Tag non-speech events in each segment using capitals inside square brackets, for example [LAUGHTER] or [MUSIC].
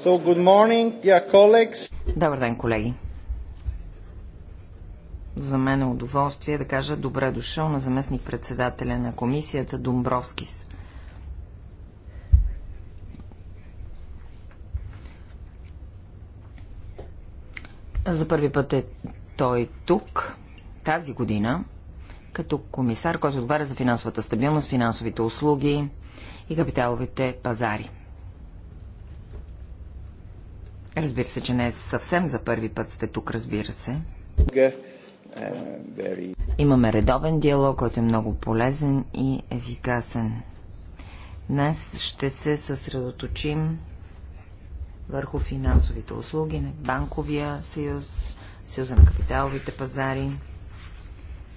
So good morning, dear colleagues. Добър ден, колеги. За мен е удоволствие да кажа добре дошъл на заместник председателя на комисията Домбровскис. За първи път е той тук тази година като комисар, който отговаря за финансовата стабилност, финансовите услуги и капиталовите пазари. Разбира се, че не е съвсем за първи път сте тук, разбира се. Е, Имаме редовен диалог, който е много полезен и ефикасен. Днес ще се съсредоточим върху финансовите услуги, банковия съюз, съюза на капиталовите пазари.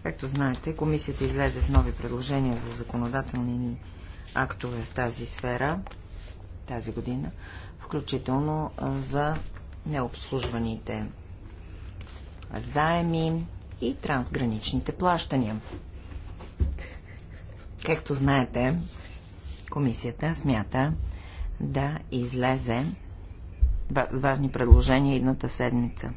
Както знаете, комисията излезе с нови предложения за законодателни актове в тази сфера тази година включително за необслужваните заеми и трансграничните плащания. Както знаете, комисията смята да излезе важни предложения едната седмица.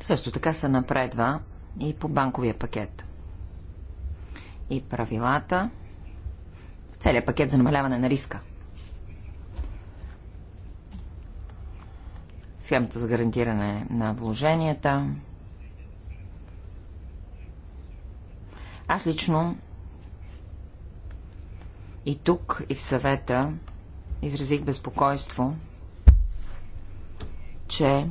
Също така се напредва и по банковия пакет и правилата в целият пакет за намаляване на риска. Схемата за гарантиране на вложенията. Аз лично и тук, и в съвета изразих безпокойство, че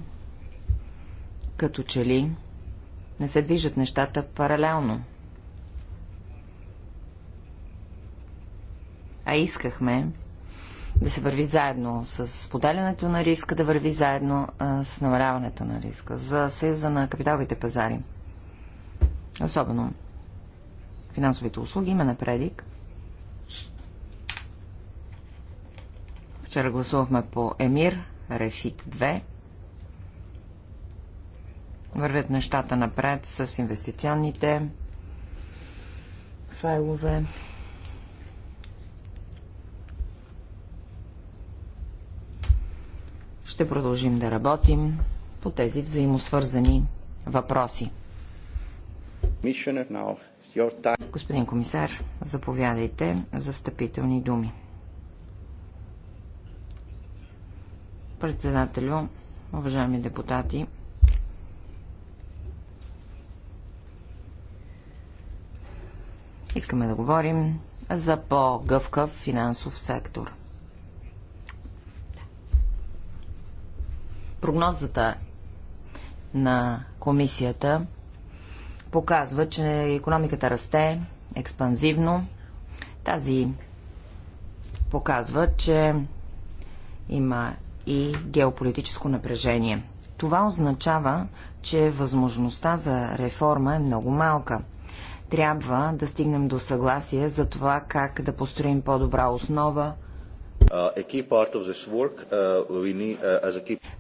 като че ли не се движат нещата паралелно. а искахме да се върви заедно с поделянето на риска, да върви заедно с намаляването на риска за Съюза на капиталовите пазари. Особено финансовите услуги има напредик. Вчера гласувахме по Емир, Рефит 2. Вървят нещата напред с инвестиционните файлове. Ще продължим да работим по тези взаимосвързани въпроси. Господин комисар, заповядайте за встъпителни думи. Председателю, уважаеми депутати, искаме да говорим за по-гъвкав финансов сектор. прогнозата на комисията показва, че економиката расте експанзивно. Тази показва, че има и геополитическо напрежение. Това означава, че възможността за реформа е много малка. Трябва да стигнем до съгласие за това как да построим по-добра основа, Uh,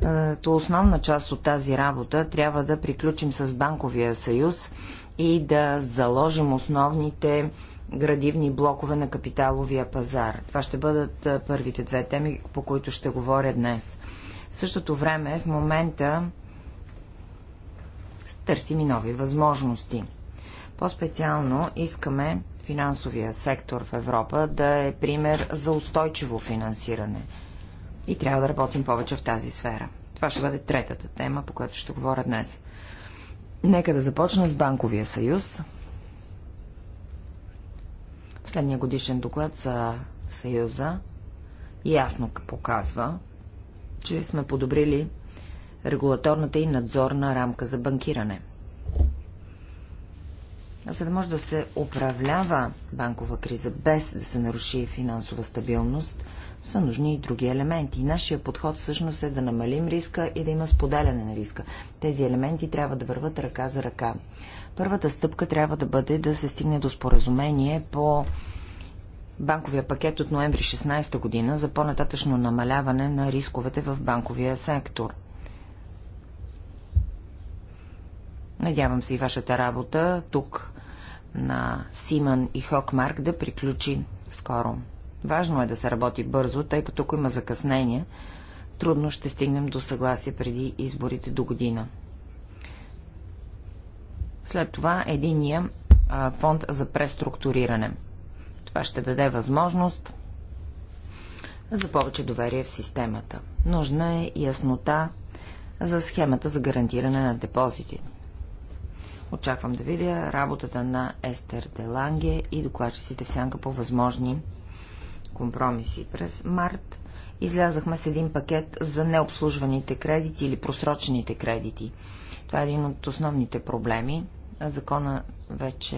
uh, то основна част от тази работа трябва да приключим с Банковия съюз и да заложим основните градивни блокове на капиталовия пазар. Това ще бъдат първите две теми, по които ще говоря днес. В същото време, в момента търсим и нови възможности. По-специално искаме финансовия сектор в Европа да е пример за устойчиво финансиране. И трябва да работим повече в тази сфера. Това ще бъде третата тема, по която ще говоря днес. Нека да започна с Банковия съюз. Последния годишен доклад за Съюза ясно показва, че сме подобрили регулаторната и надзорна рамка за банкиране. За да може да се управлява банкова криза без да се наруши финансова стабилност, са нужни и други елементи. Нашия подход всъщност е да намалим риска и да има споделяне на риска. Тези елементи трябва да върват ръка за ръка. Първата стъпка трябва да бъде да се стигне до споразумение по банковия пакет от ноември 16 година за по-нататъчно намаляване на рисковете в банковия сектор – Надявам се и вашата работа тук на Симан и Хокмарк да приключи скоро. Важно е да се работи бързо, тъй като ако има закъснение, трудно ще стигнем до съгласие преди изборите до година. След това единия а, фонд за преструктуриране. Това ще даде възможност за повече доверие в системата. Нужна е яснота за схемата за гарантиране на депозитите. Очаквам да видя работата на Естер Деланге и докладчиците в сянка по възможни компромиси. През март излязахме с един пакет за необслужваните кредити или просрочените кредити. Това е един от основните проблеми. Закона вече,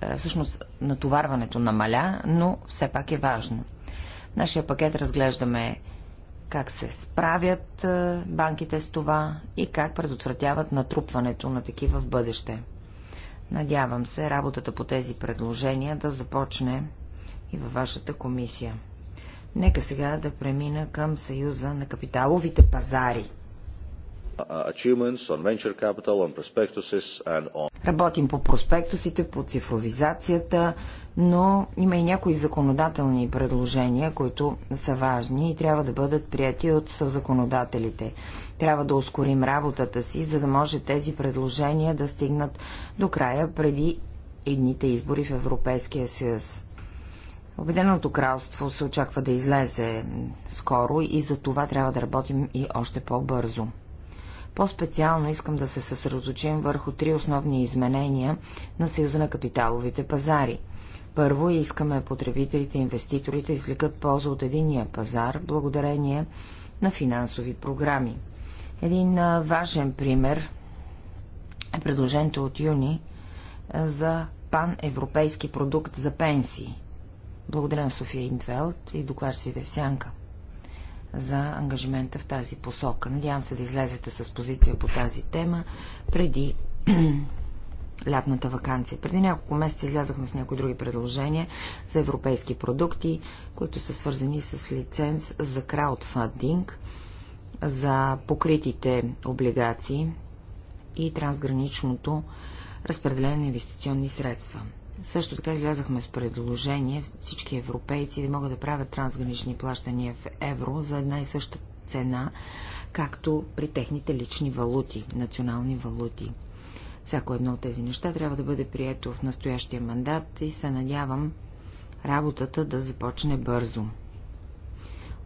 е, всъщност, натоварването намаля, но все пак е важно. В нашия пакет разглеждаме как се справят банките с това и как предотвратяват натрупването на такива в бъдеще. Надявам се работата по тези предложения да започне и във вашата комисия. Нека сега да премина към Съюза на капиталовите пазари. Capital, on on... Работим по проспектусите, по цифровизацията, но има и някои законодателни предложения, които са важни и трябва да бъдат прияти от съзаконодателите. Трябва да ускорим работата си, за да може тези предложения да стигнат до края преди едните избори в Европейския съюз. Обеденото кралство се очаква да излезе скоро и за това трябва да работим и още по-бързо. По-специално искам да се съсредоточим върху три основни изменения на Съюза на капиталовите пазари – първо, искаме потребителите и инвеститорите извлекат полза от единния пазар, благодарение на финансови програми. Един важен пример е предложението от юни за пан-европейски продукт за пенсии. Благодаря на София Индвелт и докладчиците в Сянка за ангажимента в тази посока. Надявам се да излезете с позиция по тази тема преди лятната вакансия. Преди няколко месеца излязахме с някои други предложения за европейски продукти, които са свързани с лиценз за краудфандинг, за покритите облигации и трансграничното разпределение на инвестиционни средства. Също така излязахме с предложение всички европейци да могат да правят трансгранични плащания в евро за една и съща цена, както при техните лични валути, национални валути. Всяко едно от тези неща трябва да бъде прието в настоящия мандат и се надявам работата да започне бързо.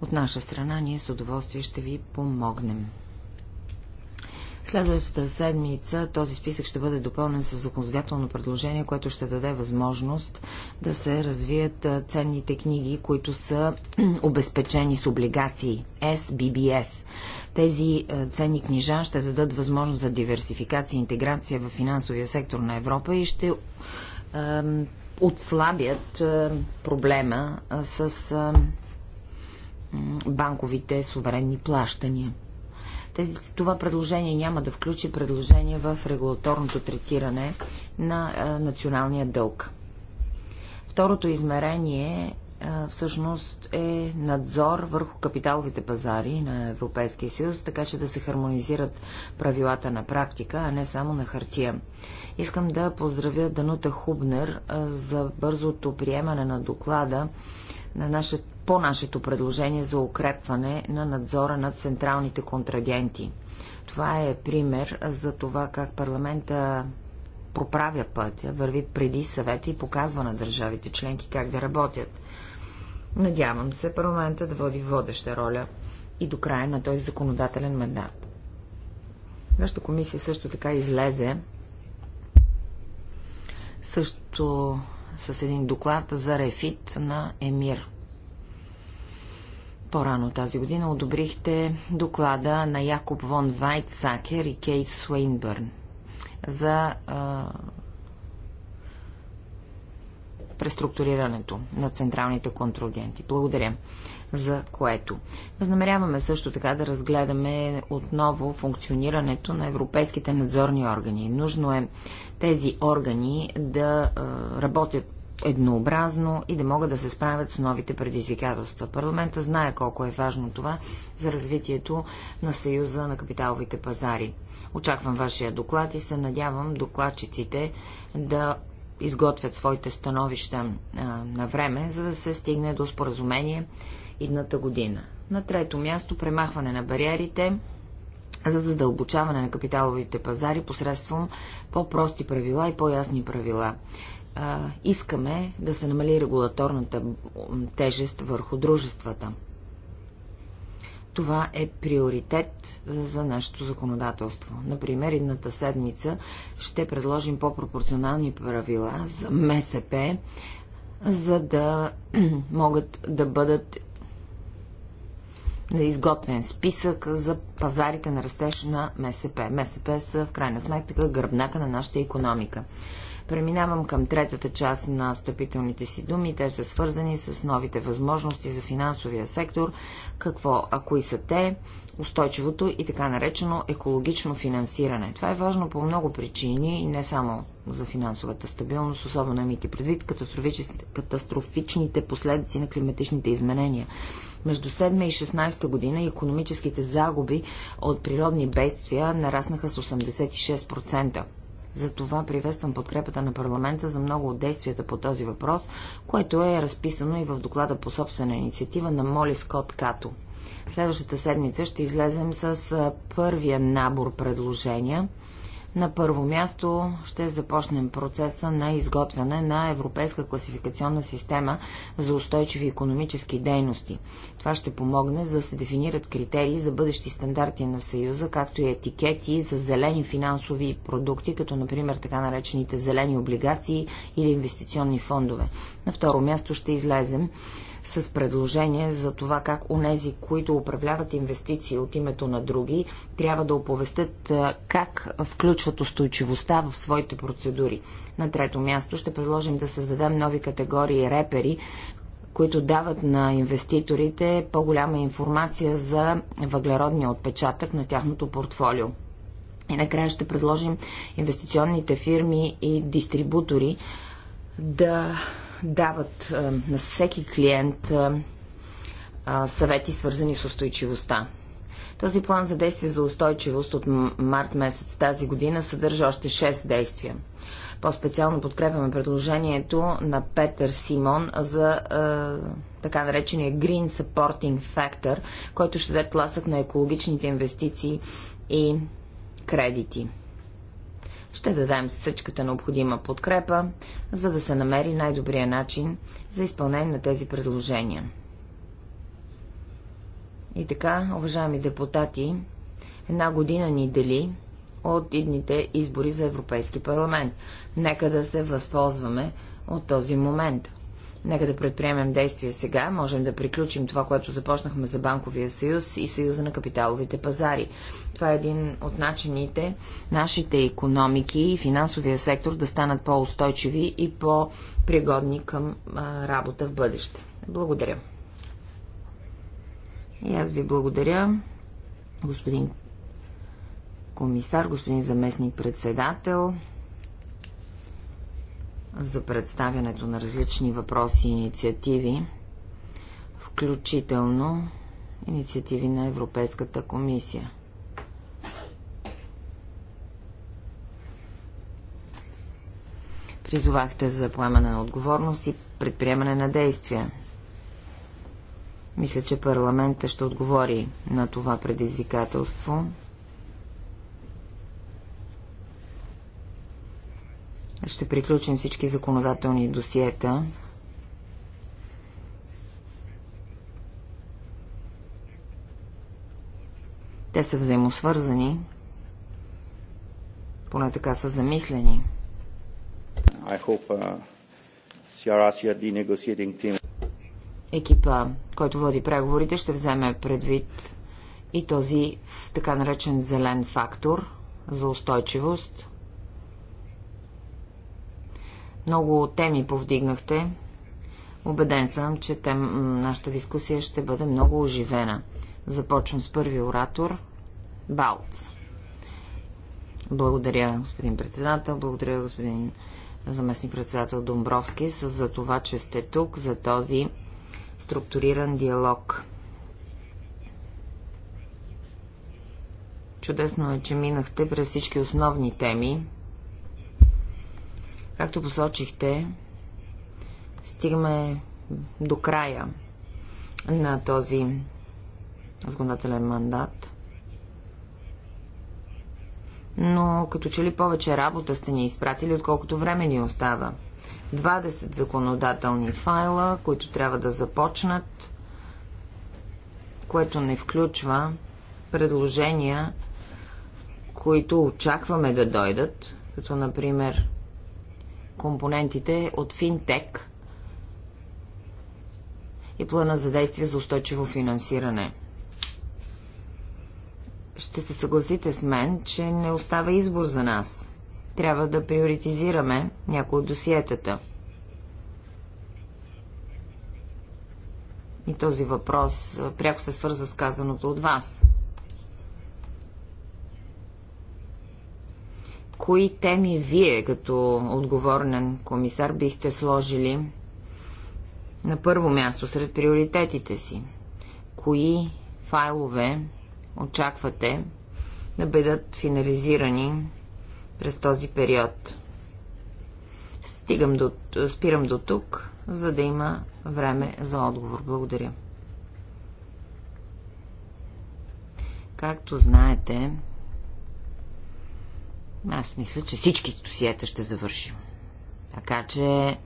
От наша страна ние с удоволствие ще ви помогнем. Следващата седмица този списък ще бъде допълнен с законодателно предложение, което ще даде възможност да се развият ценните книги, които са [CLEARS THROAT] обезпечени с облигации SBBS. Тези ценни книжа ще дадат възможност за диверсификация и интеграция в финансовия сектор на Европа и ще ем, отслабят ем, проблема с ем, банковите суверенни плащания. Тези, това предложение няма да включи предложение в регулаторното третиране на а, националния дълг. Второто измерение а, всъщност е надзор върху капиталовите пазари на Европейския съюз, така че да се хармонизират правилата на практика, а не само на хартия. Искам да поздравя Данута Хубнер а, за бързото приемане на доклада на нашата по нашето предложение за укрепване на надзора на централните контрагенти. Това е пример за това как парламента проправя пътя, върви преди съвета и показва на държавите членки как да работят. Надявам се парламента да води водеща роля и до края на този законодателен мандат. Нашата комисия също така излезе също с един доклад за рефит на Емир. По-рано тази година одобрихте доклада на Якоб Вон Вайтсакер и Кейт Суейнбърн за а, преструктурирането на централните контрагенти. Благодаря за което. Възнамеряваме също така да разгледаме отново функционирането на европейските надзорни органи. Нужно е тези органи да работят еднообразно и да могат да се справят с новите предизвикателства. Парламента знае колко е важно това за развитието на Съюза на капиталовите пазари. Очаквам вашия доклад и се надявам докладчиците да изготвят своите становища а, на време, за да се стигне до споразумение идната година. На трето място премахване на бариерите за задълбочаване на капиталовите пазари посредством по-прости правила и по-ясни правила а, искаме да се намали регулаторната тежест върху дружествата. Това е приоритет за нашето законодателство. Например, едната седмица ще предложим по-пропорционални правила за МСП, за да [CLEARS THROAT] могат да бъдат е изготвен списък за пазарите на растеж на МСП. МСП са в крайна сметка гръбнака на нашата економика. Преминавам към третата част на встъпителните си думи. Те са свързани с новите възможности за финансовия сектор, какво, а кои са те, устойчивото и така наречено екологично финансиране. Това е важно по много причини и не само за финансовата стабилност, особено имайки предвид катастрофичните последици на климатичните изменения. Между 7 и 16 година економическите загуби от природни бедствия нараснаха с 86%. Затова приветствам подкрепата на парламента за много от действията по този въпрос, което е разписано и в доклада по собствена инициатива на Моли Скот Като. Следващата седмица ще излезем с първия набор предложения – на първо място ще започнем процеса на изготвяне на Европейска класификационна система за устойчиви економически дейности. Това ще помогне за да се дефинират критерии за бъдещи стандарти на Съюза, както и етикети за зелени финансови продукти, като например така наречените зелени облигации или инвестиционни фондове. На второ място ще излезем с предложение за това как онези, които управляват инвестиции от името на други, трябва да оповестят как включват устойчивостта в своите процедури. На трето място ще предложим да създадем нови категории репери, които дават на инвеститорите по-голяма информация за въглеродния отпечатък на тяхното портфолио. И накрая ще предложим инвестиционните фирми и дистрибутори да дават е, на всеки клиент е, съвети, свързани с устойчивостта. Този план за действие за устойчивост от март месец тази година съдържа още 6 действия. По-специално подкрепяме предложението на Петър Симон за е, така наречения Green Supporting Factor, който ще даде тласък на екологичните инвестиции и кредити. Ще дадем всичката необходима подкрепа, за да се намери най-добрия начин за изпълнение на тези предложения. И така, уважаеми депутати, една година ни дели от идните избори за Европейски парламент. Нека да се възползваме от този момент – Нека да предприемем действия сега. Можем да приключим това, което започнахме за Банковия съюз и Съюза на капиталовите пазари. Това е един от начините нашите економики и финансовия сектор да станат по-устойчиви и по-пригодни към а, работа в бъдеще. Благодаря. И аз ви благодаря, господин комисар, господин заместник председател за представянето на различни въпроси и инициативи, включително инициативи на Европейската комисия. Призовахте за поемане на отговорност и предприемане на действия. Мисля, че парламента ще отговори на това предизвикателство – ще приключим всички законодателни досиета. Те са взаимосвързани, поне така са замислени. Hope, uh, Екипа, който води преговорите, ще вземе предвид и този така наречен зелен фактор за устойчивост – много теми повдигнахте. Обеден съм, че тем, нашата дискусия ще бъде много оживена. Започвам с първи оратор Балц. Благодаря, господин председател. Благодаря, господин заместник председател Домбровски, за това, че сте тук, за този структуриран диалог. Чудесно е, че минахте през всички основни теми, Както посочихте, стигаме до края на този законодателен мандат. Но като че ли повече работа сте ни изпратили, отколкото време ни остава. 20 законодателни файла, които трябва да започнат, което не включва предложения, които очакваме да дойдат, като например компонентите от финтек и плана за действие за устойчиво финансиране. Ще се съгласите с мен, че не остава избор за нас. Трябва да приоритизираме някои от досиетата. И този въпрос пряко се свърза с казаното от вас – кои теми вие, като отговорен комисар, бихте сложили на първо място сред приоритетите си? Кои файлове очаквате да бъдат финализирани през този период? Стигам до, спирам до тук, за да има време за отговор. Благодаря. Както знаете, аз мисля, че всички досиета ще завършим. Така че...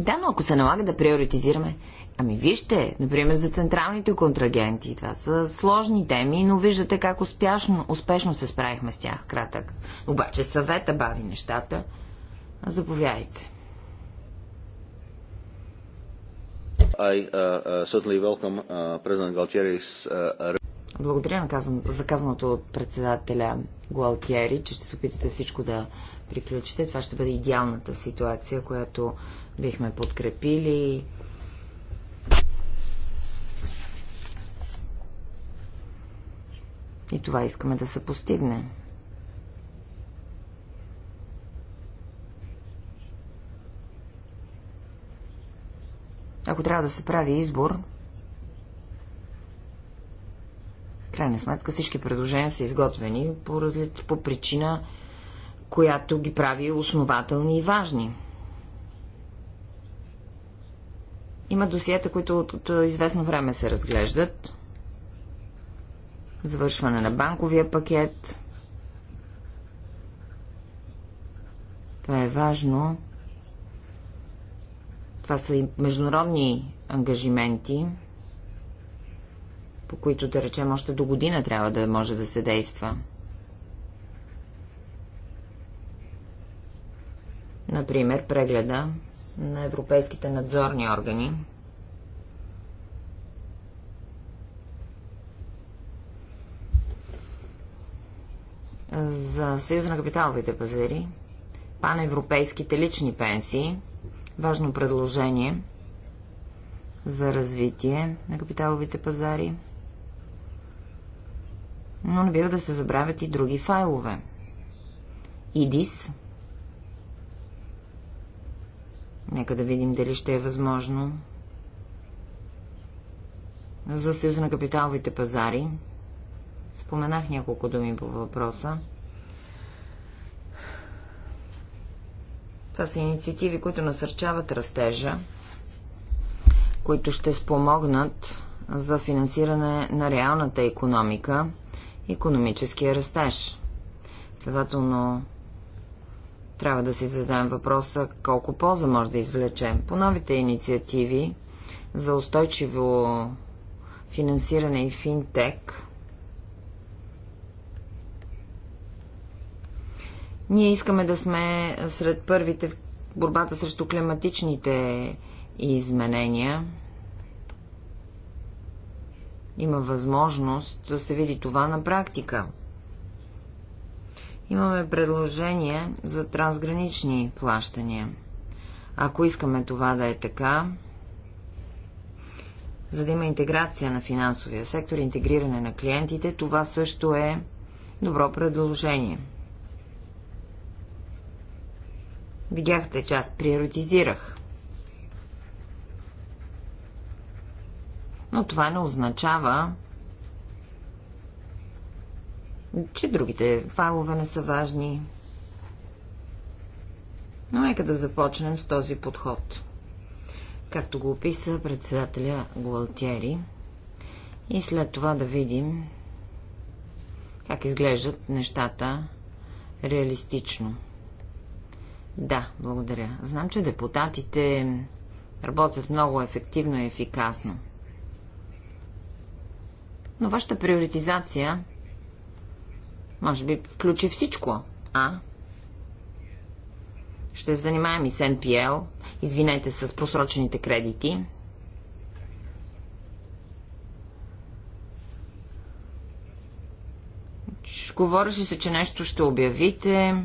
Да, но ако се налага да приоритизираме... Ами вижте, например, за централните контрагенти. Това са сложни теми, но виждате как успешно, успешно се справихме с тях кратък. Обаче съвета бави нещата. Заповядайте. I uh, uh, certainly welcome uh, President Galtieri's uh, благодаря на казан... за казаното от председателя Гуалтиери, че ще се опитате всичко да приключите. Това ще бъде идеалната ситуация, която бихме подкрепили. И това искаме да се постигне. Ако трябва да се прави избор, крайна сметка всички предложения са изготвени по, разли... по причина, която ги прави основателни и важни. Има досиета, които от, от, от известно време се разглеждат. Завършване на банковия пакет. Това е важно. Това са и международни ангажименти по които, да речем, още до година трябва да може да се действа. Например, прегледа на европейските надзорни органи. За Съюза на капиталовите пазари, паневропейските лични пенсии, важно предложение – за развитие на капиталовите пазари – но не бива да се забравят и други файлове. IDIS. Нека да видим дали ще е възможно. За Съюза на капиталовите пазари. Споменах няколко думи по въпроса. Това са инициативи, които насърчават растежа, които ще спомогнат за финансиране на реалната економика економическия растеж. Следователно, трябва да си зададем въпроса колко полза може да извлечем. По новите инициативи за устойчиво финансиране и финтек, ние искаме да сме сред първите в борбата срещу климатичните изменения – има възможност да се види това на практика. Имаме предложение за трансгранични плащания. Ако искаме това да е така, за да има интеграция на финансовия сектор, интегриране на клиентите, това също е добро предложение. Видяхте, че аз приоритизирах но това не означава, че другите файлове не са важни. Но нека да започнем с този подход. Както го описа председателя Гуалтери. И след това да видим как изглеждат нещата реалистично. Да, благодаря. Знам, че депутатите работят много ефективно и ефикасно. Но вашата приоритизация може би включи всичко. А? Ще се занимаем и с NPL, извинете, с просрочените кредити. Говореше се, че нещо ще обявите.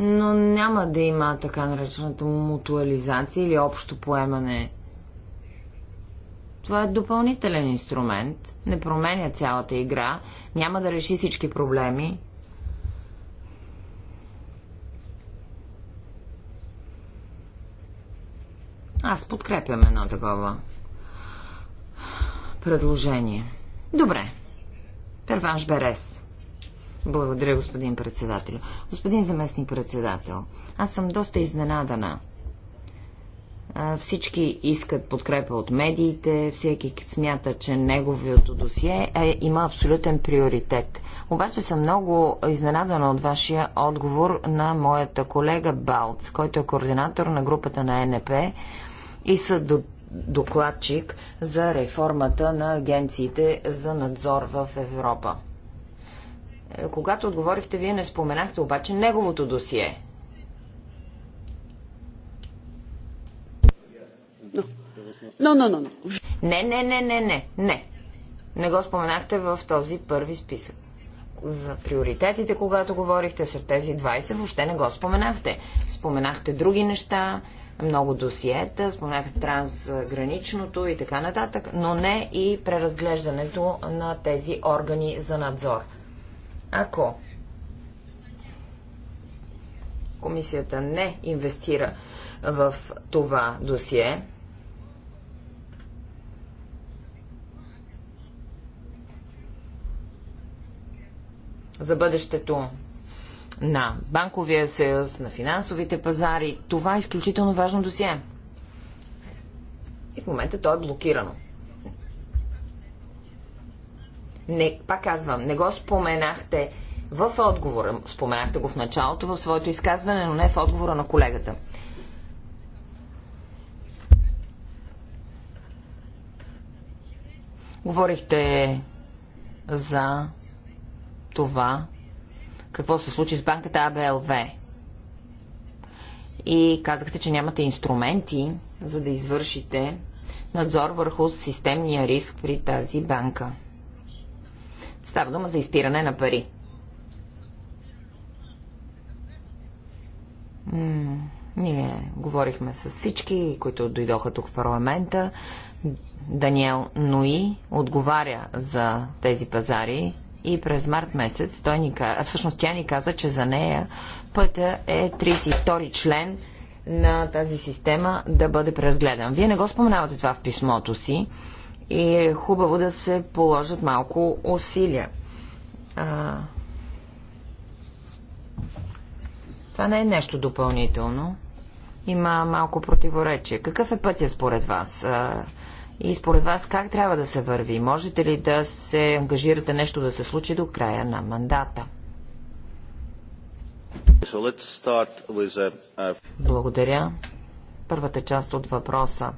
но няма да има така наречената мутуализация или общо поемане. Това е допълнителен инструмент, не променя цялата игра, няма да реши всички проблеми. Аз подкрепям едно такова предложение. Добре. Перванш Берес. Благодаря, господин председател. Господин заместник председател, аз съм доста изненадана. Всички искат подкрепа от медиите, всеки смята, че неговото досие е, има абсолютен приоритет. Обаче съм много изненадана от вашия отговор на моята колега Балц, който е координатор на групата на НП и са до докладчик за реформата на агенциите за надзор в Европа. Когато отговорихте, вие не споменахте обаче неговото досие. Но, но, но, но. Не, не, не, не, не, не. Не го споменахте в този първи списък. За приоритетите, когато говорихте сред тези 20, въобще не го споменахте. Споменахте други неща, много досиета, споменахте трансграничното и така нататък, но не и преразглеждането на тези органи за надзор. Ако комисията не инвестира в това досие, за бъдещето на банковия съюз, на финансовите пазари. Това е изключително важно досие. И в момента то е блокирано. Не, пак казвам, не го споменахте в отговора. Споменахте го в началото, в своето изказване, но не в отговора на колегата. Говорихте за това, какво се случи с банката АБЛВ. И казахте, че нямате инструменти, за да извършите надзор върху системния риск при тази банка. Става дума за изпиране на пари. М ние говорихме с всички, които дойдоха тук в парламента. Даниел Нуи отговаря за тези пазари и през март месец той ни каза, всъщност тя ни каза, че за нея пътя е 32 член на тази система да бъде преразгледан. Вие не го споменавате това в писмото си, и е хубаво да се положат малко усилия. А... Това не е нещо допълнително. Има малко противоречие. Какъв е пътя според вас? А... И според вас как трябва да се върви? Можете ли да се ангажирате нещо да се случи до края на мандата? So a... Благодаря. Първата част от въпроса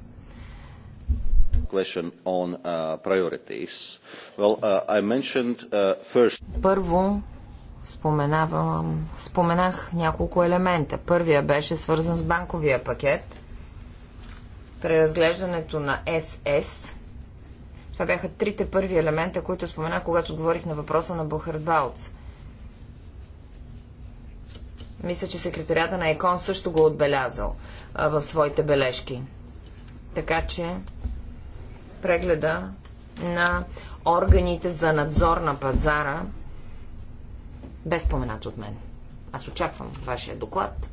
първо споменавам, споменах няколко елемента. Първия беше свързан с банковия пакет. Преразглеждането на СС. Това бяха трите първи елемента, които споменах, когато отговорих на въпроса на Бухард Балц. Мисля, че секретарята на ЕКОН също го отбелязал а, в своите бележки. Така че прегледа на органите за надзор на пазара, без споменат от мен. Аз очаквам вашия доклад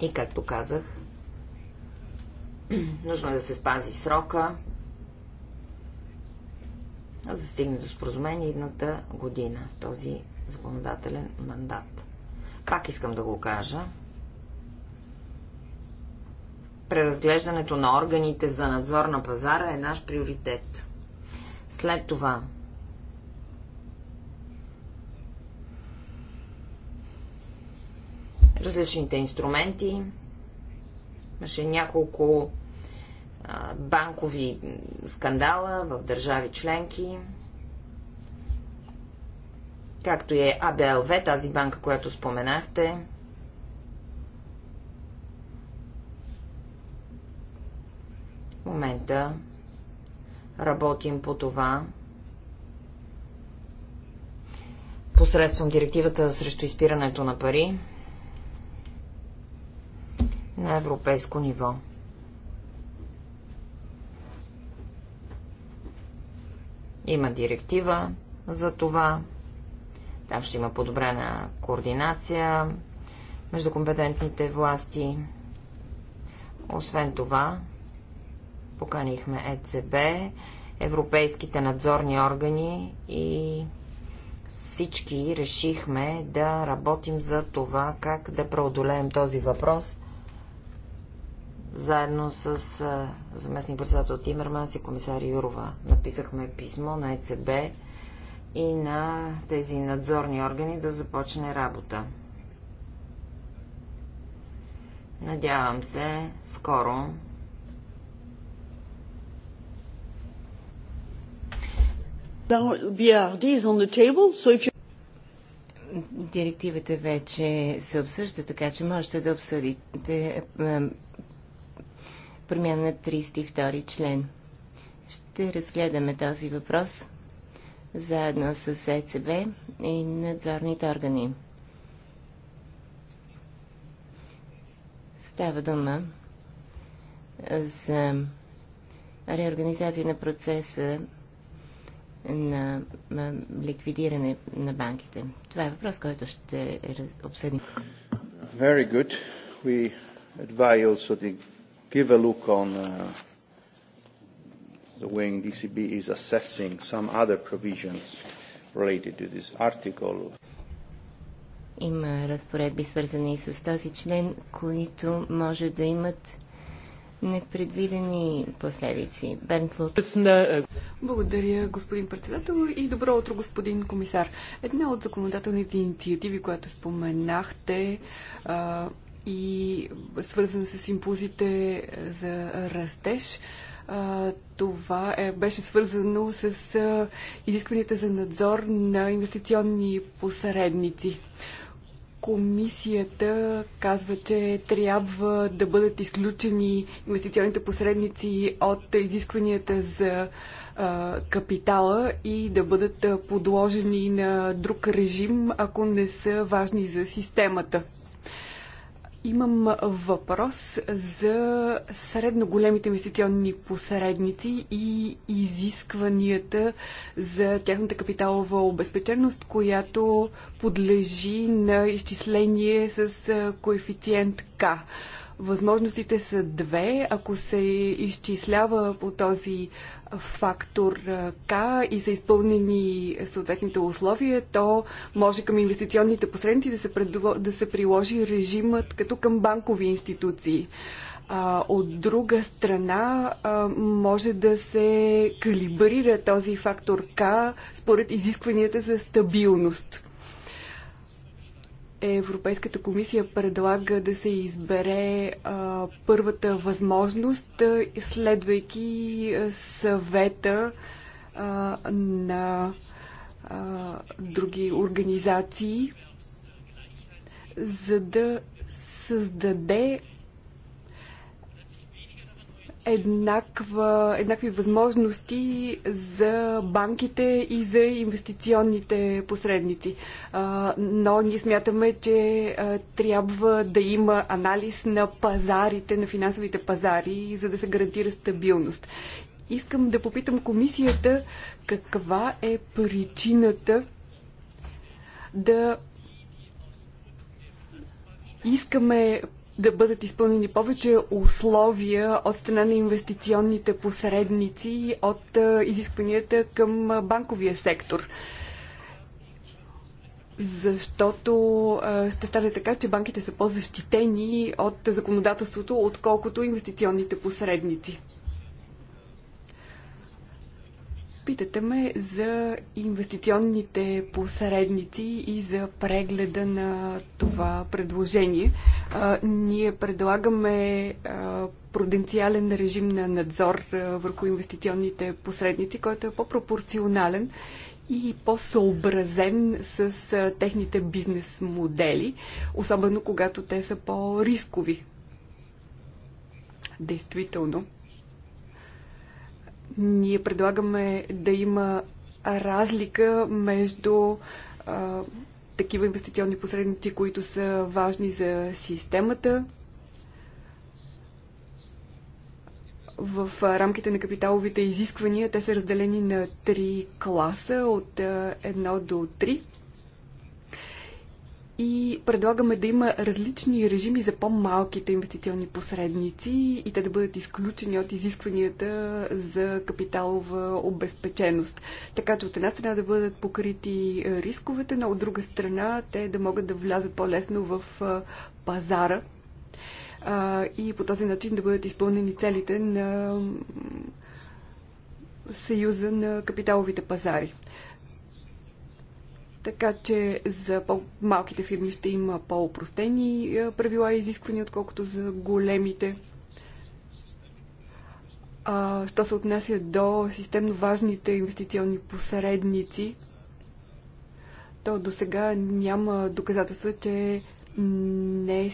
и, както казах, [CLEARS THROAT] нужно е да се спази срока, да се стигне до споразумение едната година, този законодателен мандат. Пак искам да го кажа, преразглеждането на органите за надзор на пазара е наш приоритет. След това различните инструменти. Имаше няколко банкови скандала в държави членки. Както е АБЛВ, тази банка, която споменахте, момента работим по това. Посредством директивата срещу изпирането на пари на европейско ниво. Има директива за това. Там ще има подобрена координация между компетентните власти. Освен това, Поканихме ЕЦБ, европейските надзорни органи и всички решихме да работим за това, как да преодолеем този въпрос, заедно с заместник председател Тимерманс и комисар Юрова. Написахме писмо на ЕЦБ и на тези надзорни органи да започне работа. Надявам се, скоро Директивата вече се обсъжда, така че можете да обсъдите промяна на 32 член. Ще разгледаме този въпрос заедно с ЕЦБ и надзорните органи. Става дума за реорганизация на процеса на ликвидиране на банките? Това е въпрос, който ще обсъдим. Very good. We advise also to give a look on uh, the way DCB is assessing some other provisions related to this article. Има разпоредби свързани с този член, които може да имат непредвидени последици. Бернт Благодаря, господин председател и добро утро, господин комисар. Една от законодателните инициативи, която споменахте, а, и свързана с импузите за растеж, а, това е, беше свързано с а, изискванията за надзор на инвестиционни посредници. Комисията казва, че трябва да бъдат изключени инвестиционните посредници от изискванията за а, капитала и да бъдат подложени на друг режим, ако не са важни за системата. Имам въпрос за средно големите инвестиционни посредници и изискванията за тяхната капиталова обезпеченост, която подлежи на изчисление с коефициент К. Възможностите са две. Ако се изчислява по този фактор К и са изпълнени съответните условия, то може към инвестиционните посредници да се, предво... да се приложи режимът като към банкови институции. А, от друга страна, а, може да се калибрира този фактор К според изискванията за стабилност. Европейската комисия предлага да се избере а, първата възможност, следвайки съвета а, на а, други организации, за да създаде еднаква, еднакви възможности за банките и за инвестиционните посредници. Но ние смятаме, че трябва да има анализ на пазарите, на финансовите пазари, за да се гарантира стабилност. Искам да попитам комисията каква е причината да искаме да бъдат изпълнени повече условия от страна на инвестиционните посредници от изискванията към банковия сектор. Защото ще стане така, че банките са по-защитени от законодателството, отколкото инвестиционните посредници. Питате ме за инвестиционните посредници и за прегледа на това предложение. А, ние предлагаме а, пруденциален режим на надзор а, върху инвестиционните посредници, който е по-пропорционален и по-съобразен с а, техните бизнес модели, особено когато те са по-рискови. Действително ние предлагаме да има разлика между а, такива инвестиционни посредници, които са важни за системата. В рамките на капиталовите изисквания те са разделени на три класа от 1 до и предлагаме да има различни режими за по-малките инвестиционни посредници и те да бъдат изключени от изискванията за капиталова обезпеченост. Така че от една страна да бъдат покрити рисковете, но от друга страна те да могат да влязат по-лесно в пазара и по този начин да бъдат изпълнени целите на Съюза на капиталовите пазари. Така че за по малките фирми ще има по-опростени е, правила и изисквания, отколкото за големите. А, що се отнася до системно важните инвестиционни посредници, то до сега няма доказателства, че не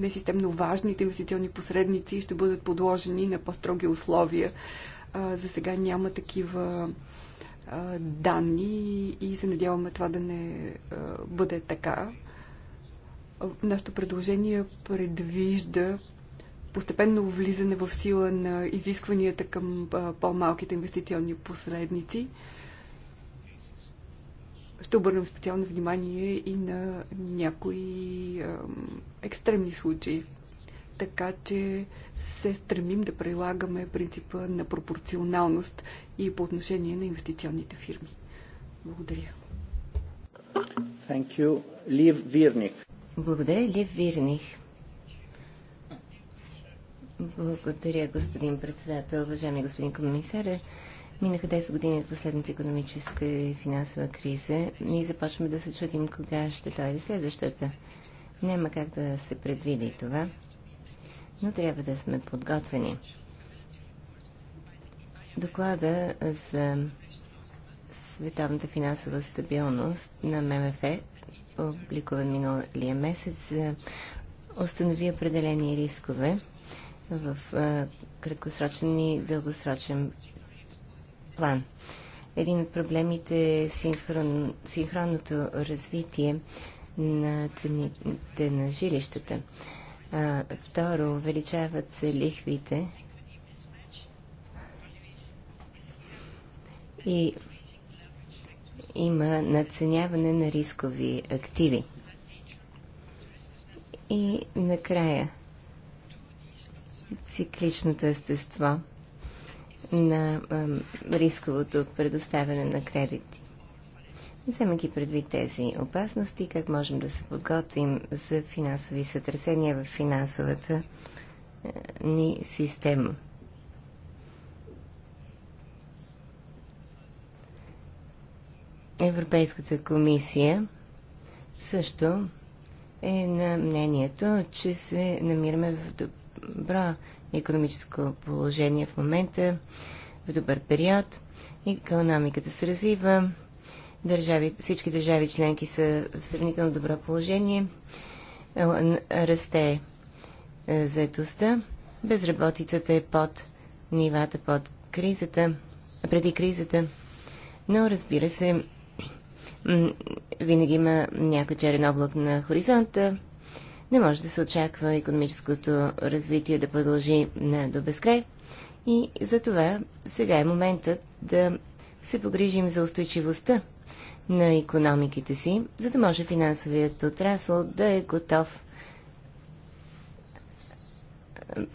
несистемно важните инвестиционни посредници ще бъдат подложени на по-строги условия. А, за сега няма такива данни и се надяваме това да не бъде така. Нашето предложение предвижда постепенно влизане в сила на изискванията към по-малките инвестиционни посредници. Ще обърнем специално внимание и на някои екстремни случаи. Така че се стремим да прилагаме принципа на пропорционалност и по отношение на инвестиционните фирми. Благодаря. Thank you. Лив Вирник. Благодаря, Лив Вирних. Благодаря, господин председател. Уважаеми господин комисар, минаха 10 години от последната економическа и финансова криза и започваме да се чудим кога ще дойде следващата. Няма как да се предвиди това но трябва да сме подготвени. Доклада за световната финансова стабилност на ММФ, публикуван миналия месец, установи определени рискове в краткосрочен и дългосрочен план. Един от проблемите е синхрон, синхронното развитие на цените на жилищата. А, второ, увеличават се лихвите. И има надценяване на рискови активи. И накрая, цикличното естество на рисковото предоставяне на кредити. Вземайки предвид тези опасности, как можем да се подготвим за финансови сътресения в финансовата е, ни система. Европейската комисия също е на мнението, че се намираме в добро економическо положение в момента, в добър период. Економиката се развива, Държави, всички държави членки са в сравнително добро положение. Е, расте е, заетостта. Безработицата е под нивата, под кризата, преди кризата. Но, разбира се, винаги има някой черен облак на хоризонта. Не може да се очаква економическото развитие да продължи е, до безкрай. И за това сега е моментът да се погрижим за устойчивостта на економиките си, за да може финансовият отрасъл да е готов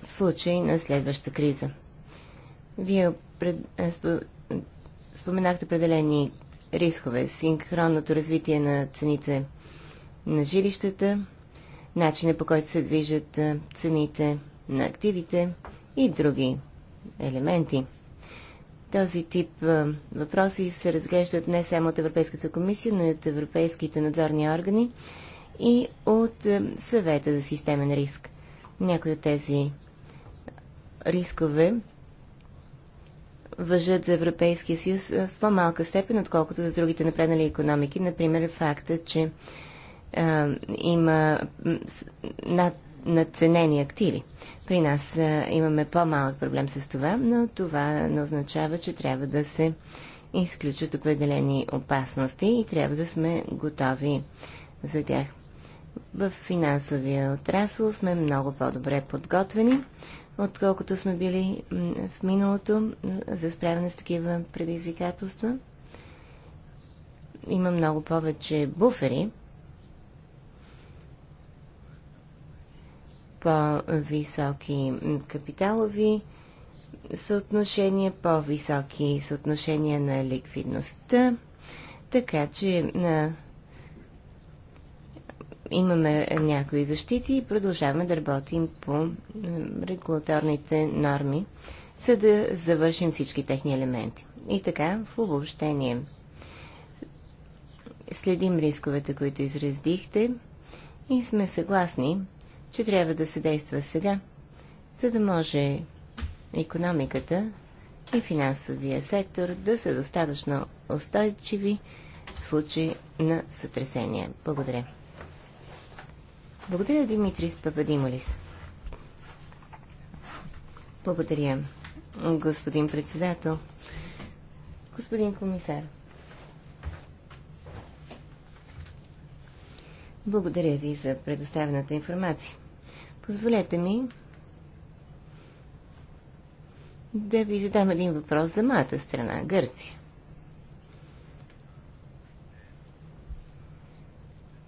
в случай на следваща криза. Вие пред... споменахте определени рискове, синхронното развитие на цените на жилищата, начина по който се движат цените на активите и други елементи. Този тип въпроси се разглеждат не само от Европейската комисия, но и от европейските надзорни органи и от съвета за системен риск. Някои от тези рискове въжат за Европейския съюз в по-малка степен, отколкото за другите напреднали економики. Например, факта, че а, има над надценени активи. При нас имаме по-малък проблем с това, но това не означава, че трябва да се изключат определени опасности и трябва да сме готови за тях. В финансовия отрасъл сме много по-добре подготвени, отколкото сме били в миналото за справяне с такива предизвикателства. Има много повече буфери, по-високи капиталови съотношения, по-високи съотношения на ликвидността, така че на... имаме някои защити и продължаваме да работим по регулаторните норми, за да завършим всички техни елементи. И така, в обобщение, следим рисковете, които изразихте и сме съгласни, че трябва да се действа сега, за да може економиката и финансовия сектор да са достатъчно устойчиви в случай на сътресение. Благодаря. Благодаря, Димитрис Пападимолис. Благодаря, господин председател. Господин комисар. Благодаря ви за предоставената информация. Позволете ми да ви задам един въпрос за моята страна, Гърция.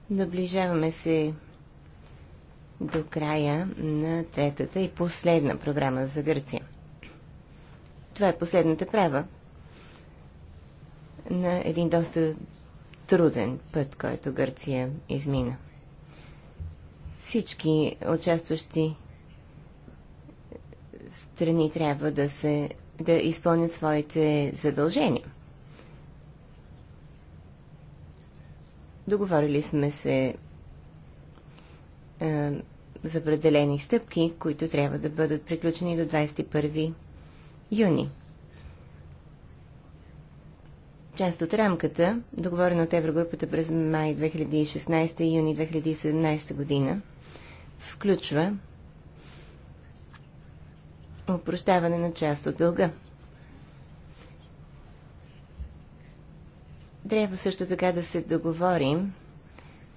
Наближаваме се до края на третата и последна програма за Гърция. Това е последната права на един доста труден път, който Гърция измина. Всички участващи страни трябва да, се, да изпълнят своите задължения. Договорили сме се а, е, за определени стъпки, които трябва да бъдат приключени до 21 юни. Част от рамката, договорена от Еврогрупата през май 2016 и юни 2017 година, включва упрощаване на част от дълга. Трябва също така да се договорим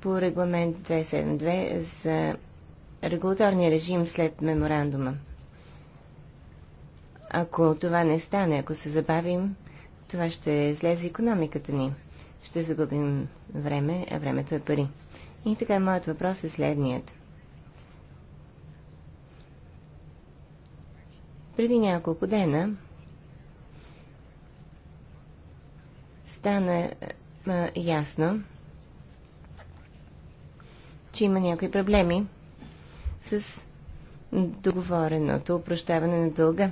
по регламент 272 за регулаторния режим след меморандума. Ако това не стане, ако се забавим, това ще излезе економиката ни. Ще загубим време, а времето е пари. И така, моят въпрос е следният. Преди няколко дена стана а, ясно, че има някои проблеми с договореното упрощаване на дълга.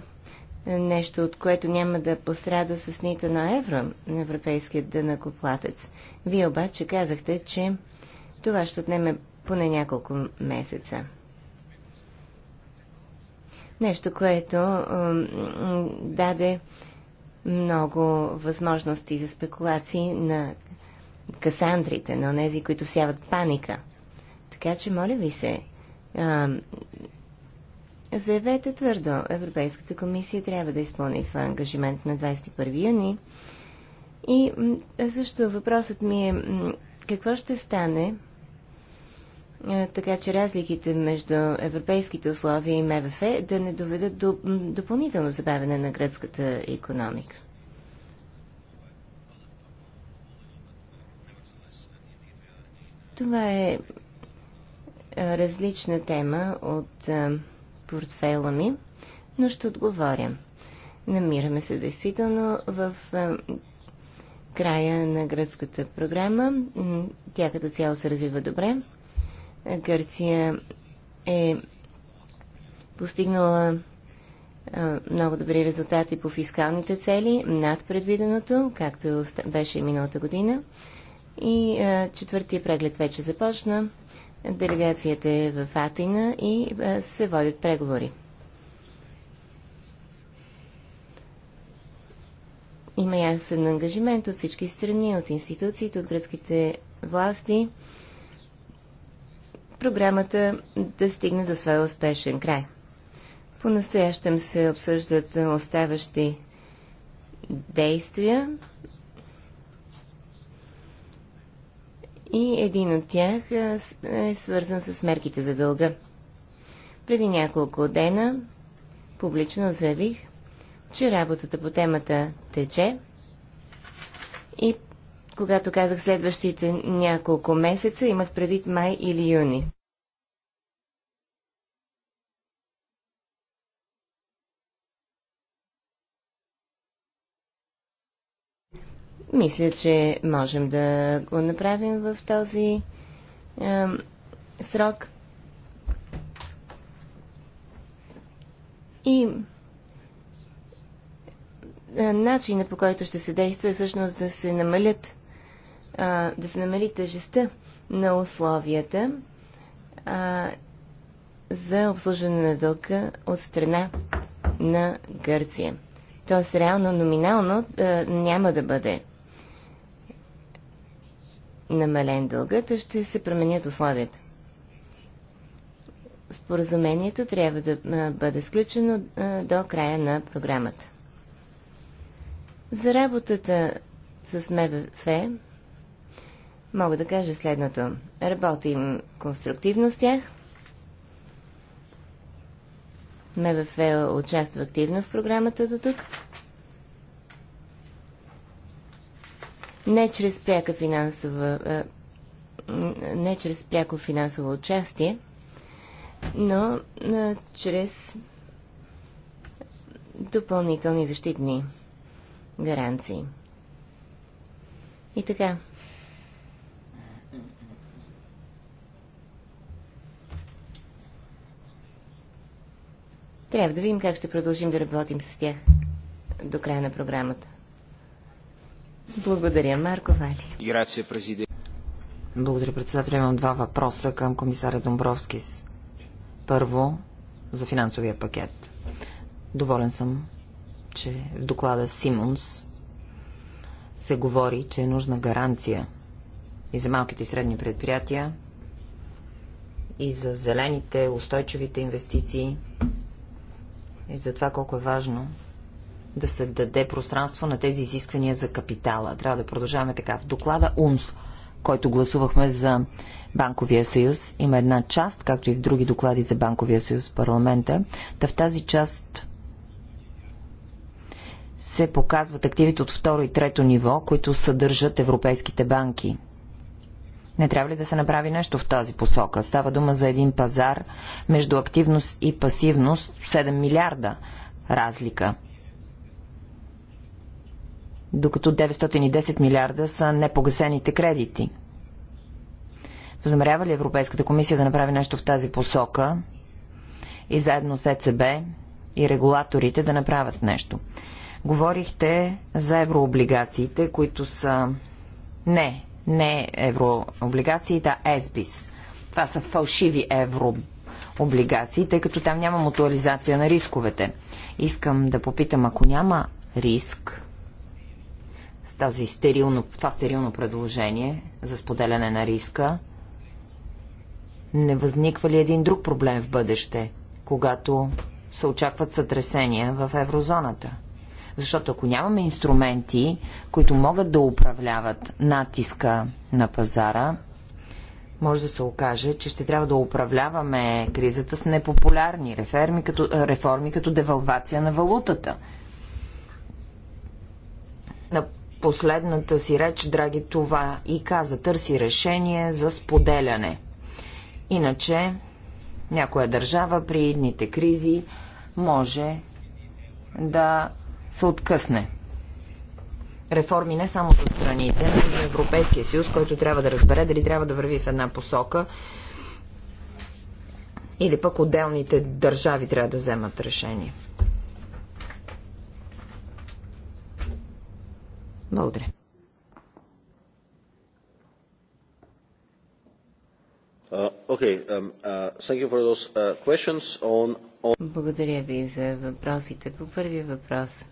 Нещо, от което няма да пострада с нито на евро на европейския дънакоплатец. Вие обаче казахте, че това ще отнеме поне няколко месеца. Нещо, което даде много възможности за спекулации на касандрите, на тези, които сяват паника. Така че, моля ви се, заявете твърдо, Европейската комисия трябва да изпълни своя ангажимент на 21 юни. И също въпросът ми е какво ще стане, е, така че разликите между европейските условия и МВФ е да не доведат до допълнително забавяне на гръцката економика. Това е, е различна тема от портфела ми, но ще отговоря. Намираме се действително в края на гръцката програма. Тя като цяло се развива добре. Гърция е постигнала много добри резултати по фискалните цели, над предвиденото, както е беше и миналата година. И четвъртия преглед вече започна. Делегацията е в Атина и се водят преговори. Има ясен ангажимент от всички страни, от институциите, от гръцките власти програмата да стигне до своя успешен край. По-настоящем се обсъждат оставащи действия и един от тях е свързан с мерките за дълга. Преди няколко дена публично заявих, че работата по темата тече когато казах следващите няколко месеца, имах предвид май или юни. Мисля, че можем да го направим в този е, срок. И начина по който ще се действа е всъщност да се намалят а, да се намали тежестта на условията а, за обслужване на дълга от страна на Гърция. Тоест, реално, номинално а, няма да бъде намален дългът, а ще се променят условията. Споразумението трябва да бъде сключено до края на програмата. За работата с МВФ мога да кажа следното. Работим конструктивно с тях. МВФ участва активно в програмата до тук. Не чрез пряка финансова не чрез пряко финансово участие, но чрез допълнителни защитни гаранции. И така, Трябва да видим как ще продължим да работим с тях до края на програмата. Благодаря, Марко Вали. Грация, президент. Благодаря, председател. Имам два въпроса към комисаря Домбровски. Първо, за финансовия пакет. Доволен съм, че в доклада Симонс се говори, че е нужна гаранция и за малките и средни предприятия, и за зелените, устойчивите инвестиции, и за това колко е важно да се даде пространство на тези изисквания за капитала. Трябва да продължаваме така. В доклада УНС, който гласувахме за Банковия съюз, има една част, както и в други доклади за Банковия съюз в парламента, да в тази част се показват активите от второ и трето ниво, които съдържат европейските банки – не трябва ли да се направи нещо в тази посока? Става дума за един пазар между активност и пасивност 7 милиарда разлика. Докато 910 милиарда са непогасените кредити. Замерява ли Европейската комисия да направи нещо в тази посока и заедно с ЕЦБ и регулаторите да направят нещо? Говорихте за еврооблигациите, които са не не еврооблигациите, а ЕСБИС. Това са фалшиви еврооблигации, тъй като там няма мутуализация на рисковете. Искам да попитам, ако няма риск в тази стерилно, това стерилно предложение за споделяне на риска, не възниква ли един друг проблем в бъдеще, когато се очакват сътресения в еврозоната? Защото ако нямаме инструменти, които могат да управляват натиска на пазара, може да се окаже, че ще трябва да управляваме кризата с непопулярни реформи като, реформи, като девалвация на валутата. На последната си реч, драги, това и каза, търси решение за споделяне. Иначе, някоя държава при едните кризи може да се откъсне. Реформи не само за страните, но и за Европейския съюз, който трябва да разбере дали трябва да върви в една посока или пък отделните държави трябва да вземат решение. Благодаря. Uh, okay. um, uh, those, uh, on, on... Благодаря ви за въпросите. По първи въпрос.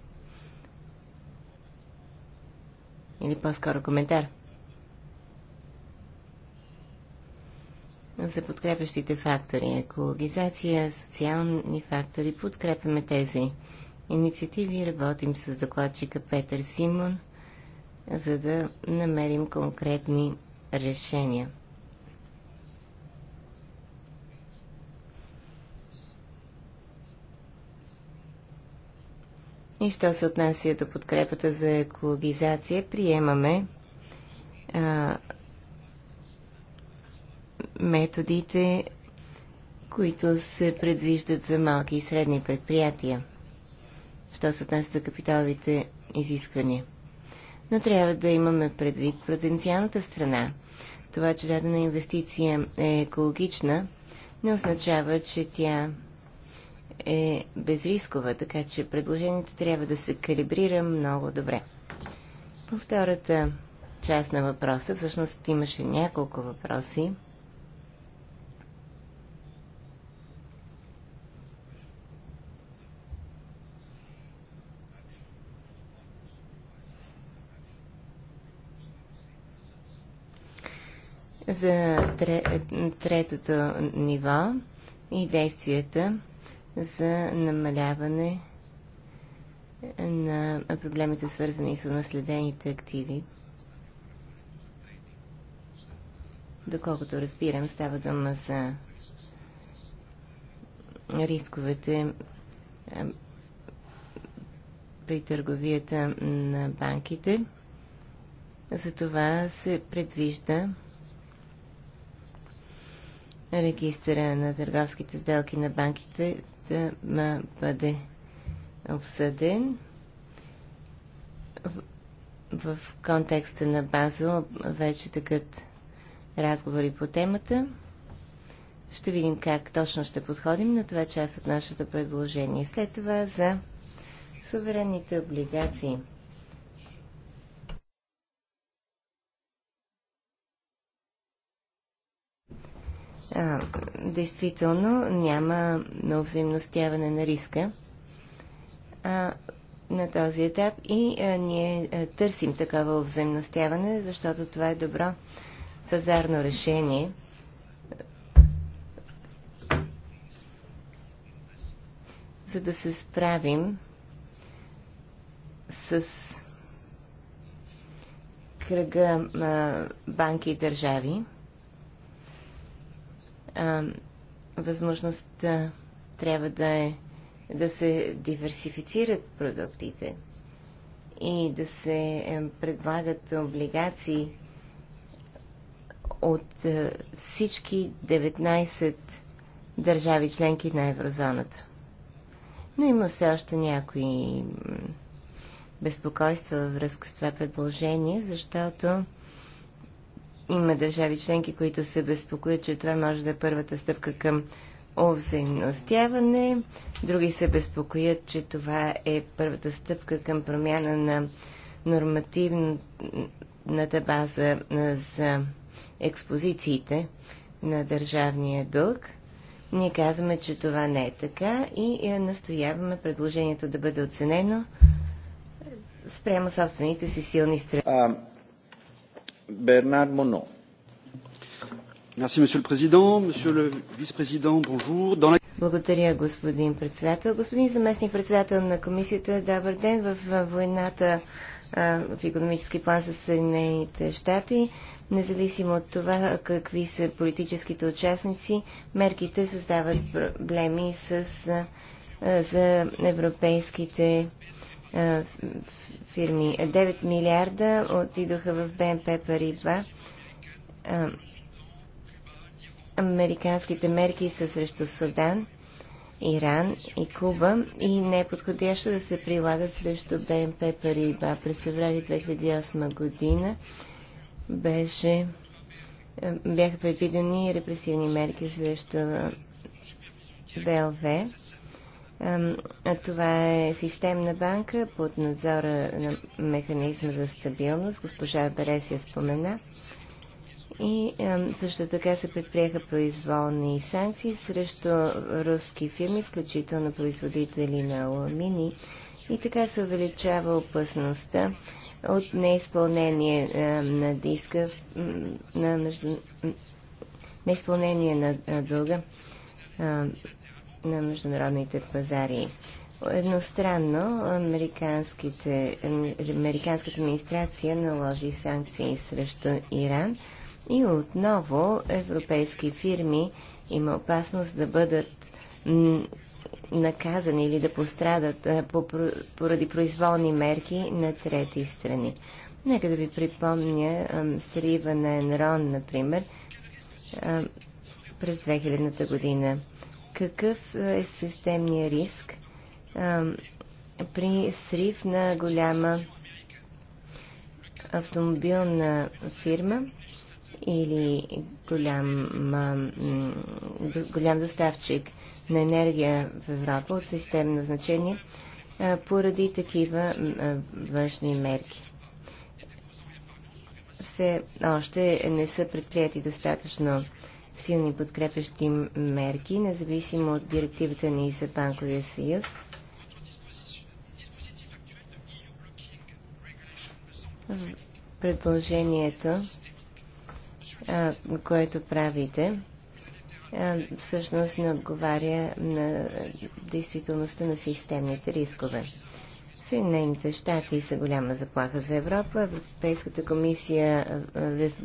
или по-скоро коментар за подкрепящите фактори, екологизация, социални фактори. Подкрепяме тези инициативи работим с докладчика Петър Симон, за да намерим конкретни решения. И що се отнася до подкрепата за екологизация, приемаме а, методите, които се предвиждат за малки и средни предприятия, що се отнася до капиталовите изисквания. Но трябва да имаме предвид потенциалната страна. Това, че дадена инвестиция е екологична, не означава, че тя е безрискова, така че предложението трябва да се калибрира много добре. По втората част на въпроса, всъщност имаше няколко въпроси. за третото ниво и действията за намаляване на проблемите, свързани с наследените активи. Доколкото разбирам, става дума за рисковете при търговията на банките. За това се предвижда регистъра на търговските сделки на банките да бъде обсъден в контекста на Базел вече такът разговори по темата. Ще видим как точно ще подходим, на това е част от нашето предложение. След това за суверенните облигации. А, действително няма взаимностяване на риска а, на този етап и а, ние а, търсим такова взаимностяване, защото това е добро пазарно решение. за да се справим с кръга а, банки и държави възможността трябва да е да се диверсифицират продуктите и да се предлагат облигации от всички 19 държави членки на еврозоната. Но има все още някои безпокойства във връзка с това предложение, защото има държави членки, които се безпокоят, че това може да е първата стъпка към овзаимностяване. Други се безпокоят, че това е първата стъпка към промяна на нормативната база за експозициите на държавния дълг. Ние казваме, че това не е така и настояваме предложението да бъде оценено спрямо собствените си силни страни. Bernard Monod. Merci, Monsieur le Président. Monsieur le Vice-président, bonjour. Dans la... Благодаря, господин председател. Господин заместник председател на комисията, добър ден в войната в економически план с Съединените щати. Независимо от това какви са политическите участници, мерките създават проблеми с, за европейските фирми. 9 милиарда отидоха в БМП Париба. Американските мерки са срещу Судан, Иран и Куба и не е подходящо да се прилагат срещу БМП Париба. През феврали 2008 година беше, бяха предвидени репресивни мерки срещу БЛВ това е системна банка под надзора на механизма за стабилност. Госпожа Бересия я спомена. И също така се предприеха произволни санкции срещу руски фирми, включително производители на аламини. И така се увеличава опасността от неизпълнение на диска, на между... неизпълнение на дълга на международните пазари. Едностранно американската администрация наложи санкции срещу Иран и отново европейски фирми има опасност да бъдат наказани или да пострадат поради произволни мерки на трети страни. Нека да ви припомня срива на Енрон, например, през 2000-та година какъв е системния риск а, при срив на голяма автомобилна фирма или голям, а, голям доставчик на енергия в Европа от системно значение а, поради такива външни мерки. Все още не са предприяти достатъчно силни подкрепящи мерки, независимо от директивата ни за банковия съюз. Предложението, което правите, всъщност не отговаря на действителността на системните рискове. Съединените щати са голяма заплаха за Европа. Европейската комисия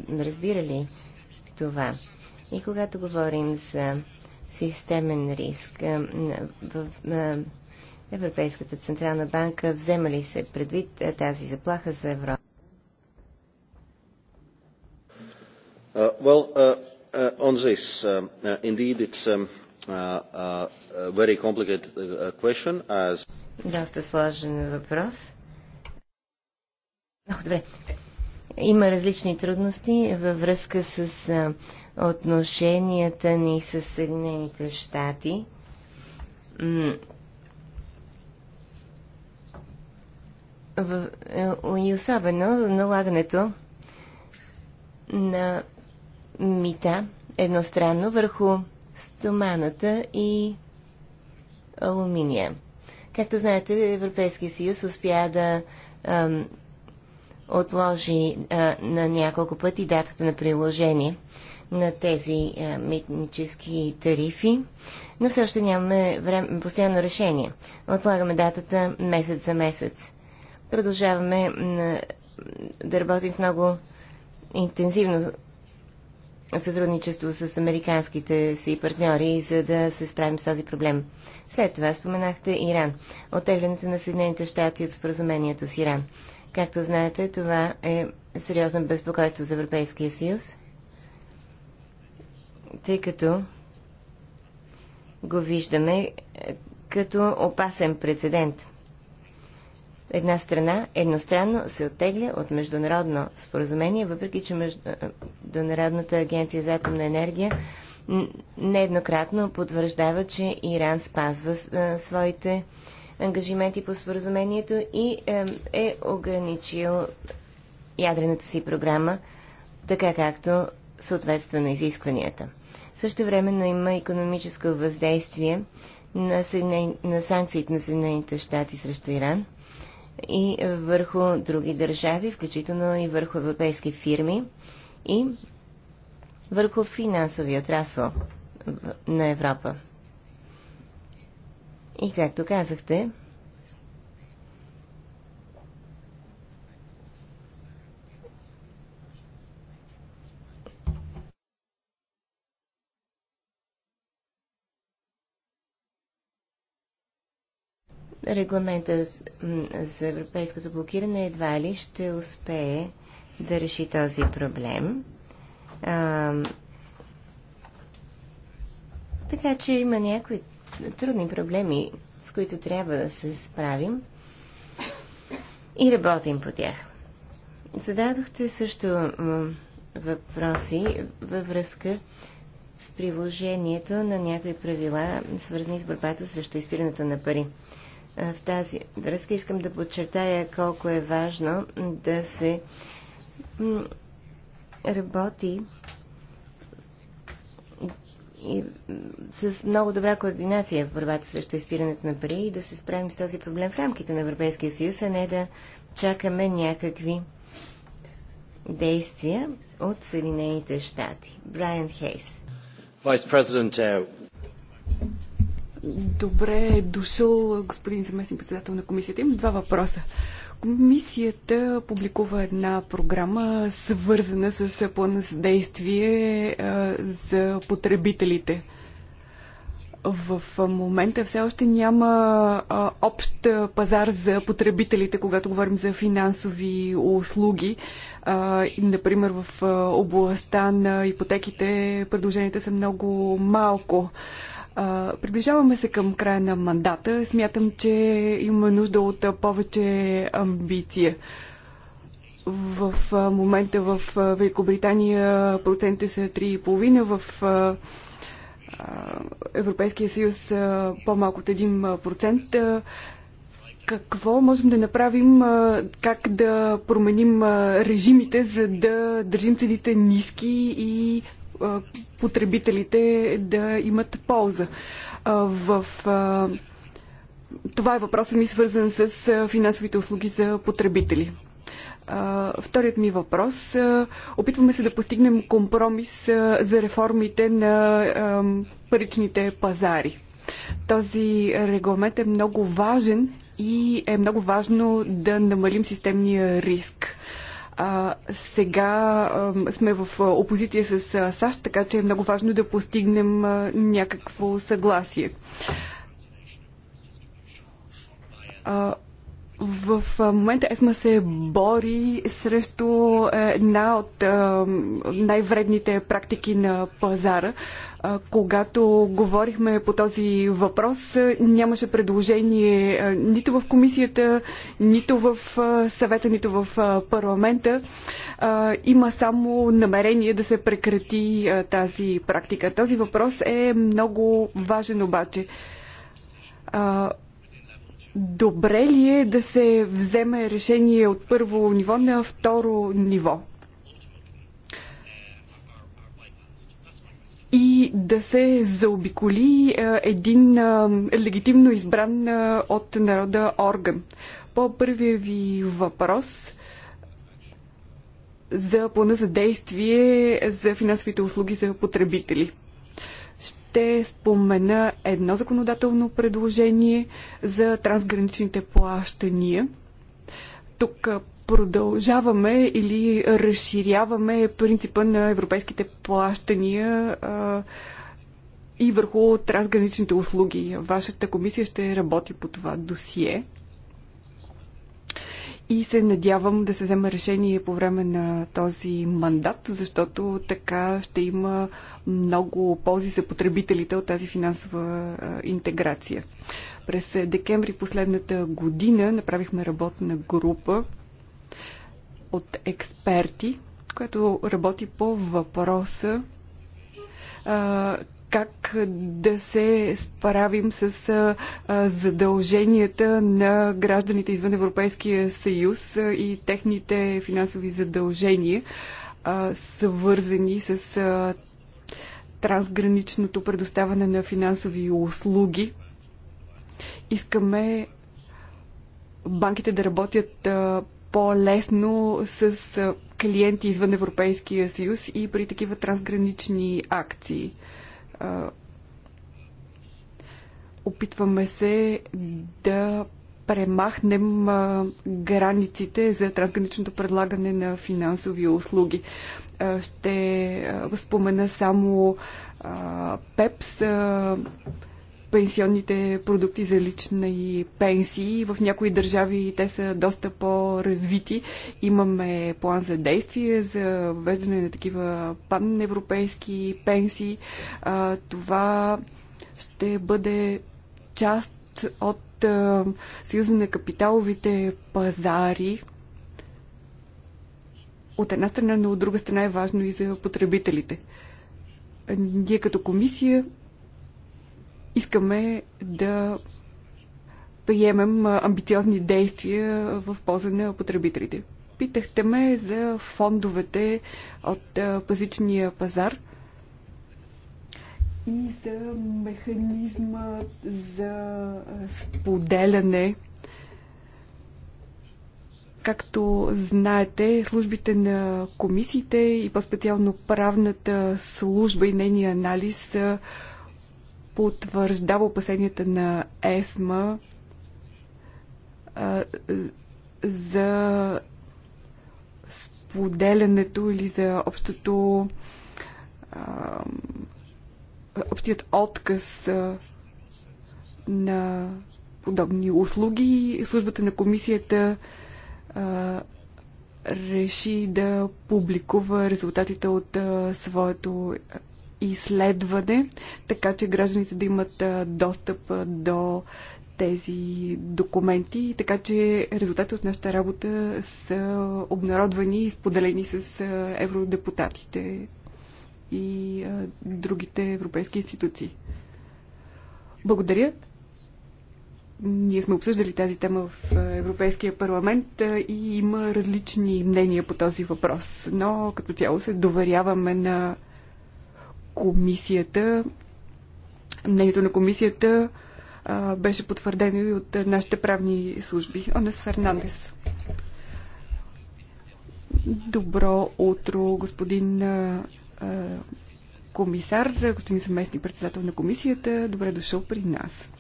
разбира ли това? И когато говорим за системен риск, в Европейската Централна банка взема ли се предвид тази заплаха за Европа? Uh, well, uh, uh, on this, um, uh, indeed, it's um, uh, uh, very complicated uh, uh, question. As... Доста сложен въпрос. добре. Има различни трудности във връзка с uh, отношенията ни с Съединените щати. Е, и особено налагането на мита едностранно върху стоманата и алуминия. Както знаете, Европейския съюз успя да ам, отложи а, на няколко пъти датата на приложение на тези а, е, митнически тарифи, но също нямаме време, постоянно решение. Отлагаме датата месец за месец. Продължаваме на, да работим в много интензивно сътрудничество с американските си партньори, за да се справим с този проблем. След това споменахте Иран. Оттеглянето на Съединените щати от споразумението с Иран. Както знаете, това е сериозно безпокойство за Европейския съюз тъй като го виждаме е, като опасен прецедент. Една страна едностранно се оттегля от международно споразумение, въпреки че е, Международната агенция за атомна енергия нееднократно потвърждава, че Иран спазва е, своите ангажименти по споразумението и е ограничил ядрената си програма, така както съответства на изискванията. Също времено има економическо въздействие на, Съединен... на санкциите на Съединените щати срещу Иран и върху други държави, включително и върху европейски фирми и върху финансови отрасъл на Европа. И както казахте, регламента за европейското блокиране едва ли ще успее да реши този проблем. А, така че има някои трудни проблеми, с които трябва да се справим и работим по тях. Зададохте също въпроси във връзка с приложението на някои правила, свързани с борбата срещу изпирането на пари. Е, в тази връзка искам да подчертая колко е важно да се работи и с много добра координация в борбата срещу изпирането на пари и да се справим с този проблем в рамките на Европейския съюз, а не да чакаме някакви действия от Съединените щати. Брайан Хейс. Добре е дошъл господин заместник председател на комисията. Имам два въпроса. Комисията публикува една програма, свързана с плана за действие за потребителите. В момента все още няма общ пазар за потребителите, когато говорим за финансови услуги. Например, в областта на ипотеките предложенията са много малко приближаваме се към края на мандата. Смятам, че има нужда от повече амбиция. В момента в Великобритания процентите са 3,5, в Европейския съюз по-малко от 1%. Какво можем да направим, как да променим режимите, за да държим цените ниски и потребителите да имат полза. В това е въпросът ми свързан с финансовите услуги за потребители. Вторият ми въпрос. Опитваме се да постигнем компромис за реформите на паричните пазари. Този регламент е много важен и е много важно да намалим системния риск. А, сега а, сме в опозиция с а, САЩ, така че е много важно да постигнем а, някакво съгласие. А, в момента ЕСМА се бори срещу една от най-вредните практики на пазара. Когато говорихме по този въпрос, нямаше предложение нито в комисията, нито в съвета, нито в парламента. Има само намерение да се прекрати тази практика. Този въпрос е много важен обаче добре ли е да се вземе решение от първо ниво на второ ниво? и да се заобиколи е, един е, легитимно избран е, от народа орган. По първия ви въпрос за плана за действие за финансовите услуги за потребители. Ще спомена едно законодателно предложение за трансграничните плащания. Тук продължаваме или разширяваме принципа на европейските плащания а, и върху трансграничните услуги. Вашата комисия ще работи по това досие и се надявам да се вземе решение по време на този мандат, защото така ще има много ползи за потребителите от тази финансова интеграция. През декември последната година направихме работна група от експерти, което работи по въпроса а, как да се справим с а, задълженията на гражданите извън Европейския съюз а, и техните финансови задължения, а, свързани с а, трансграничното предоставяне на финансови услуги. Искаме банките да работят а, по-лесно с клиенти извън Европейския съюз и при такива трансгранични акции. Опитваме се да премахнем границите за трансграничното предлагане на финансови услуги. Ще спомена само ПЕПС, пенсионните продукти за лични пенсии. В някои държави те са доста по-развити. Имаме план за действие за въвеждане на такива паневропейски пенсии. Това ще бъде част от Съюза на капиталовите пазари, от една страна, но от друга страна е важно и за потребителите. Ние като комисия искаме да приемем амбициозни действия в полза на потребителите. Питахте ме за фондовете от пазичния пазар и за механизма за споделяне. Както знаете, службите на комисиите и по-специално правната служба и нейния анализ са потвърждава опасенията на ЕСМА а, за споделянето или за общото а, общият отказ а, на подобни услуги. Службата на комисията а, реши да публикува резултатите от а, своето изследване, така че гражданите да имат достъп до тези документи, така че резултатите от нашата работа са обнародвани и споделени с евродепутатите и другите европейски институции. Благодаря. Ние сме обсъждали тази тема в Европейския парламент и има различни мнения по този въпрос, но като цяло се доверяваме на комисията, мнението на комисията а, беше потвърдено и от нашите правни служби. Онес Фернандес. Добро утро, господин а, комисар, господин съместник председател на комисията. Добре дошъл при нас.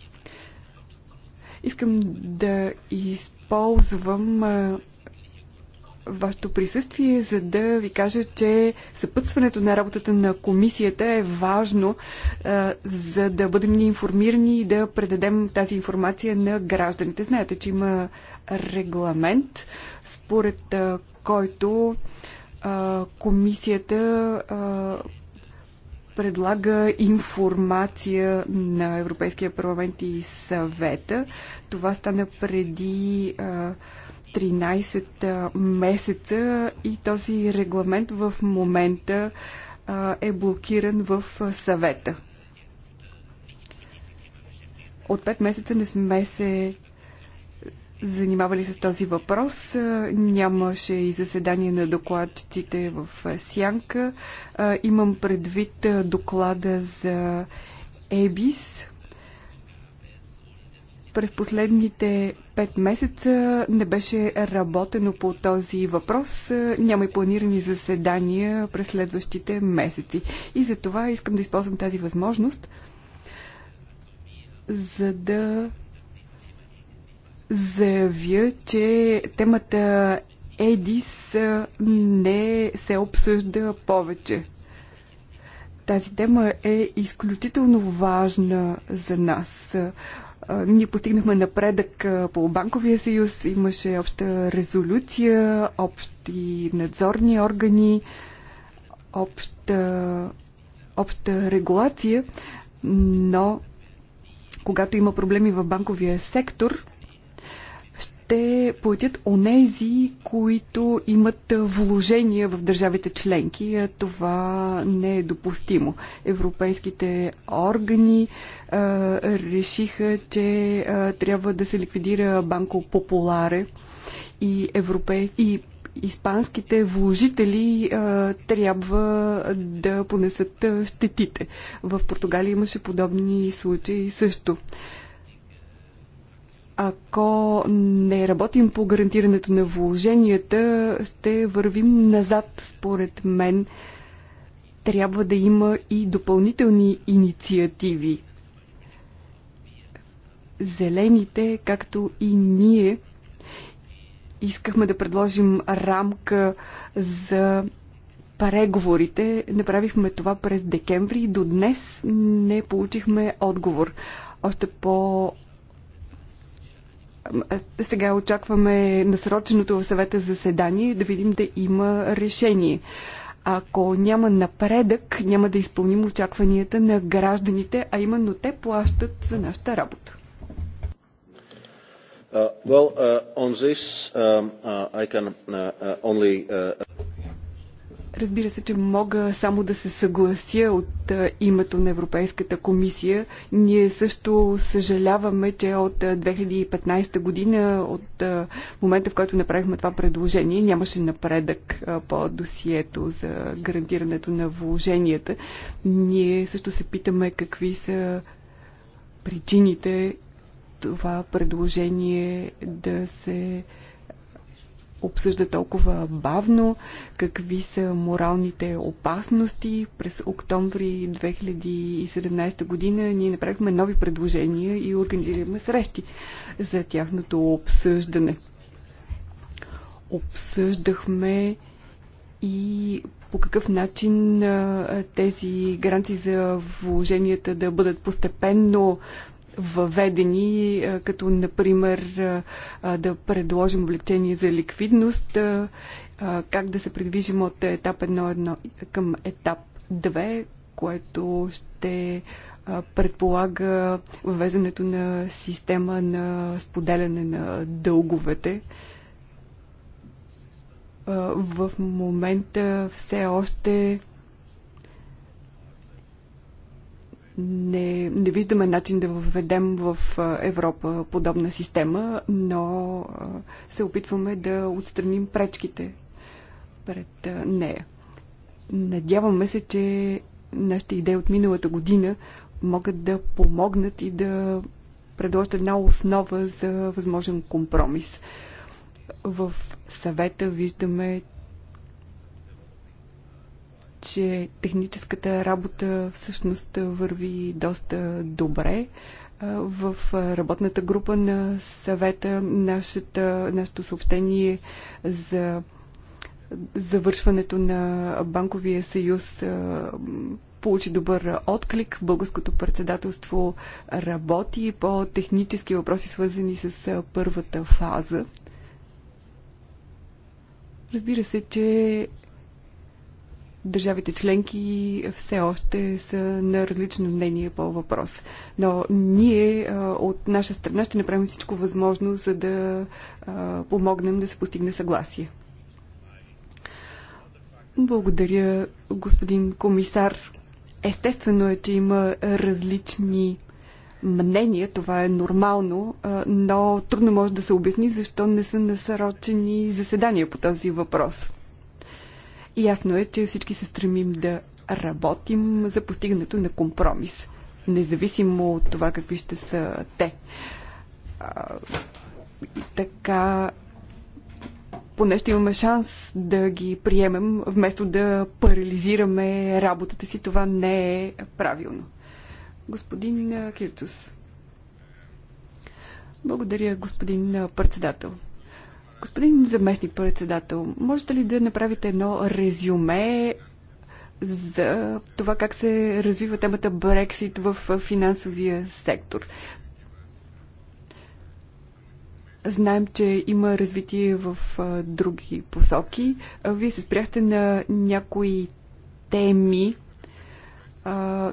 Искам да използвам а, вашето присъствие, за да ви кажа, че съпътстването на работата на комисията е важно, а, е, за да бъдем ни информирани и да предадем тази информация на гражданите. Знаете, че има регламент, според а, е, който а, е, комисията а, предлага информация на Европейския парламент и съвета. Това стана преди. А, 13 месеца и този регламент в момента е блокиран в съвета. От 5 месеца не сме се занимавали с този въпрос. Нямаше и заседание на докладчиците в Сянка. Имам предвид доклада за ЕБИС, през последните пет месеца не беше работено по този въпрос. Няма и планирани заседания през следващите месеци. И за това искам да използвам тази възможност, за да заявя, че темата ЕДИС не се обсъжда повече. Тази тема е изключително важна за нас. Ние постигнахме напредък по банковия съюз, имаше обща резолюция, общи надзорни органи, обща, обща регулация, но когато има проблеми в банковия сектор, те платят онези, които имат вложения в държавите членки, това не е допустимо. Европейските органи а, решиха, че а, трябва да се ликвидира Банко Популаре и, европе... и испанските вложители а, трябва да понесат щетите. В Португалия имаше подобни случаи също. Ако не работим по гарантирането на вложенията, ще вървим назад, според мен. Трябва да има и допълнителни инициативи. Зелените, както и ние, искахме да предложим рамка за преговорите. Направихме това през декември и до днес не получихме отговор. Още по е, сега очакваме насроченото в съвета заседание да видим да има решение. Ако няма напредък, няма да изпълним очакванията на гражданите, а именно те плащат за нашата работа. Uh, well, uh, on this, um, uh, I can uh, uh only uh, Разбира се, че мога само да се съглася от името на Европейската комисия. Ние също съжаляваме, че от 2015 година, от момента в който направихме това предложение, нямаше напредък по досието за гарантирането на вложенията. Ние също се питаме какви са причините това предложение да се обсъжда толкова бавно, какви са моралните опасности. През октомври 2017 година ние направихме нови предложения и организираме срещи за тяхното обсъждане. Обсъждахме и по какъв начин тези гаранции за вложенията да бъдат постепенно въведени, е, като например е, е, да предложим облегчение за ликвидност, как да се придвижим от етап 1-1 към етап 2, което ще предполага въвеждането на система на споделяне на дълговете. В момента все още не, не виждаме начин да въведем в Европа подобна система, но се опитваме да отстраним пречките пред нея. Надяваме се, че нашите идеи от миналата година могат да помогнат и да предложат една основа за възможен компромис. В съвета виждаме, че техническата работа всъщност върви доста добре. В работната група на съвета нашата, нашето съобщение за завършването на банковия съюз получи добър отклик. Българското председателство работи по технически въпроси, свързани с първата фаза. Разбира се, че Държавите членки все още са на различно мнение по въпрос. Но ние от наша страна ще направим всичко възможно, за да помогнем да се постигне съгласие. Благодаря, господин комисар. Естествено е, че има различни мнения, това е нормално, но трудно може да се обясни защо не са насрочени заседания по този въпрос. И ясно е, че всички се стремим да работим за постигането на компромис, независимо от това какви ще са те. А, и така, поне ще имаме шанс да ги приемем, вместо да парализираме работата си. Това не е правилно. Господин Кирцус. Благодаря, господин председател. Господин заместник председател, можете ли да направите едно резюме за това как се развива темата Брексит в финансовия сектор? Знаем, че има развитие в други посоки. Вие се спряхте на някои теми.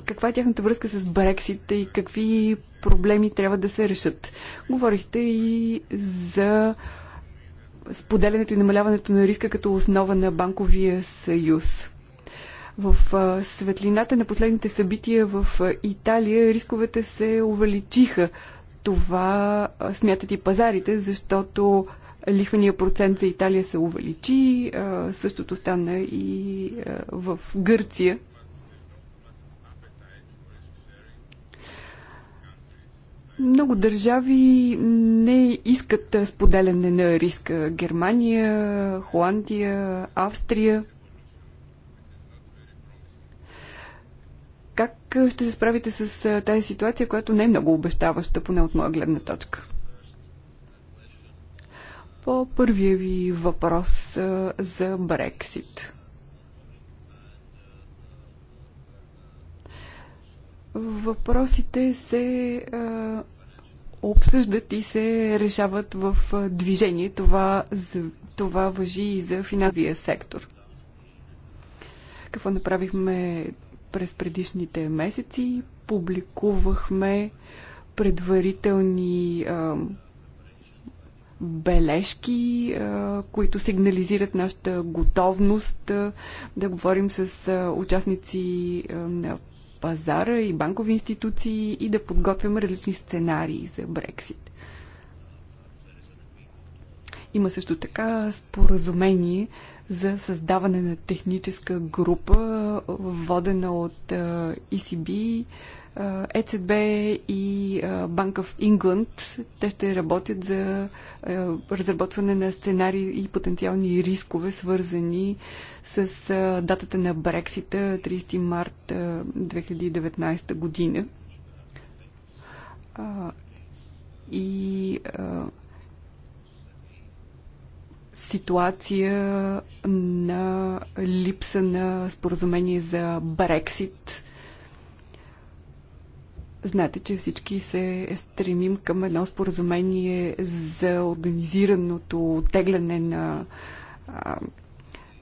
Каква е тяхната връзка с Брексит и какви проблеми трябва да се решат? Говорихте и за споделянето и намаляването на риска като основа на банковия съюз. В светлината на последните събития в Италия рисковете се увеличиха. Това смятат и пазарите, защото лихвения процент за Италия се увеличи. Същото стана и в Гърция. Много държави не искат споделяне на риска. Германия, Холандия, Австрия. Как ще се справите с тази ситуация, която не е много обещаваща, поне от моя гледна точка? По първия ви въпрос за Брексит. Въпросите се а, обсъждат и се решават в движение. Това, това въжи и за финансовия сектор. Какво направихме през предишните месеци? Публикувахме предварителни а, бележки, а, които сигнализират нашата готовност а, да говорим с а, участници а, на пазара и банкови институции и да подготвяме различни сценарии за Брексит. Има също така споразумение за създаване на техническа група, водена от ECB, ЕЦБ e и Банка в Ингланд. Те ще работят за разработване на сценарии и потенциални рискове, свързани с датата на Брексита 30 март 2019 година. И ситуация на липса на споразумение за Брексит. Знаете, че всички се стремим към едно споразумение за организираното тегляне на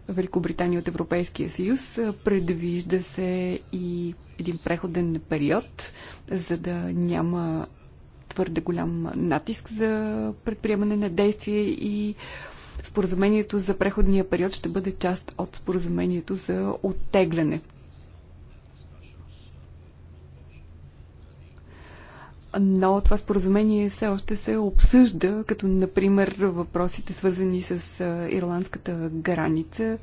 Великобритания от Европейския съюз. Предвижда се и един преходен период, за да няма твърде голям натиск за предприемане на действия и Споразумението за преходния период ще бъде част от споразумението за оттегляне. но това споразумение все още се обсъжда, като например въпросите свързани с ирландската граница.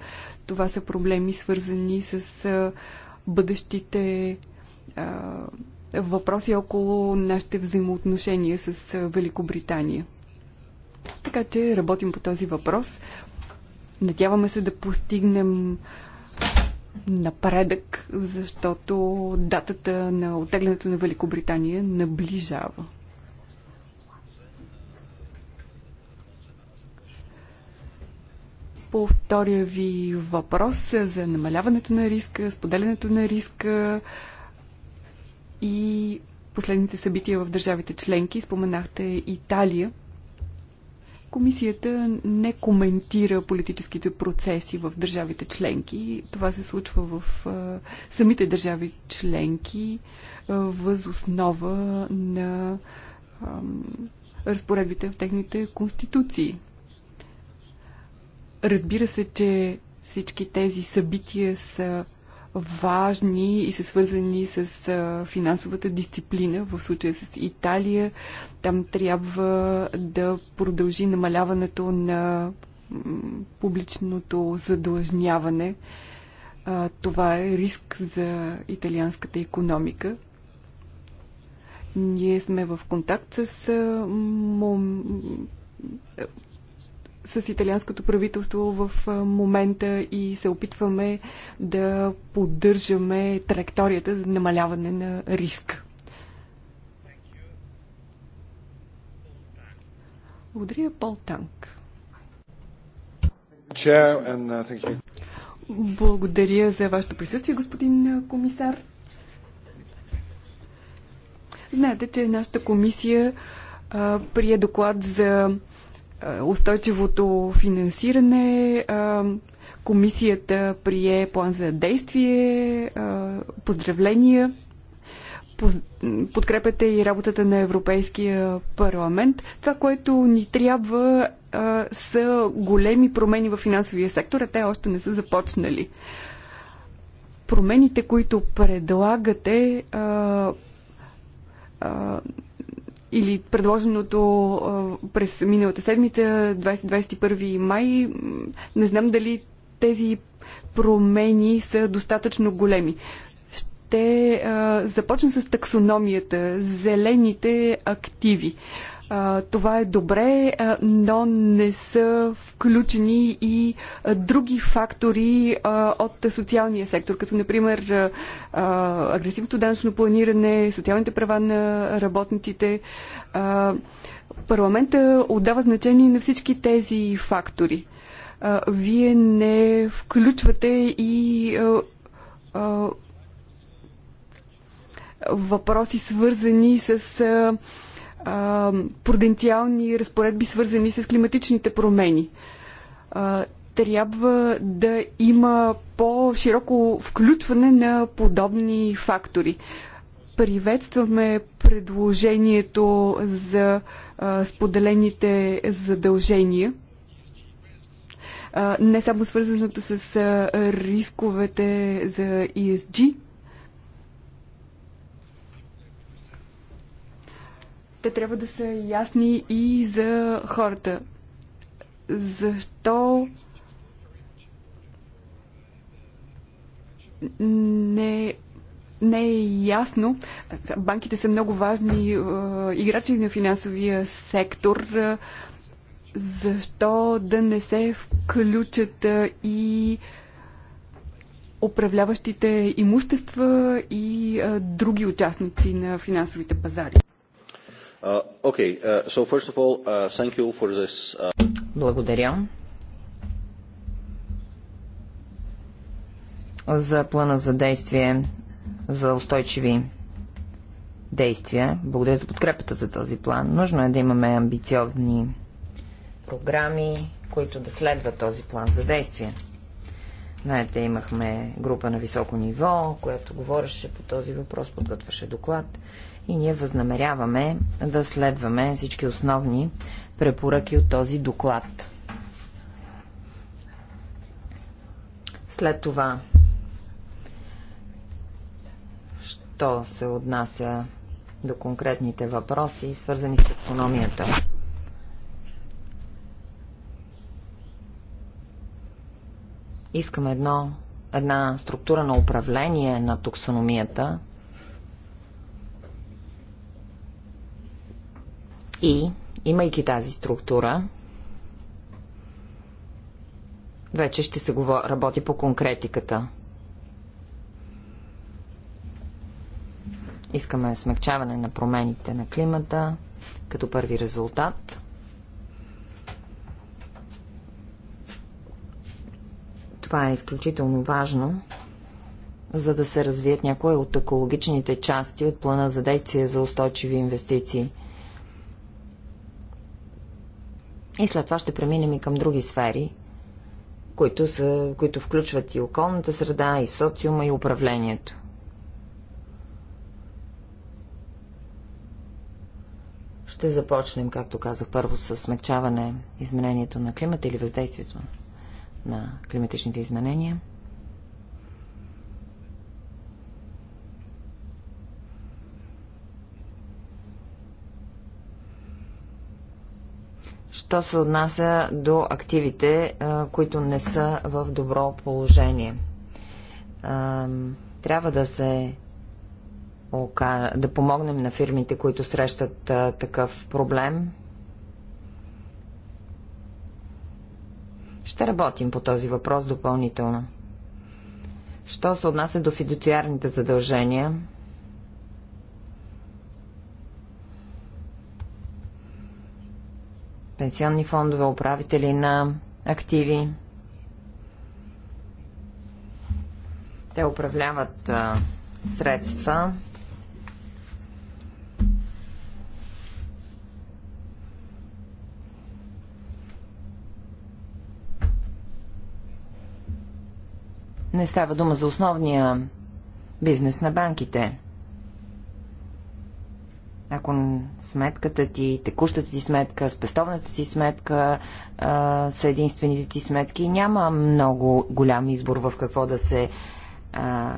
Това са проблеми свързани с бъдещите а, въпроси около нашите взаимоотношения с Великобритания. Така че работим по този въпрос. Надяваме се да постигнем напредък, защото датата на отеглянето на Великобритания наближава. По втория ви въпрос за намаляването на риска, споделянето на риска и последните събития в държавите членки, споменахте Италия – Комисията не коментира политическите процеси в държавите членки. Това се случва в самите държави членки възоснова на разпоредбите в техните конституции. Разбира се, че всички тези събития са важни и са свързани с финансовата дисциплина, в случая с Италия. Там трябва да продължи намаляването на публичното задлъжняване. Това е риск за италианската економика. Ние сме в контакт с с италианското правителство в момента и се опитваме да поддържаме траекторията за намаляване на риск. Благодаря, Пол Танк. Uh, Благодаря за вашето присъствие, господин комисар. Знаете, че нашата комисия а, прие доклад за е, устойчивото финансиране. Е, комисията прие план за действие. Е, поздравления. Подкрепяте и работата на Европейския парламент. Това, което ни трябва са големи промени в финансовия сектор, а те още не са започнали. Промените, които предлагате, или предложеното през миналата седмица, 20-21 май. Не знам дали тези промени са достатъчно големи. Ще започна с таксономията, зелените активи това е добре, но не са включени и други фактори от социалния сектор, като например агресивното данъчно планиране, социалните права на работниците. Парламента отдава значение на всички тези фактори. Вие не включвате и въпроси свързани с а, пруденциални разпоредби, свързани с климатичните промени. А, трябва да има по-широко включване на подобни фактори. Приветстваме предложението за а, споделените задължения не само свързаното с рисковете за ESG, те трябва да са ясни и за хората. Защо не, не е ясно. Банките са много важни е, играчи на финансовия сектор. Защо да не се включат е, и управляващите имущества и а, е, други участници на финансовите пазари. Uh, okay, uh, so first of all, uh, thank you for this. Благодаря. За плана за действие за устойчиви действия. Благодаря за подкрепата за този план. Нужно е да имаме амбициозни програми, които да следват този план за действие. Знаете, имахме група на високо ниво, която говореше по този въпрос, подготвяше доклад и ние възнамеряваме да следваме всички основни препоръки от този доклад. След това, що се отнася до конкретните въпроси, свързани с таксономията. Искам едно, една структура на управление на таксономията – И, имайки тази структура, вече ще се работи по конкретиката. Искаме смягчаване на промените на климата като първи резултат. Това е изключително важно, за да се развият някои от екологичните части от плана за действие за устойчиви инвестиции – И след това ще преминем и към други сфери, които, са, които включват и околната среда, и социума, и управлението. Ще започнем, както казах, първо с смягчаване изменението на климата или въздействието на климатичните изменения – що се отнася до активите, които не са в добро положение. Трябва да се да помогнем на фирмите, които срещат такъв проблем. Ще работим по този въпрос допълнително. Що се отнася до фидуциарните задължения, пенсионни фондове, управители на активи. Те управляват а, средства. Не става дума за основния бизнес на банките. Ако сметката ти, текущата ти сметка, спестовната ти сметка а, са единствените ти сметки, няма много голям избор в какво да се а,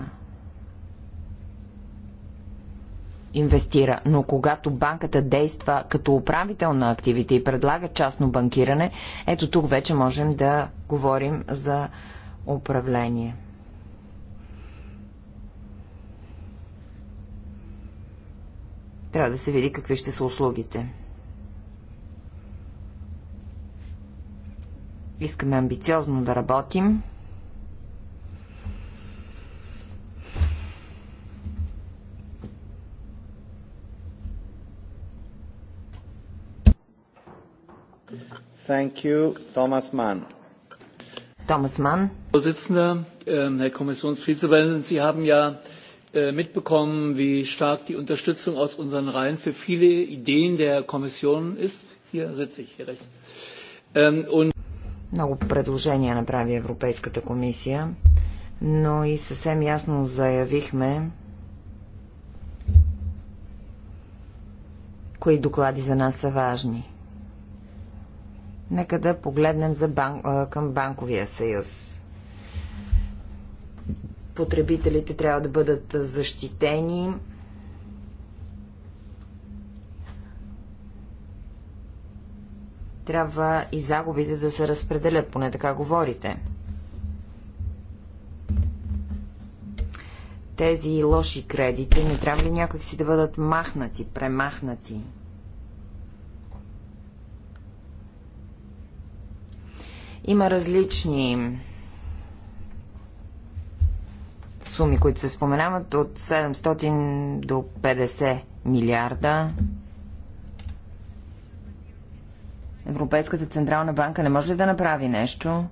инвестира. Но когато банката действа като управител на активите и предлага частно банкиране, ето тук вече можем да говорим за управление. Трябва да се види какви ще са услугите. Искаме амбициозно да работим. Thank you, Thomas Mann. Thomas Mann. Vorsitzender, Herr Kommissionsvizepräsident, Sie haben ja Äh, mitbekommen, wie stark die Unterstützung aus unseren Reihen für viele Ideen der Kommission ist. Hier sitze ich, hier rechts. Ähm, und Много предложения направи Европейската комисия, но и съвсем ясно заявихме, кои доклади за нас са важни. Нека да погледнем за бан... към Банковия съюз Потребителите трябва да бъдат защитени. Трябва и загубите да се разпределят, поне така говорите. Тези лоши кредити не трябва ли някакси да бъдат махнати, премахнати? Има различни суми, които се споменават, от 700 до 50 милиарда. Европейската централна банка не може ли да направи нещо?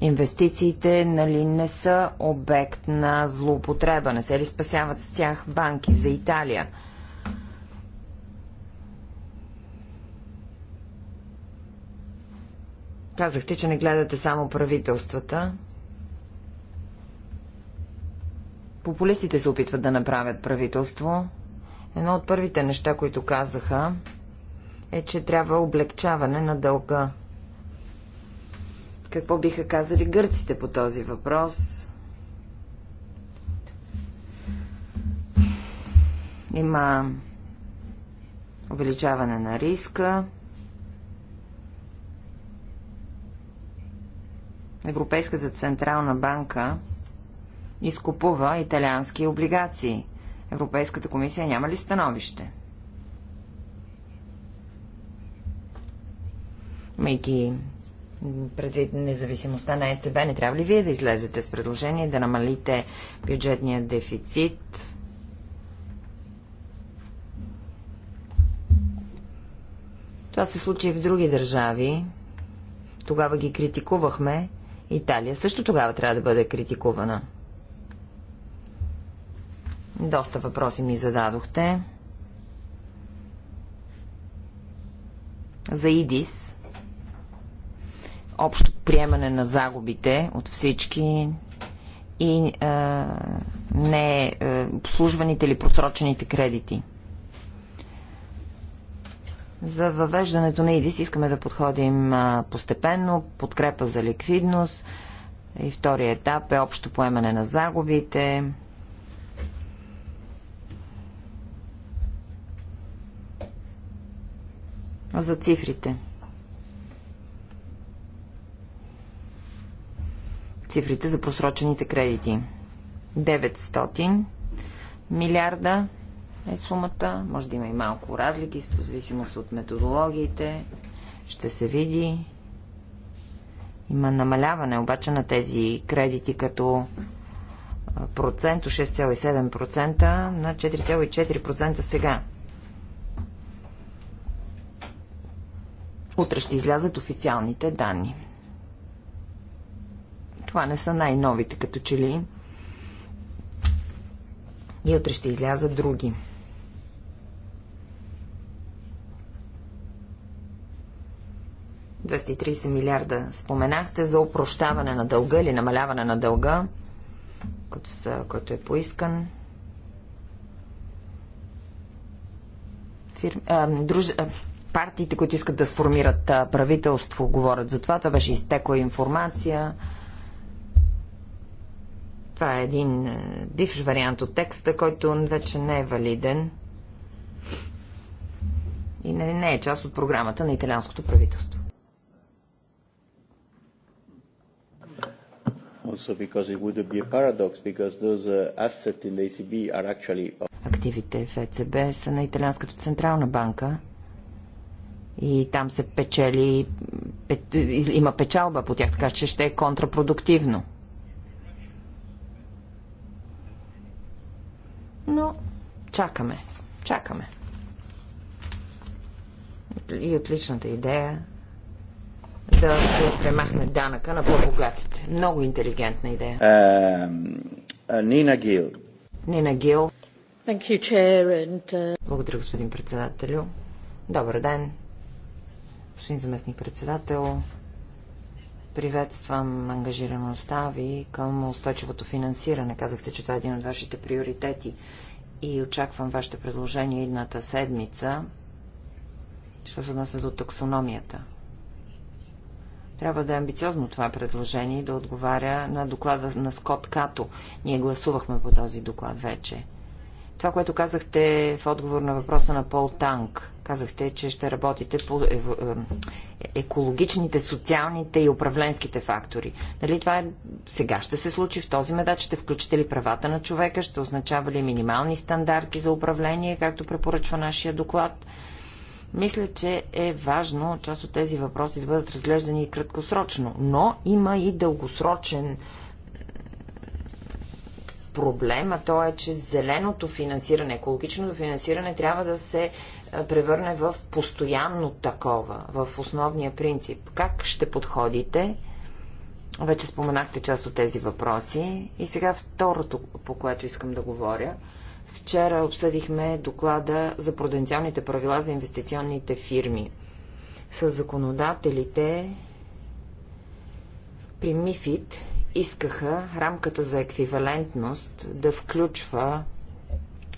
Инвестициите нали не са обект на злоупотреба? Не се ли спасяват с тях банки за Италия? Казахте, че не гледате само правителствата. Популистите се опитват да направят правителство. Едно от първите неща, които казаха, е, че трябва облегчаване на дълга. Какво биха казали гърците по този въпрос? Има увеличаване на риска. Европейската централна банка изкупува италиански облигации. Европейската комисия няма ли становище? Майки предвид независимостта на ЕЦБ, не трябва ли вие да излезете с предложение да намалите бюджетния дефицит? Това се случи в други държави. Тогава ги критикувахме, Италия също тогава трябва да бъде критикувана. Доста въпроси ми зададохте. За ИДИС. Общо приемане на загубите от всички и а, не а, обслужваните или просрочените кредити. За въвеждането на ИДИС искаме да подходим постепенно, подкрепа за ликвидност и втория етап е общо поемане на загубите. За цифрите. Цифрите за просрочените кредити. 900 милиарда е сумата. Може да има и малко разлики, в зависимост от методологиите. Ще се види. Има намаляване обаче на тези кредити като процент, от 6,7% на 4,4% сега. Утре ще излязат официалните данни. Това не са най-новите като че ли. И утре ще излязат други. 230 милиарда споменахте за упрощаване на дълга или намаляване на дълга, който, са, който е поискан. Фир... А, друж... а, партиите, които искат да сформират а, правителство, говорят за това. Това беше изтекла информация. Това е един бивш вариант от текста, който вече не е валиден и не, не е част от програмата на италианското правителство. also because it would be a paradox because those uh, assets in the ECB are actually Активите в ЕЦБ са на Италианската централна банка и там се печели, пет, има печалба по тях, така че ще е контрапродуктивно. Но чакаме, чакаме. И отличната идея да се премахне данъка на по-богатите. Много интелигентна идея. Нина Гил. Нина Гил. Uh, Благодаря, господин председателю. Добър ден, господин заместник председател. Приветствам ангажираността ви към устойчивото финансиране. Казахте, че това е един от вашите приоритети и очаквам вашите предложения едната седмица, що се отнася до таксономията. Трябва да е амбициозно това предложение и да отговаря на доклада на Скот Като. Ние гласувахме по този доклад вече. Това, което казахте в отговор на въпроса на Пол Танк, казахте, че ще работите по екологичните, социалните и управленските фактори. Нали това е... сега ще се случи в този медат? Ще включите ли правата на човека? Ще означава ли минимални стандарти за управление, както препоръчва нашия доклад? Мисля, че е важно част от тези въпроси да бъдат разглеждани и краткосрочно, но има и дългосрочен проблем, а то е, че зеленото финансиране, екологичното финансиране трябва да се превърне в постоянно такова, в основния принцип. Как ще подходите? Вече споменахте част от тези въпроси. И сега второто, по което искам да говоря – Вчера обсъдихме доклада за пруденциалните правила за инвестиционните фирми. С законодателите при МИФИТ, искаха рамката за еквивалентност да включва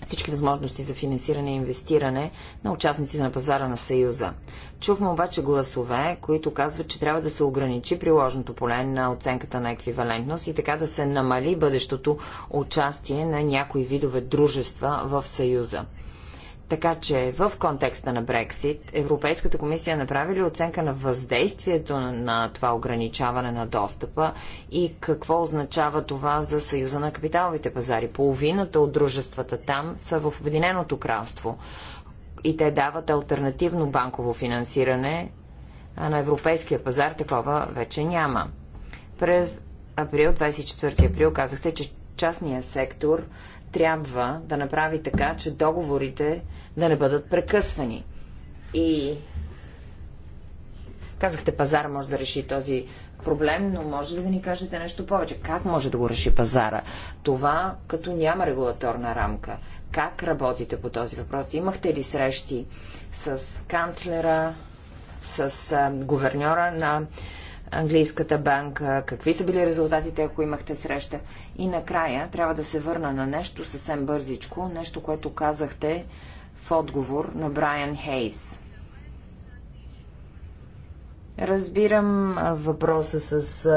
всички възможности за финансиране и инвестиране на участниците на пазара на Съюза. Чухме обаче гласове, които казват, че трябва да се ограничи приложното поле на оценката на еквивалентност и така да се намали бъдещото участие на някои видове дружества в Съюза. Така че в контекста на Брексит Европейската комисия е направи ли оценка на въздействието на това ограничаване на достъпа и какво означава това за Съюза на капиталовите пазари? Половината от дружествата там са в Обединеното кралство и те дават альтернативно банково финансиране, а на европейския пазар такова вече няма. През април, 24 април, казахте, че частния сектор трябва да направи така, че договорите да не бъдат прекъсвани. И казахте, пазар може да реши този проблем, но може ли да ни кажете нещо повече? Как може да го реши пазара? Това като няма регулаторна рамка. Как работите по този въпрос? Имахте ли срещи с канцлера, с а, на английската банка, какви са били резултатите, ако имахте среща. И накрая трябва да се върна на нещо съвсем бързичко, нещо, което казахте в отговор на Брайан Хейс. Разбирам въпроса с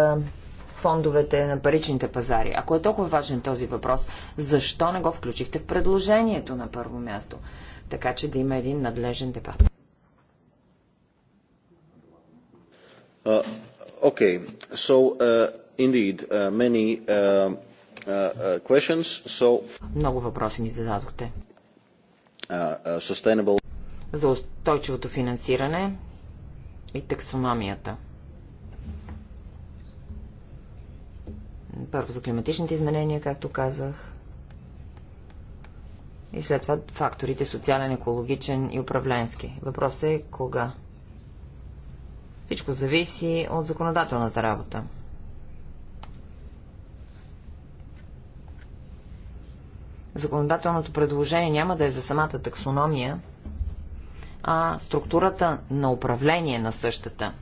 фондовете на паричните пазари. Ако е толкова важен този въпрос, защо не го включихте в предложението на първо място? Така че да има един надлежен дебат. Okay. So, uh, indeed, uh, many uh, questions. So... Много въпроси ни зададохте. Sustainable... За устойчивото финансиране и таксономията. Първо за климатичните изменения, както казах. И след това факторите социален, екологичен и управленски. Въпросът е кога всичко зависи от законодателната работа. Законодателното предложение няма да е за самата таксономия, а структурата на управление на същата.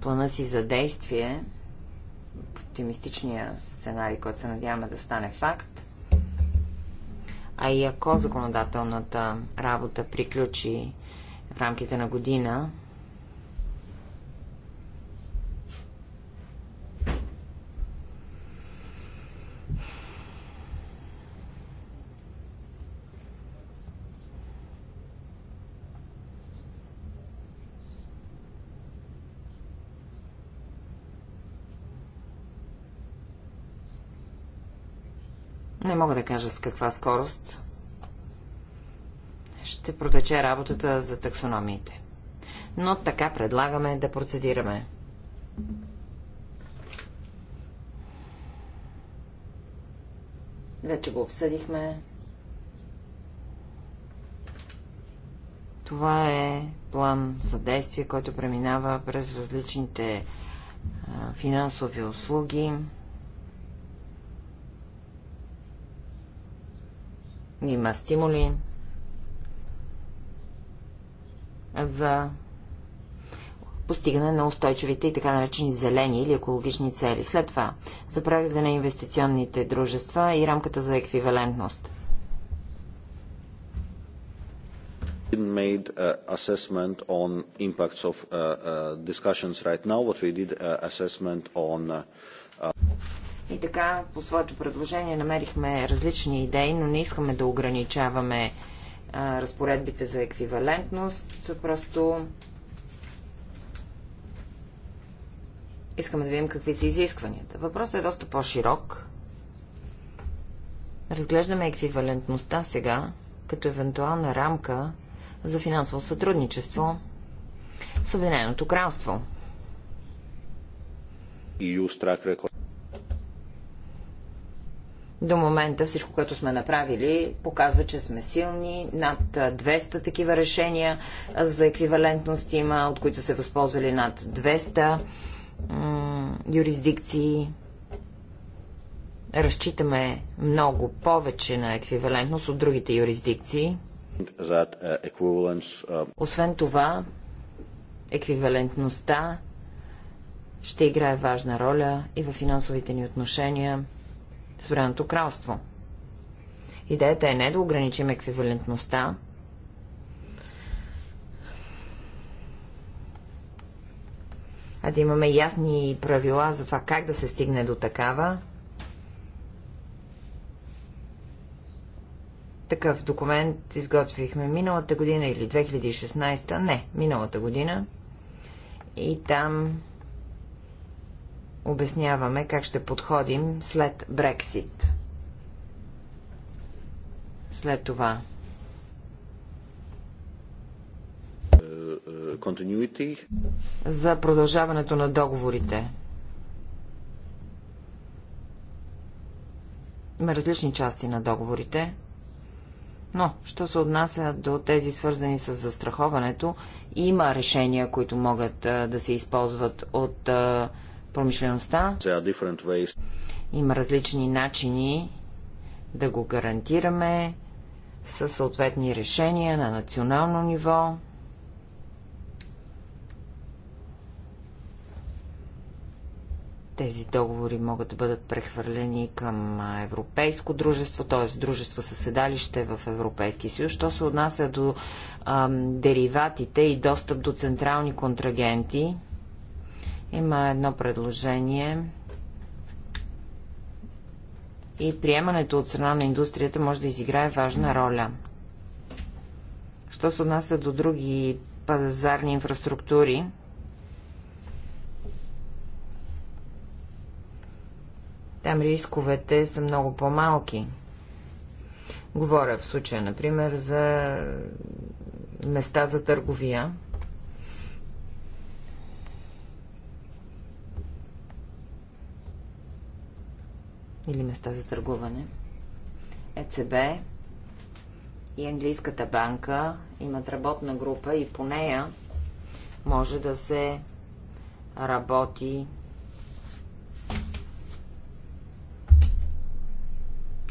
Плана си за действие, оптимистичния сценарий, който се надяваме да стане факт, а и ако законодателната работа приключи в рамките на година, Не мога да кажа с каква скорост ще протече работата за таксономиите. Но така предлагаме да процедираме. Вече го обсъдихме. Това е план за действие, който преминава през различните финансови услуги. Има стимули за постигане на устойчивите и така наречени зелени или екологични цели. След това, за прегледа на инвестиционните дружества и рамката за еквивалентност. made uh, assessment on impacts of uh, uh, discussions right now. What we did uh, assessment on uh, uh и така, по своето предложение намерихме различни идеи, но не искаме да ограничаваме а, разпоредбите за еквивалентност. Просто искаме да видим какви са изискванията. Въпросът е доста по-широк. Разглеждаме еквивалентността сега като евентуална рамка за финансово сътрудничество с Обединеното кралство. И track record. До момента всичко, което сме направили, показва, че сме силни. Над 200 такива решения за еквивалентност има, от които се възползвали над 200 юрисдикции. Разчитаме много повече на еквивалентност от другите юрисдикции. Освен това, еквивалентността ще играе важна роля и в финансовите ни отношения Суреното кралство. Идеята е не да ограничим еквивалентността, а да имаме ясни правила за това как да се стигне до такава. Такъв документ изготвихме миналата година или 2016, не, миналата година. И там обясняваме как ще подходим след Брексит. След това. За продължаването на договорите. Има различни части на договорите. Но, що се отнася до тези свързани с застраховането, има решения, които могат а, да се използват от а, промишлеността. Има различни начини да го гарантираме със съответни решения на национално ниво. Тези договори могат да бъдат прехвърлени към европейско дружество, т.е. дружество със седалище в Европейски съюз. Що се отнася до ам, дериватите и достъп до централни контрагенти, има едно предложение и приемането от страна на индустрията може да изиграе важна роля. Що се отнася до други пазарни инфраструктури, там рисковете са много по-малки. Говоря в случая, например, за места за търговия – или места за търгуване. ЕЦБ и Английската банка имат работна група и по нея може да се работи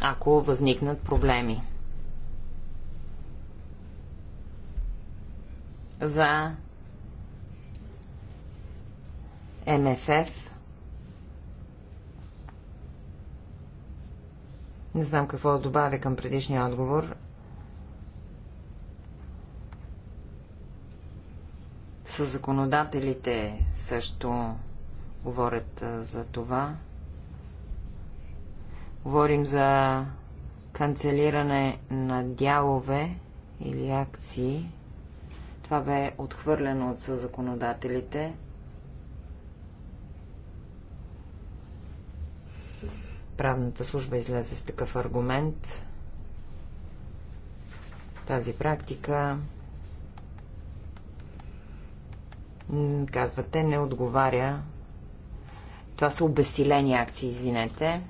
ако възникнат проблеми. За МФФ Не знам какво да добавя към предишния отговор. С законодателите също говорят за това. Говорим за канцелиране на дялове или акции. Това бе отхвърлено от съзаконодателите. законодателите правната служба излезе с такъв аргумент. Тази практика, казвате, не отговаря. Това са обесилени акции, извинете.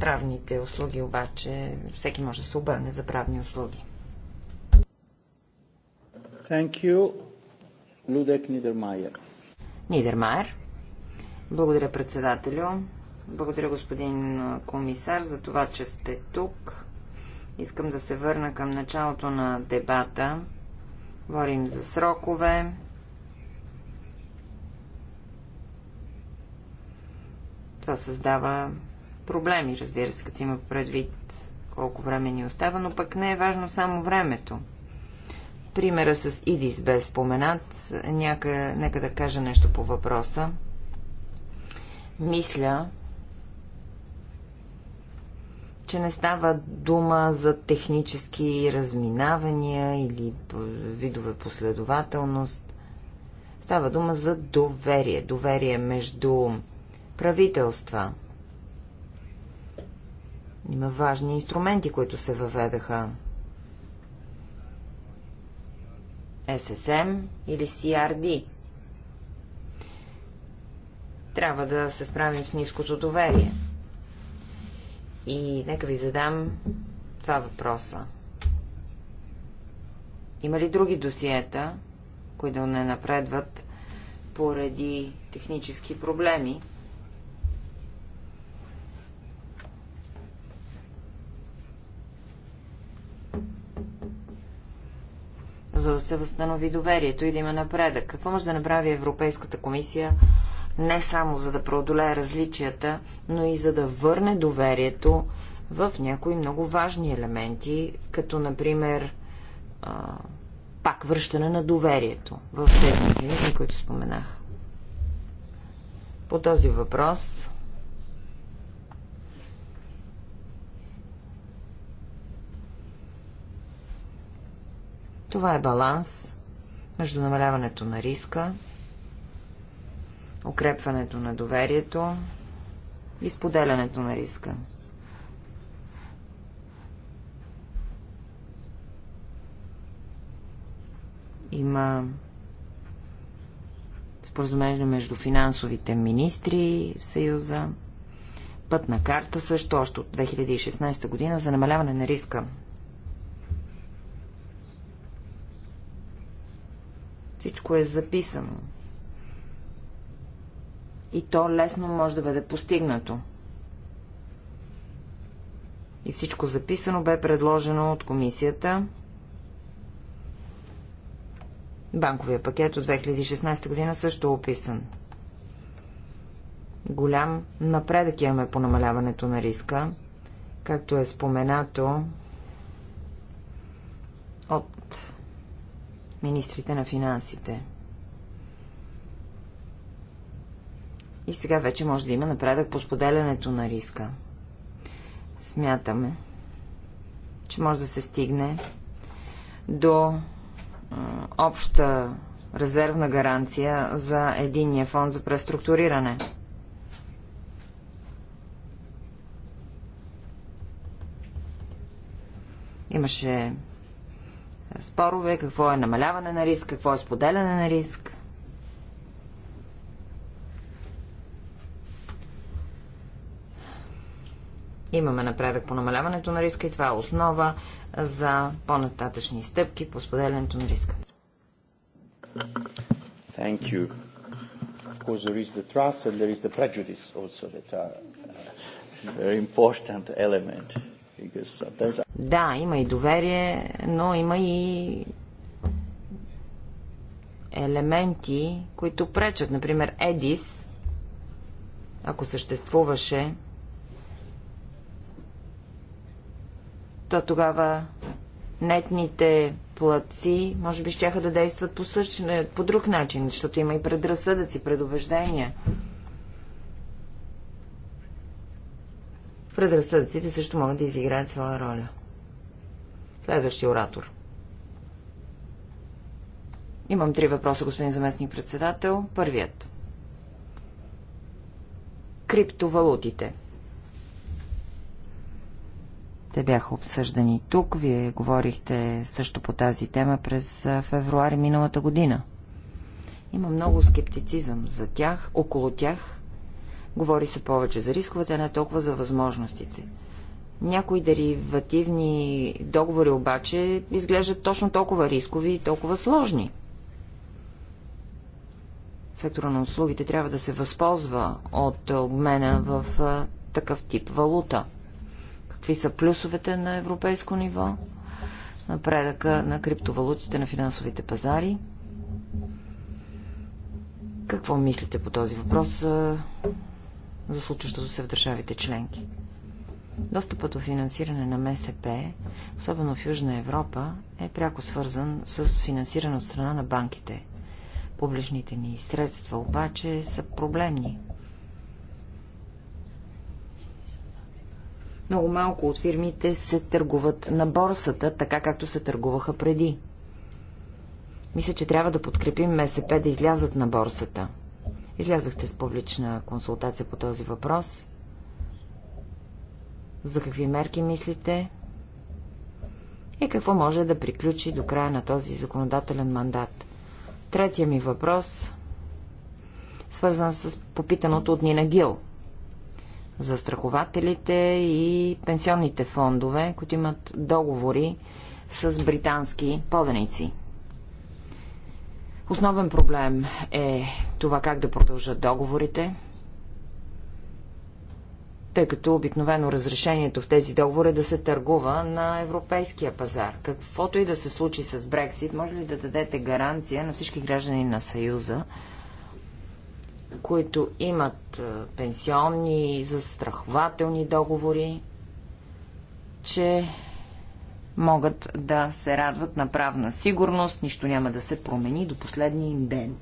Правните услуги обаче, всеки може да се обърне за правни услуги. Thank you. Ludek Niedermayer. Нидермайер. Благодаря, председателю. Благодаря, господин комисар, за това, че сте тук. Искам да се върна към началото на дебата. Говорим за срокове. Това създава проблеми, разбира се, като има предвид колко време ни остава, но пък не е важно само времето – Примера с Идис бе споменат. Няка, нека да кажа нещо по въпроса. Мисля, че не става дума за технически разминавания или видове последователност. Става дума за доверие. Доверие между правителства. Има важни инструменти, които се въведаха SSM или CRD. Трябва да се справим с ниското доверие. И нека ви задам това въпроса. Има ли други досиета, които не напредват поради технически проблеми? за да се възстанови доверието и да има напредък. Какво може да направи Европейската комисия не само за да преодолее различията, но и за да върне доверието в някои много важни елементи, като например пак връщане на доверието в тези механизми, които споменах. По този въпрос Това е баланс между намаляването на риска, укрепването на доверието и споделянето на риска. Има споразумение между финансовите министри в Съюза, пътна карта също още от 2016 година за намаляване на риска Всичко е записано. И то лесно може да бъде постигнато. И всичко записано бе предложено от комисията. Банковия пакет от 2016 година също е описан. Голям напредък имаме по намаляването на риска, както е споменато от министрите на финансите. И сега вече може да има напредък по споделянето на риска. Смятаме, че може да се стигне до обща резервна гаранция за единния фонд за преструктуриране. Имаше спорове, какво е намаляване на риск, какво е споделяне на риск. Имаме напредък по намаляването на риска и това е основа за по-нататъчни стъпки по споделянето на риска. Thank you. Of course, there is the trust and there is the prejudice also that are a uh, very important element. Да, има и доверие, но има и елементи, които пречат. Например, Едис, ако съществуваше, то тогава нетните платци, може би, щяха да действат по, същ, по друг начин, защото има и предразсъдъци, предубеждения. Предразсъдъците също могат да изиграят своя роля. Следващия оратор. Имам три въпроса, господин заместник председател. Първият. Криптовалутите. Те бяха обсъждани тук. Вие говорихте също по тази тема през февруари миналата година. Има много скептицизъм за тях, около тях Говори се повече за рисковете, а не толкова за възможностите. Някои деривативни договори обаче изглеждат точно толкова рискови и толкова сложни. Сектора на услугите трябва да се възползва от обмена в такъв тип валута. Какви са плюсовете на европейско ниво? Напредъка на криптовалутите на финансовите пазари. Какво мислите по този въпрос? за случващото се в държавите членки. Достъпът до финансиране на МСП, особено в Южна Европа, е пряко свързан с финансиране от страна на банките. Публичните ни средства обаче са проблемни. Много малко от фирмите се търгуват на борсата, така както се търгуваха преди. Мисля, че трябва да подкрепим МСП да излязат на борсата – Излязахте с публична консултация по този въпрос. За какви мерки мислите? И какво може да приключи до края на този законодателен мандат? Третия ми въпрос, свързан с попитаното от Нина Гил. За страхователите и пенсионните фондове, които имат договори с британски поданици. Основен проблем е това как да продължат договорите, тъй като обикновено разрешението в тези договори е да се търгува на европейския пазар. Каквото и да се случи с Брексит, може ли да дадете гаранция на всички граждани на Съюза, които имат пенсионни, застрахователни договори, че могат да се радват на правна сигурност, нищо няма да се промени до последния им ден.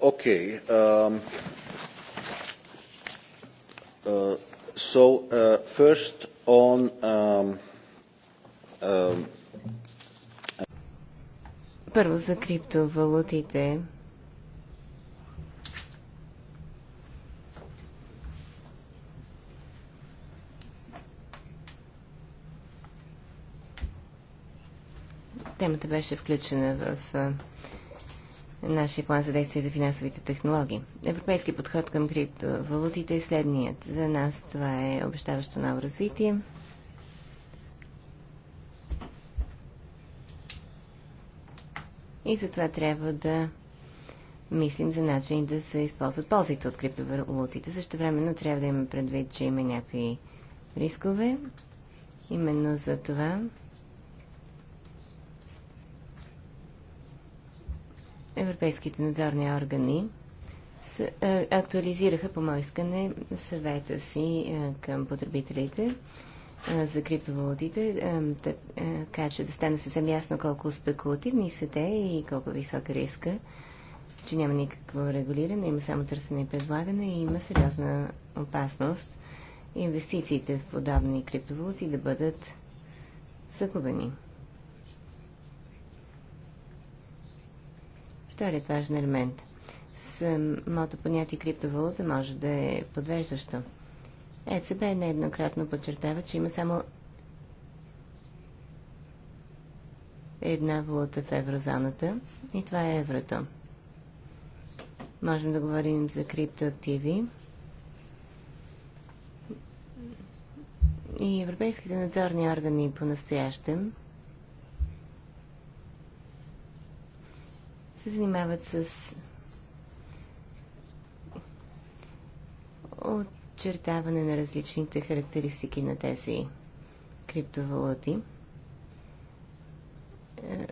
Окей. Uh, okay. um, uh, so, uh, first on um, um... Първо за криптовалутите. темата беше включена в нашия план за действие за финансовите технологии. Европейски подход към криптовалутите е следният. За нас това е обещаващо ново развитие. И затова трябва да мислим за начин да се използват ползите от криптовалутите. Също времено трябва да имаме предвид, че има някои рискове. Именно за това европейските надзорни органи е, актуализираха по мое искане съвета си е, към потребителите е, за криптовалутите, така че да стане съвсем ясно колко спекулативни са те и колко висока риска, че няма никакво регулиране, има само търсене и предлагане и има сериозна опасност инвестициите в подобни криптовалути да бъдат загубени. Вторият важен елемент. Мото понятие криптовалута може да е подвеждащо. ЕЦБ нееднократно подчертава, че има само една валута в еврозоната и това е еврото. Можем да говорим за криптоактиви. И европейските надзорни органи по-настоящем се занимават с очертаване на различните характеристики на тези криптовалути, е,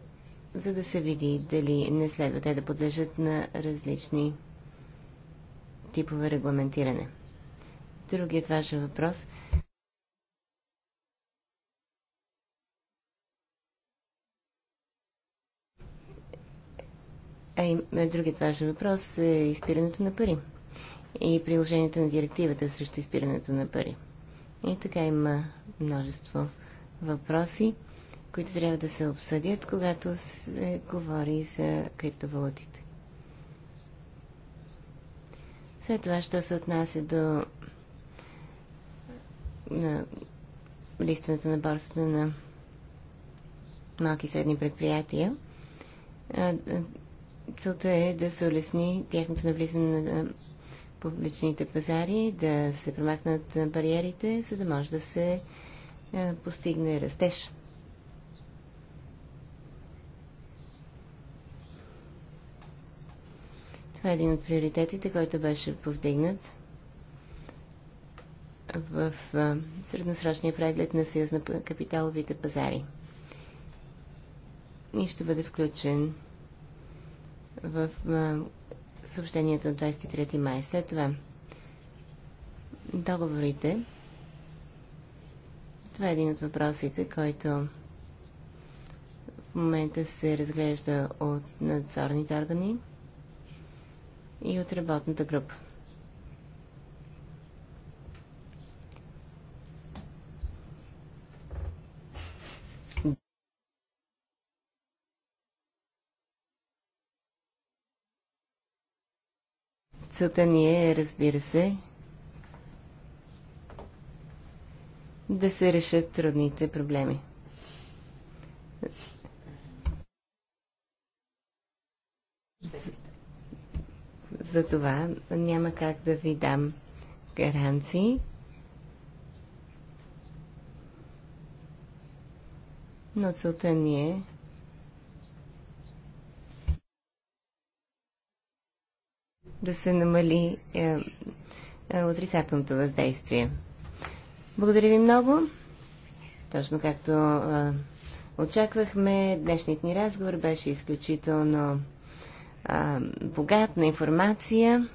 за да се види дали не следва те да подлежат на различни типове регламентиране. Другият важен въпрос – А и другият важен въпрос е изпирането на пари и приложението на директивата срещу изпирането на пари. И така има множество въпроси, които трябва да се обсъдят, когато се говори за криптовалутите. След това, що се отнася до на листването на борсата на малки и средни предприятия, Целта е да се улесни тяхното навлизане на публичните пазари, да се премахнат бариерите, за да може да се постигне растеж. Това е един от приоритетите, който беше повдигнат в средносрочния преглед на Съюз на капиталовите пазари. И ще бъде включен в съобщението от 23 май. След това договорите. Това е един от въпросите, който в момента се разглежда от надзорните органи и от работната група. Целта ни е, разбира се, да се решат трудните проблеми. За това няма как да ви дам гаранции. Но целта ни е да се намали е, е, отрицателното въздействие. Благодаря ви много. Точно както е, очаквахме, днешният ни разговор беше изключително е, богат на информация.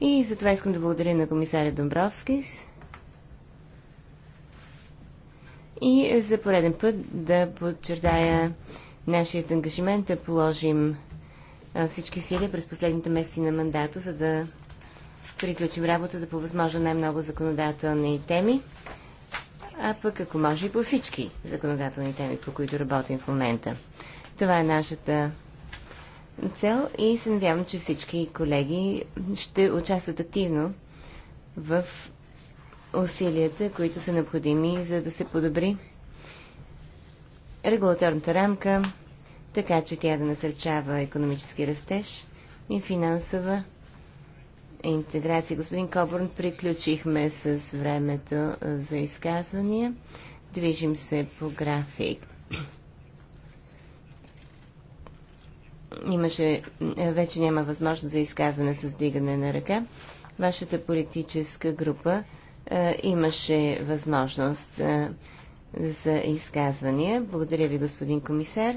И за това искам да благодаря на комисаря Домбровскис и за пореден път да подчертая нашият ангажимент да положим всички усилия през последните месеци на мандата, за да приключим работата по възможно най-много законодателни теми, а пък ако може и по всички законодателни теми, по които работим в момента. Това е нашата цел и се надявам, че всички колеги ще участват активно в усилията, които са необходими, за да се подобри регулаторната рамка, така че тя да насърчава економически растеж и финансова интеграция. Господин Кобърн, приключихме с времето за изказвания. Движим се по график. Имаше, вече няма възможност за изказване с дигане на ръка. Вашата политическа група е, имаше възможност е, за изказвания. Благодаря ви, господин комисар.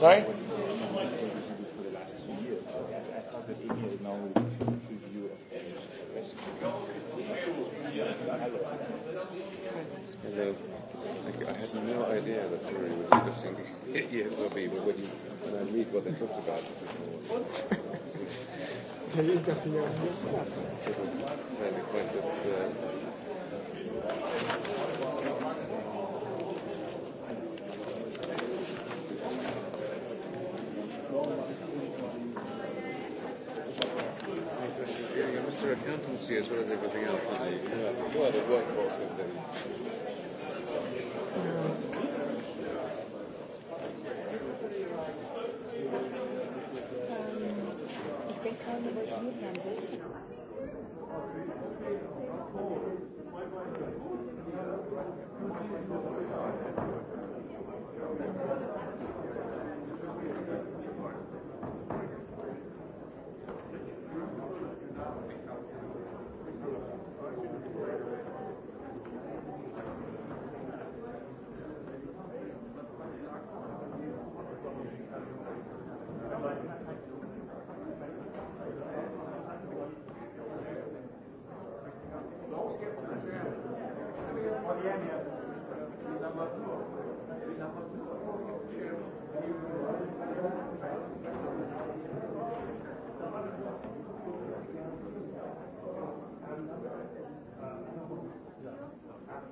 Sorry? Hello. I had no idea that Fury was discussing ESRB, but when, you, when I read what they talked about, before. stuff. Uh, accountancy as well as everything else. Yeah, workforce of Thank you.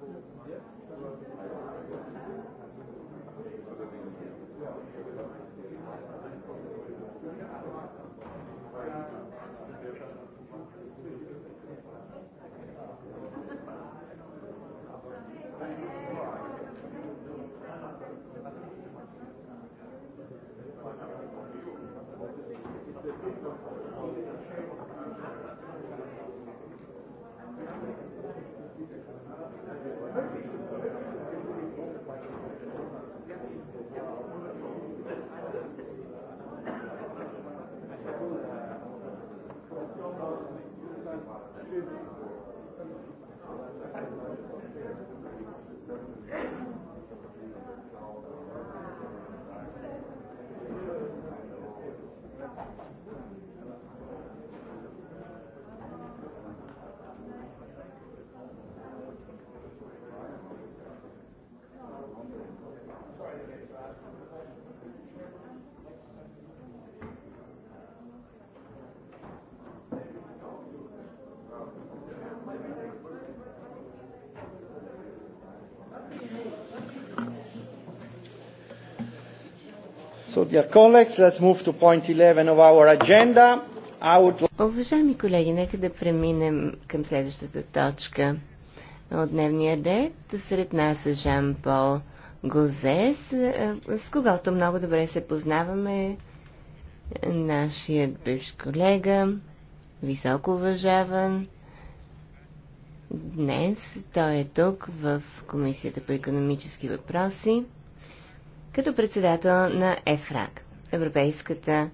Thank you. Thank you. Dear colleagues, let's move to point 11 of our agenda. Would... Уважаеми колеги, нека да преминем към следващата точка от дневния ред. Сред нас е Жан-Пол Гозес, е, с когото много добре се познаваме. Нашият бивш колега, високо уважаван. Днес той е тук в Комисията по економически въпроси като председател на ЕФРАК, Европейската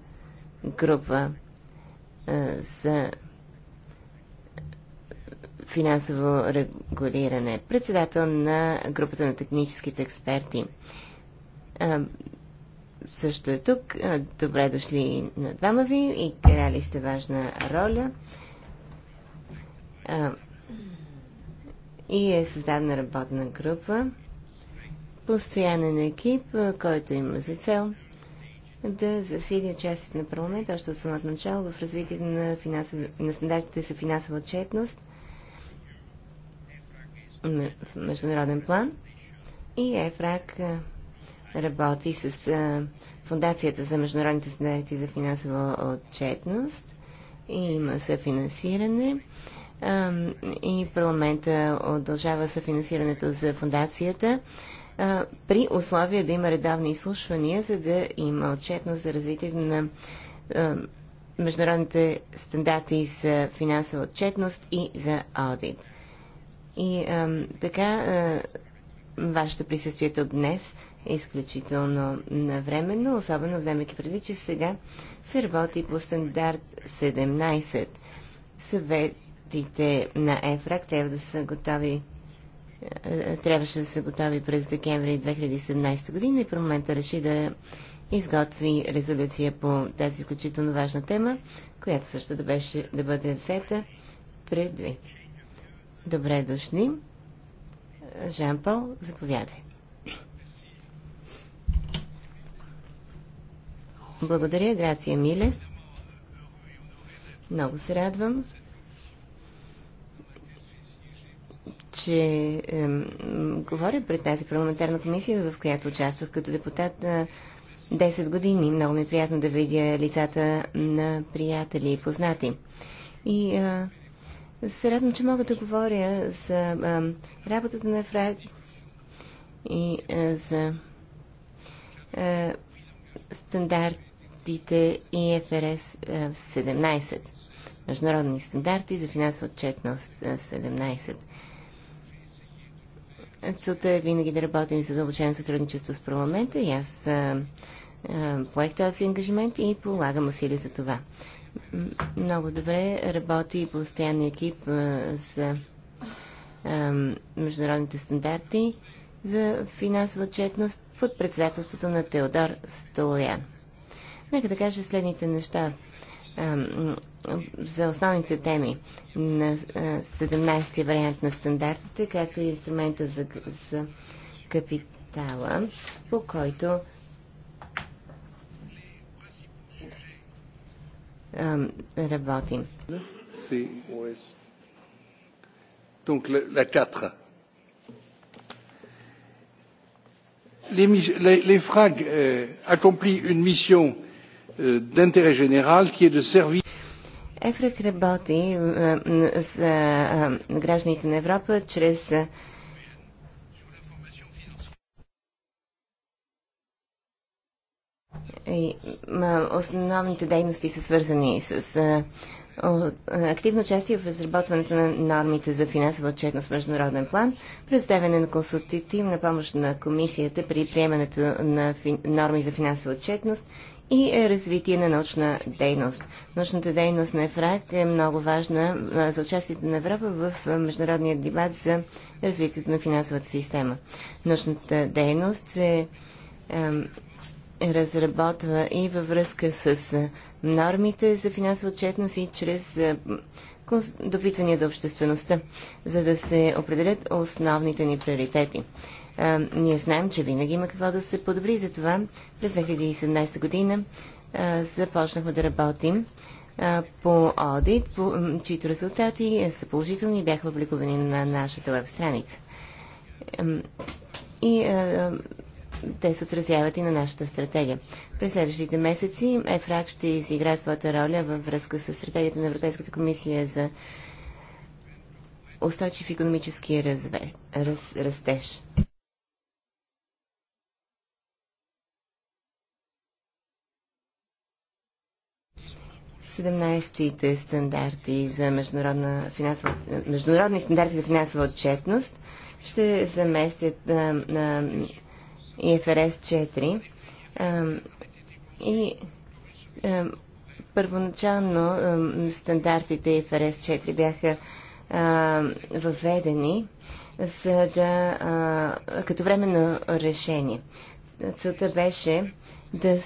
група за финансово регулиране, председател на групата на техническите експерти. А, също е тук. Добре дошли на двама ви. Играли сте важна роля. А, и е създадена работна група постоянен екип, който има за цел да засили участието на парламент още от самото начало в развитието на, финансов... на стандартите за финансова отчетност в международен план. И ЕФРАК работи с Фундацията за международните стандарти за финансова отчетност и има съфинансиране. И парламента удължава съфинансирането за фундацията при условие да има редовни изслушвания, за да има отчетност за развитие на а, международните стандарти за финансова отчетност и за аудит. И а, така, а, вашето присъствие тук днес е изключително навременно, особено вземайки предвид, че сега се работи по стандарт 17. Съветите на ЕФРАК трябва да са готови е, е, трябваше да се готови през декември 2017 година и парламента реши да изготви резолюция по тази изключително важна тема, която също да, беше, да бъде взета предвид. Добре дошли. Жан-Пол, заповядай. Благодаря, Грация Миле. Много се радвам, че е, говоря пред тази парламентарна комисия, в която участвах като депутат е, 10 години. Много ми е приятно да видя лицата на приятели и познати. И е, се радвам, че мога да говоря за е, работата на Фраг и е, за е, стандартите ИФРС 17. Международни стандарти за финансова отчетност 17. Целта е винаги да работим и задълбочено сътрудничество с парламента и аз поех този ангажимент и полагам усилия за това. Много добре работи и постоянния екип а, за а, международните стандарти за финансова отчетност под председателството на Теодор Столоян. Нека да кажа следните неща за основните теми на 17-ти вариант на стандартите, както и инструмента за, за капитала, по който работим. Donc la 4. Les, les, les FRAG euh, accomplissent une mission Euh, d'intérêt général qui est de servir. Ефрик работи с гражданите на Европа чрез основните дейности са свързани с активно участие в разработването на нормите за финансова отчетност в международен план, представяне на консултативна помощ на комисията при приемането на норми за финансова отчетност и е развитие на научна дейност. Научната дейност на ЕФРАК е много важна за участието на Европа в международния дебат за развитието на финансовата система. Научната дейност се разработва и във връзка с нормите за финансова отчетност и чрез допитвания до обществеността, за да се определят основните ни приоритети а, е, ние знаем, че винаги има какво да се подобри. Затова през 2017 година а, е, започнахме да работим а, е, по аудит, по, чието резултати са положителни и бяха публикувани на нашата веб страница. И а, те се отразяват и на нашата стратегия. През следващите месеци ЕФРАК ще изиграе своята роля във връзка с стратегията на Европейската комисия за устойчив економически раз, раз, растеж. 17-те стандарти за международна финансова, международни стандарти за финансова отчетност ще заместят а, а, ИФРС 4 а, и а, първоначално а, стандартите ИФРС 4 бяха а, въведени за да, а, като временно решение. Целта беше да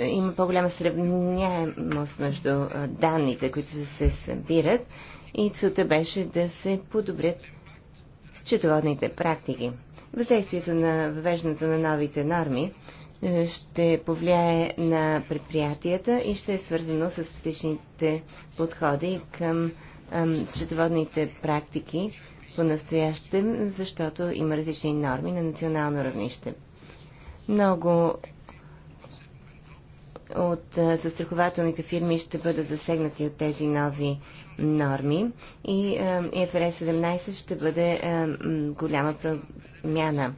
има по-голяма сравняемост между данните, които се събират и целта беше да се подобрят счетоводните практики. Въздействието на въвеждането на новите норми ще повлияе на предприятията и ще е свързано с различните подходи към счетоводните практики по-настоящем, защото има различни норми на национално равнище. Много от застрахователните фирми ще бъдат засегнати от тези нови норми и ЕФРС 17 ще бъде голяма промяна.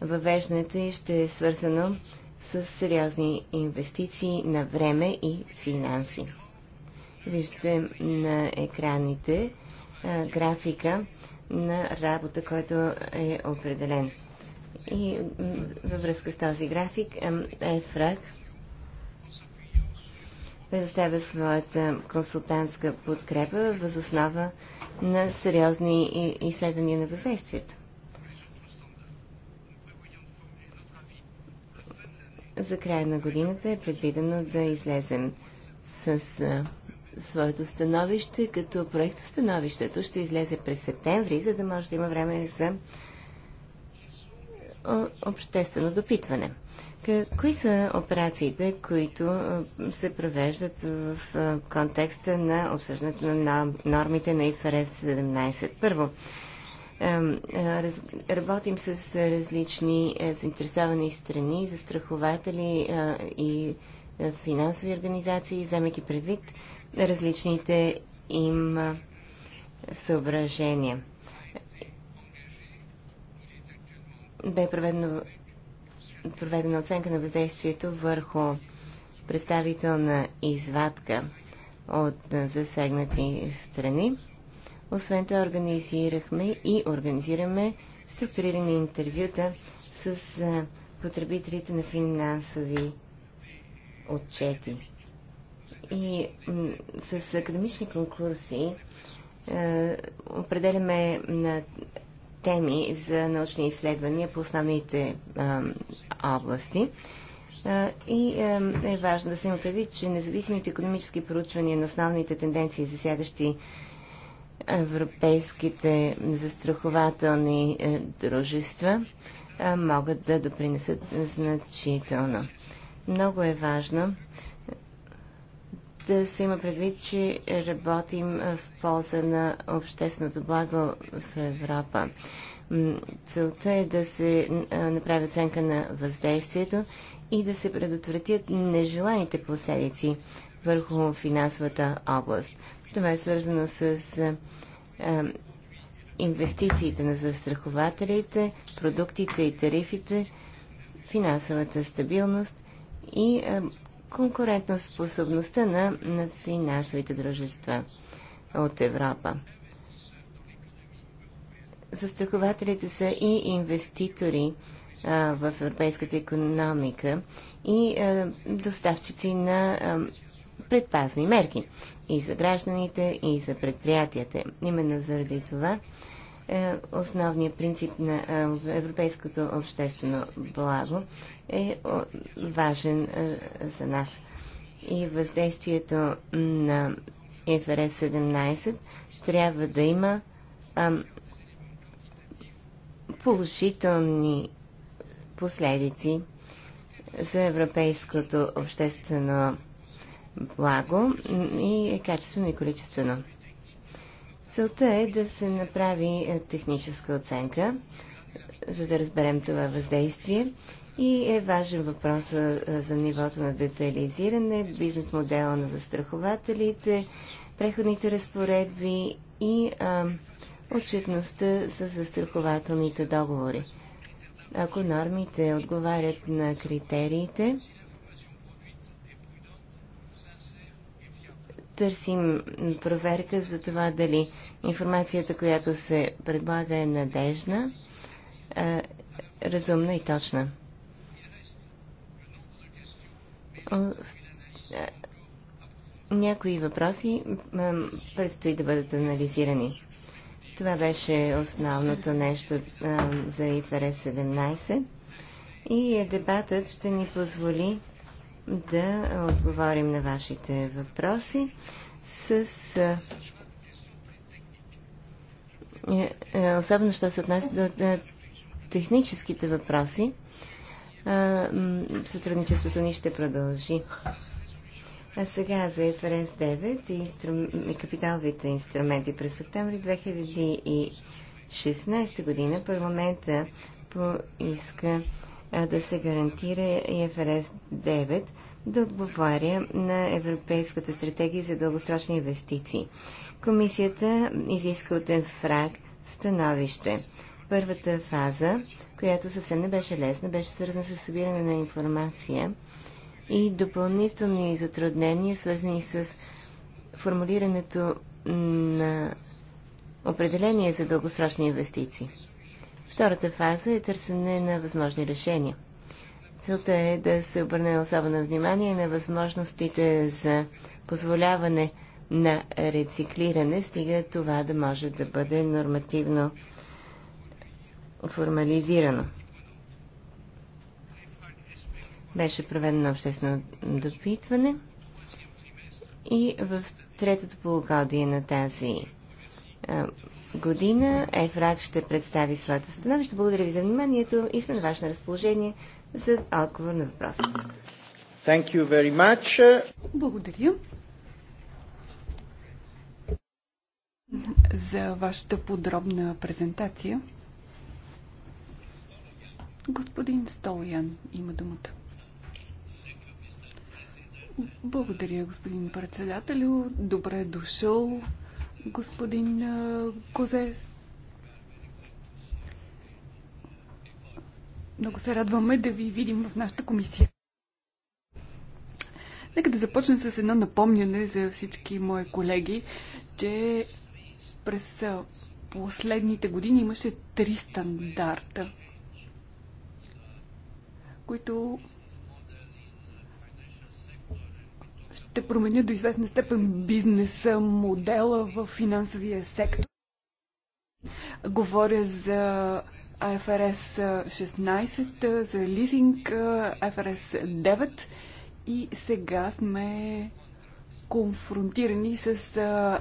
Въвеждането и ще е свързано с сериозни инвестиции на време и финанси. Виждате на екраните графика на работа, който е определен. И във връзка с този график ЕФРАК предоставя своята консултантска подкрепа въз основа на сериозни изследвания на въздействието. За края на годината е предвидено да излезем с а, своето становище, като проект становището ще излезе през септември, за да може да има време за обществено допитване сметка, кои са операциите, които се провеждат в контекста на обсъждането на нормите на ИФРС 17? Първо, работим с различни заинтересовани страни, застрахователи и финансови организации, вземайки предвид различните им съображения. Бе проведено проведена оценка на въздействието върху представителна извадка от засегнати страни. Освен това организирахме и организираме структурирани интервюта с потребителите на финансови отчети. И с академични конкурси определяме на теми за научни изследвания по основните а, области. А, и а, е важно да се има предвид, че независимите економически проучвания на основните тенденции, засягащи европейските застрахователни е, дружества, могат да допринесат значително. Много е важно да се има предвид, че работим в полза на общественото благо в Европа. Целта е да се направи оценка на въздействието и да се предотвратят нежеланите последици върху финансовата област. Това е свързано с инвестициите на застрахователите, продуктите и тарифите, финансовата стабилност и конкурентоспособността на, на финансовите дружества от Европа. Застрахователите са и инвеститори в европейската економика и а, доставчици на а, предпазни мерки и за гражданите, и за предприятията. Именно заради това е основният принцип на е, европейското обществено благо е важен е, за нас. И въздействието на ФРС 17 трябва да има положителни последици за европейското обществено благо и е качествено и количествено. Целта е да се направи е, техническа оценка, за да разберем това въздействие. И е важен въпрос е, за нивото на детализиране, бизнес модела на застрахователите, преходните разпоредби и а, отчетността за застрахователните договори. Ако нормите отговарят на критериите, търсим проверка за това дали информацията, която се предлага е надежна, разумна и точна. Някои въпроси предстои да бъдат анализирани. Това беше основното нещо за ИФРС 17 и е, дебатът ще ни позволи да отговорим на вашите въпроси с е, е, особено що се отнася до е, техническите въпроси, сътрудничеството ни ще продължи. А сега за ФРС 9 и, и капиталовите инструменти през септември 2016 година парламента поиска да се гарантира ЕФРС 9 да отговаря на Европейската стратегия за дългосрочни инвестиции. Комисията изиска от ЕФРАК становище. Първата фаза, която съвсем не беше лесна, беше свързана с събиране на информация и допълнителни затруднения, свързани с формулирането на определение за дългосрочни инвестиции. Втората фаза е търсене на възможни решения. Целта е да се обърне особено внимание на възможностите за позволяване на рециклиране, стига това да може да бъде нормативно формализирано. Беше проведено обществено допитване и в третото полугодие на тази година ЕФРАК ще представи своето становище. Благодаря ви за вниманието и сме на ваше разположение за отговор на въпроса. Thank you very much. Благодаря за вашата подробна презентация. Господин Столян има думата. Благодаря, господин председателю. Добре е дошъл господин Козе. Много се радваме да ви видим в нашата комисия. Нека да започнем с едно напомняне за всички мои колеги, че през последните години имаше три стандарта, които ще променя до известна степен бизнеса, модела в финансовия сектор. Говоря за АФРС 16, за лизинг, АФРС 9 и сега сме конфронтирани с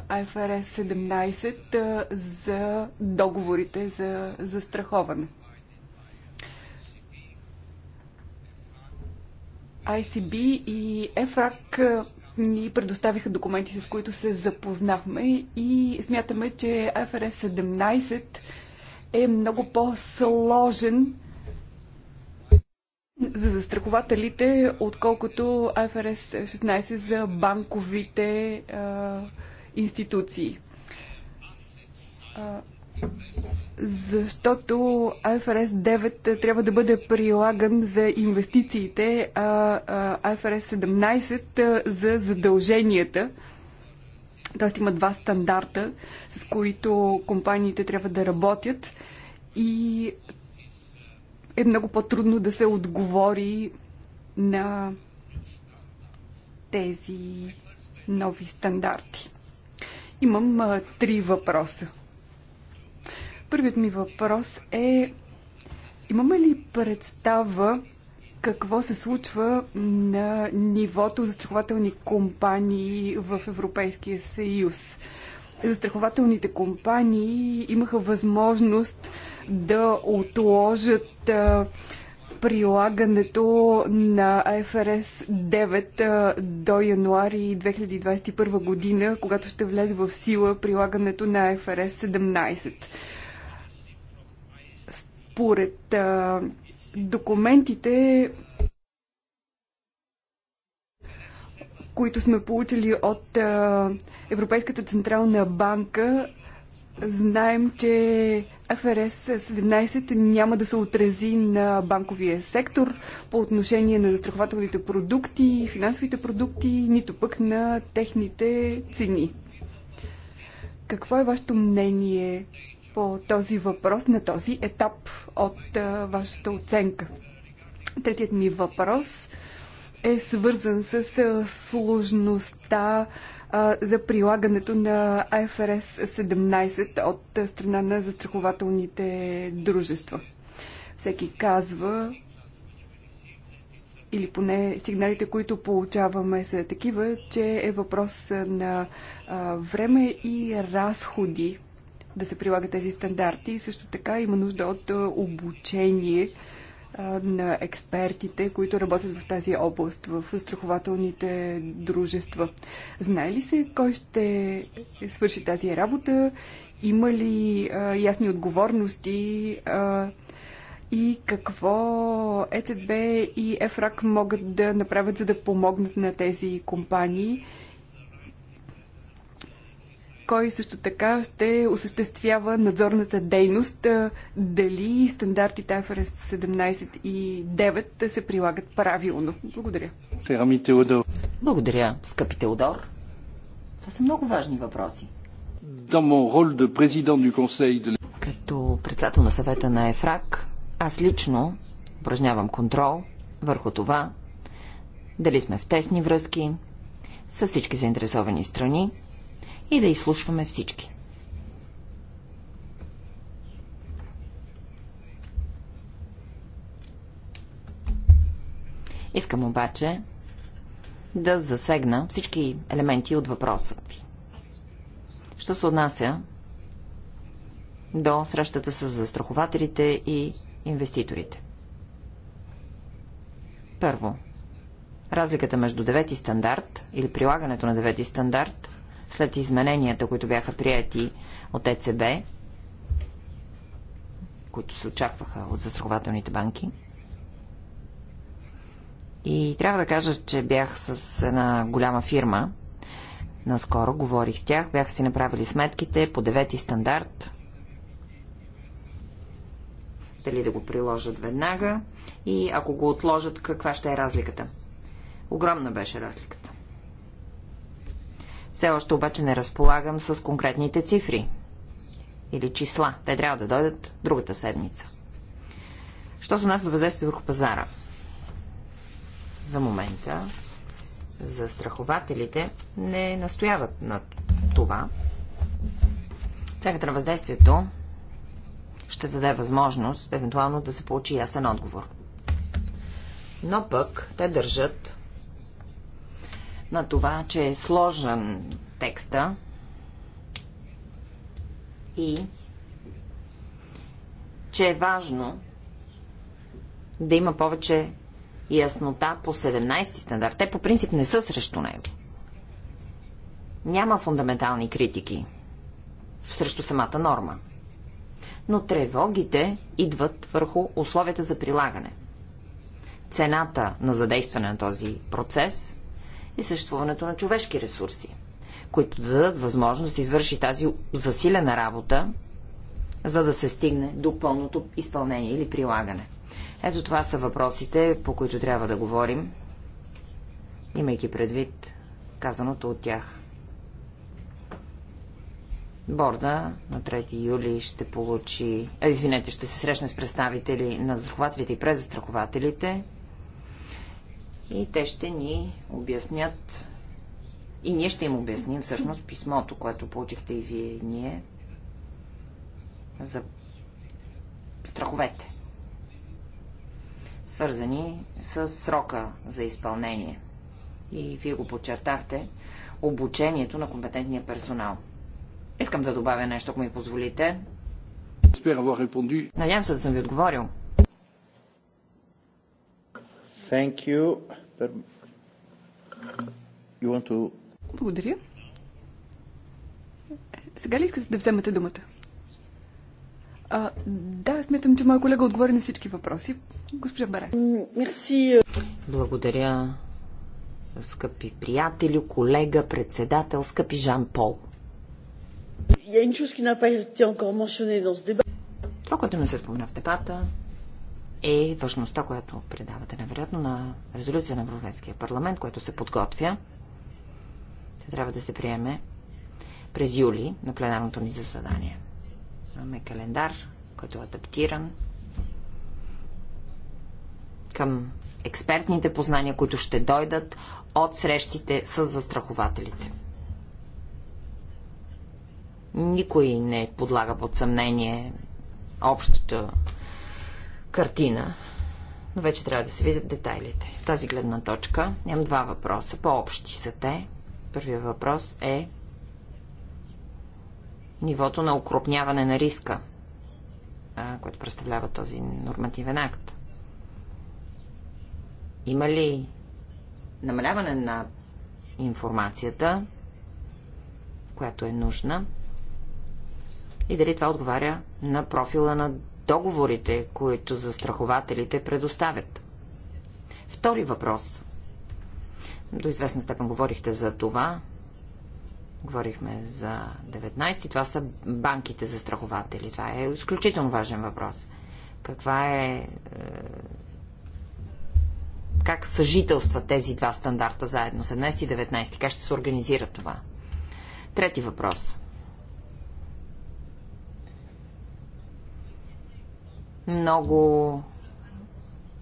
АФРС 17 за договорите за застраховане. ICB и EFRAC ни предоставиха документи, с които се запознахме и смятаме, че IFRS 17 е много по-сложен за застрахователите, отколкото IFRS 16 за банковите а, институции. А, защото IFRS 9 трябва да бъде прилаган за инвестициите, а IFRS 17 за задълженията. Тоест има два стандарта, с които компаниите трябва да работят и е много по-трудно да се отговори на тези нови стандарти. Имам а, три въпроса. Първият ми въпрос е имаме ли представа какво се случва на нивото застрахователни компании в Европейския съюз? Застрахователните компании имаха възможност да отложат прилагането на АФРС 9 до януари 2021 година, когато ще влезе в сила прилагането на АФРС 17. Според а, документите, които сме получили от а, Европейската централна банка, знаем, че ФРС 17 няма да се отрази на банковия сектор по отношение на застрахователните продукти, финансовите продукти, нито пък на техните цени. Какво е вашето мнение по този въпрос на този етап от вашата оценка? Третият ми въпрос е свързан с сложността за прилагането на АФРС 17 от страна на застрахователните дружества. Всеки казва, или поне сигналите, които получаваме са такива, че е въпрос на време и разходи да се прилагат тези стандарти. И също така има нужда от обучение на експертите, които работят в тази област, в страхователните дружества. Знае ли се кой ще свърши тази работа? Има ли а, ясни отговорности? А, и какво ЕЦБ и ЕФРАК могат да направят, за да помогнат на тези компании? Кой също така ще осъществява надзорната дейност? Дали стандартите АФРС 17 и 9 се прилагат правилно? Благодаря. Благодаря, скъпи Теодор. Това са много важни въпроси. Като председател на съвета на ЕФРАК, аз лично упражнявам контрол върху това, дали сме в тесни връзки с всички заинтересовани страни, и да изслушваме всички. Искам обаче да засегна всички елементи от въпроса ви. Що се отнася до срещата с застрахователите и инвеститорите. Първо, разликата между девети стандарт или прилагането на девети стандарт след измененията, които бяха прияти от ЕЦБ, които се очакваха от застрахователните банки. И трябва да кажа, че бях с една голяма фирма. Наскоро говорих с тях, бяха си направили сметките по девети стандарт. Дали да го приложат веднага и ако го отложат, каква ще е разликата? Огромна беше разликата. Все още обаче не разполагам с конкретните цифри или числа. Те трябва да дойдат другата седмица. Що се нас до въздействието върху пазара? За момента за страхователите не настояват на това. Тяхата на въздействието ще даде възможност евентуално да се получи ясен отговор. Но пък те държат на това, че е сложен текста и че е важно да има повече яснота по 17-ти стандарт. Те по принцип не са срещу него. Няма фундаментални критики срещу самата норма. Но тревогите идват върху условията за прилагане. Цената на задействане на този процес и съществуването на човешки ресурси, които да дадат възможност да се извърши тази засилена работа, за да се стигне до пълното изпълнение или прилагане. Ето това са въпросите, по които трябва да говорим, имайки предвид казаното от тях. Борда на 3 юли ще получи... А, извинете, ще се срещне с представители на застрахователите и презастрахователите и те ще ни обяснят и ние ще им обясним всъщност писмото, което получихте и вие и ние за страховете, свързани с срока за изпълнение. И вие го подчертахте обучението на компетентния персонал. Искам да добавя нещо, ако ми позволите. Надявам се да съм ви отговорил. Thank you. you want to... Благодаря. Сега ли искате да вземете думата? А, да, смятам, че моя колега отговори на всички въпроси. Госпожа Барес. Мерси. Благодаря, скъпи приятели, колега, председател, скъпи Жан Пол. Е Това, което не се спомня в дебата, е важността, която предавате невероятно на резолюция на Европейския парламент, което се подготвя. Тя трябва да се приеме през юли на пленарното ни заседание. Имаме календар, който е адаптиран към експертните познания, които ще дойдат от срещите с застрахователите. Никой не подлага под съмнение общото картина, но вече трябва да се видят детайлите. В тази гледна точка имам два въпроса, по-общи са те. Първият въпрос е нивото на укропняване на риска, което представлява този нормативен акт. Има ли намаляване на информацията, която е нужна и дали това отговаря на профила на договорите, които застрахователите предоставят. Втори въпрос. До известна степен говорихте за това. Говорихме за 19. Това са банките за страхователи. Това е изключително важен въпрос. Каква е, е как съжителстват тези два стандарта заедно, 17 и 19? Как ще се организира това? Трети въпрос. много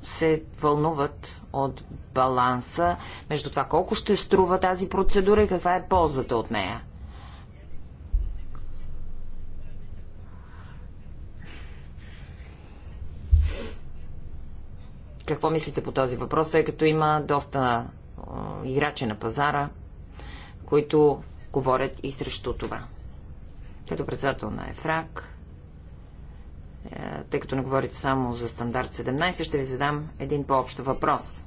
се вълнуват от баланса между това колко ще струва тази процедура и каква е ползата от нея. Какво мислите по този въпрос, тъй като има доста играчи на пазара, които говорят и срещу това? Като председател на ЕФРАК, е, тъй като не говорите само за стандарт 17, ще ви задам един по-общ въпрос.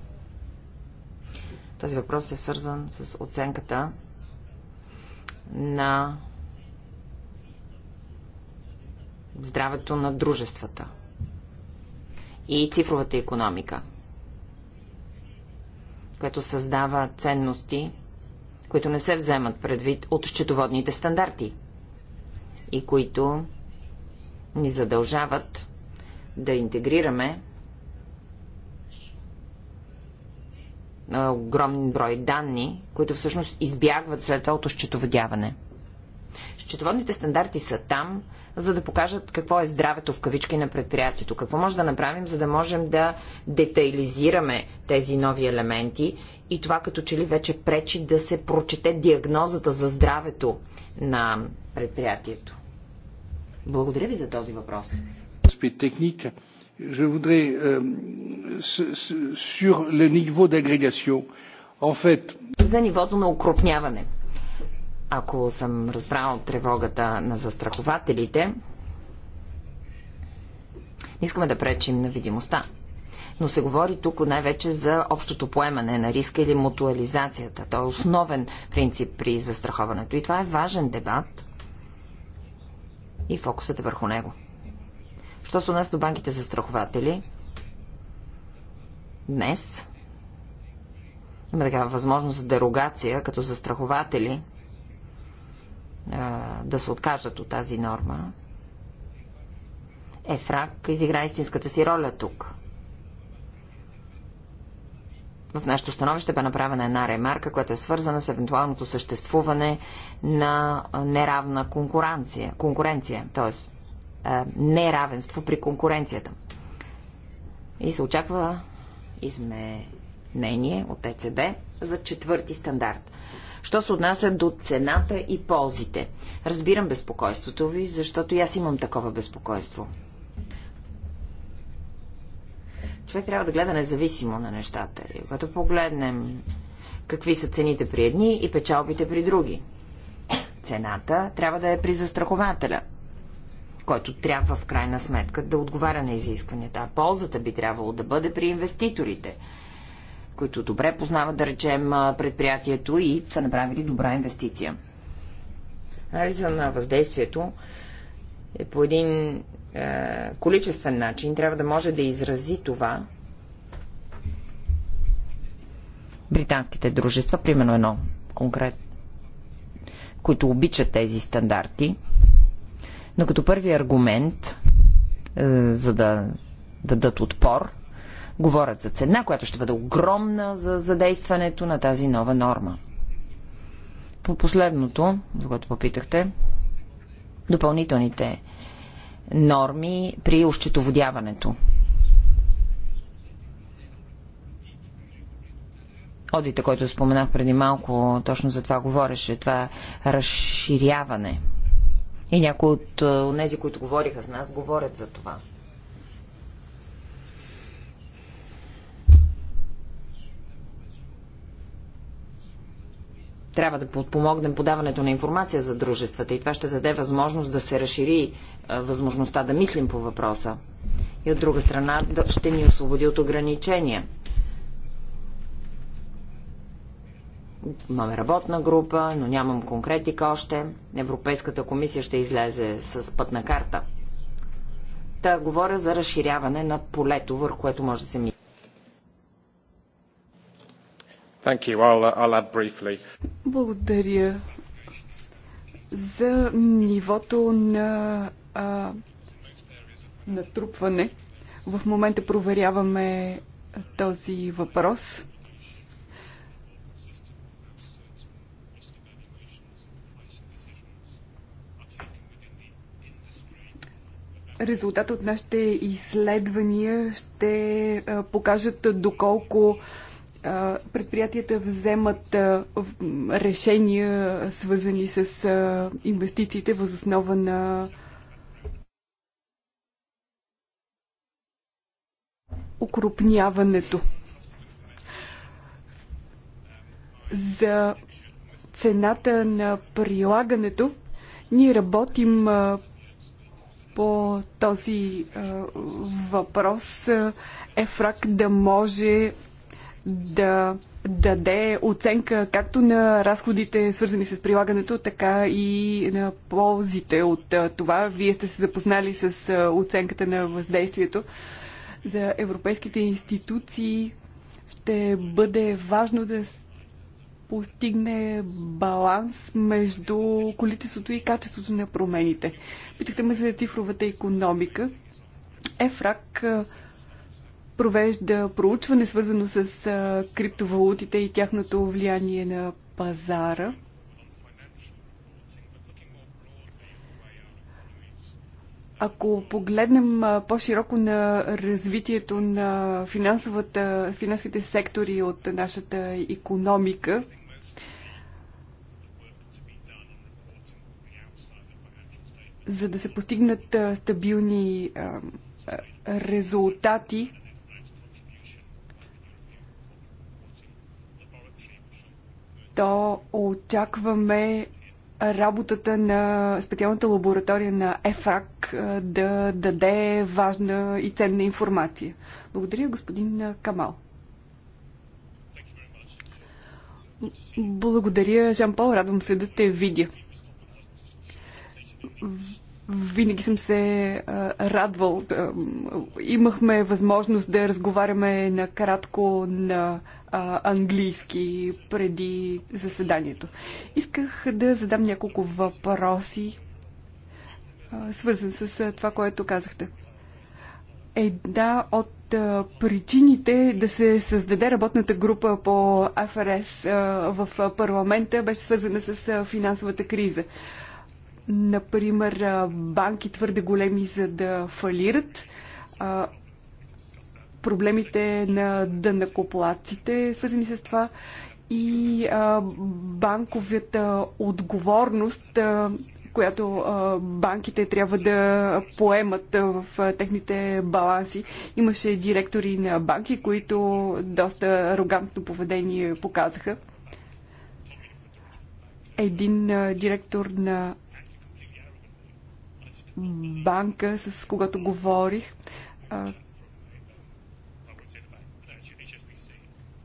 Този въпрос е свързан с оценката на здравето на дружествата и цифровата економика, което създава ценности, които не се вземат предвид от счетоводните стандарти и които ни задължават да интегрираме огромен брой данни, които всъщност избягват след това от счетоводяване. Счетоводните стандарти са там, за да покажат какво е здравето в кавички на предприятието, какво може да направим, за да можем да детайлизираме тези нови елементи и това като че ли вече пречи да се прочете диагнозата за здравето на предприятието. Благодаря ви за този въпрос. Техника. Je voudrais euh, sur le niveau d'agrégation. En fait... За нивото на укрупняване. Ако съм разбрал тревогата на застрахователите, искаме да пречим на видимостта. Но се говори тук най-вече за общото поемане на риска или мутуализацията. Той е основен принцип при застраховането. И това е важен дебат, и фокусът е върху него. Що се нас до банките за страхователи? Днес има такава възможност за дерогация, като застрахователи да се откажат от тази норма. Ефрак изигра истинската си роля тук. В нашето становище бе направена една ремарка, която е свързана с евентуалното съществуване на неравна конкуренция, конкуренция т.е. неравенство при конкуренцията. И се очаква изменение от ЕЦБ за четвърти стандарт. Що се отнася до цената и ползите? Разбирам безпокойството ви, защото и аз имам такова безпокойство човек трябва да гледа независимо на нещата. И когато погледнем какви са цените при едни и печалбите при други, цената трябва да е при застрахователя, който трябва в крайна сметка да отговаря на изискванията. А ползата би трябвало да бъде при инвеститорите, които добре познават, да речем, предприятието и са направили добра инвестиция. Анализа на въздействието е по един е, количествен начин, трябва да може да изрази това. Британските дружества, примерно едно конкретно, които обичат тези стандарти, но като първи аргумент, е, за да, дадат отпор, говорят за цена, която ще бъде огромна за задействането на тази нова норма. По последното, за което попитахте, допълнителните норми при ощетоводяването. Одита, който споменах преди малко, точно за това говореше, това разширяване. И някои от тези, е, които говориха с нас, говорят за това. Трябва да подпомогнем подаването на информация за дружествата и това ще даде възможност да се разшири е, възможността да мислим по въпроса. И от друга страна ще ни освободи от ограничения. имаме работна група, но нямам конкретика още. Европейската комисия ще излезе с пътна карта. Та говоря за разширяване на полето, върху което може да се мисли. Thank you. I'll, uh, I'll add briefly. Благодаря за нивото на а, натрупване. В момента проверяваме този въпрос. Резултат от нашите изследвания ще покажат доколко предприятията вземат решения, свързани с инвестициите възоснова на укрупняването. За цената на прилагането ние работим по този въпрос. Ефрак да може да даде оценка както на разходите, свързани с прилагането, така и на ползите от това. Вие сте се запознали с оценката на въздействието за европейските институции. Ще бъде важно да постигне баланс между количеството и качеството на промените. Питахте ме за цифровата економика. Ефрак провежда проучване, свързано с криптовалутите и тяхното влияние на пазара. Ако погледнем по-широко на развитието на финансовите сектори от нашата економика, за да се постигнат стабилни резултати, то очакваме работата на специалната лаборатория на ЕФРАК да даде важна и ценна информация. Благодаря, господин Камал. Благодаря, Жан-Пол. Радвам се да те видя. Винаги съм се радвал. Имахме възможност да разговаряме накратко на а, английски преди заседанието. Исках да задам няколко въпроси, а, свързан с а, това, което казахте. Една от а, причините да се създаде работната група по АФРС а, в парламента беше свързана с а, финансовата криза. Например, банки твърде големи за да фалират проблемите на дънакоплаците свързани с това, и а, банковата отговорност, а, която а, банките трябва да поемат а, в а, техните баланси. Имаше директори на банки, които доста арогантно поведение показаха. Един а, директор на банка, с когато говорих, а,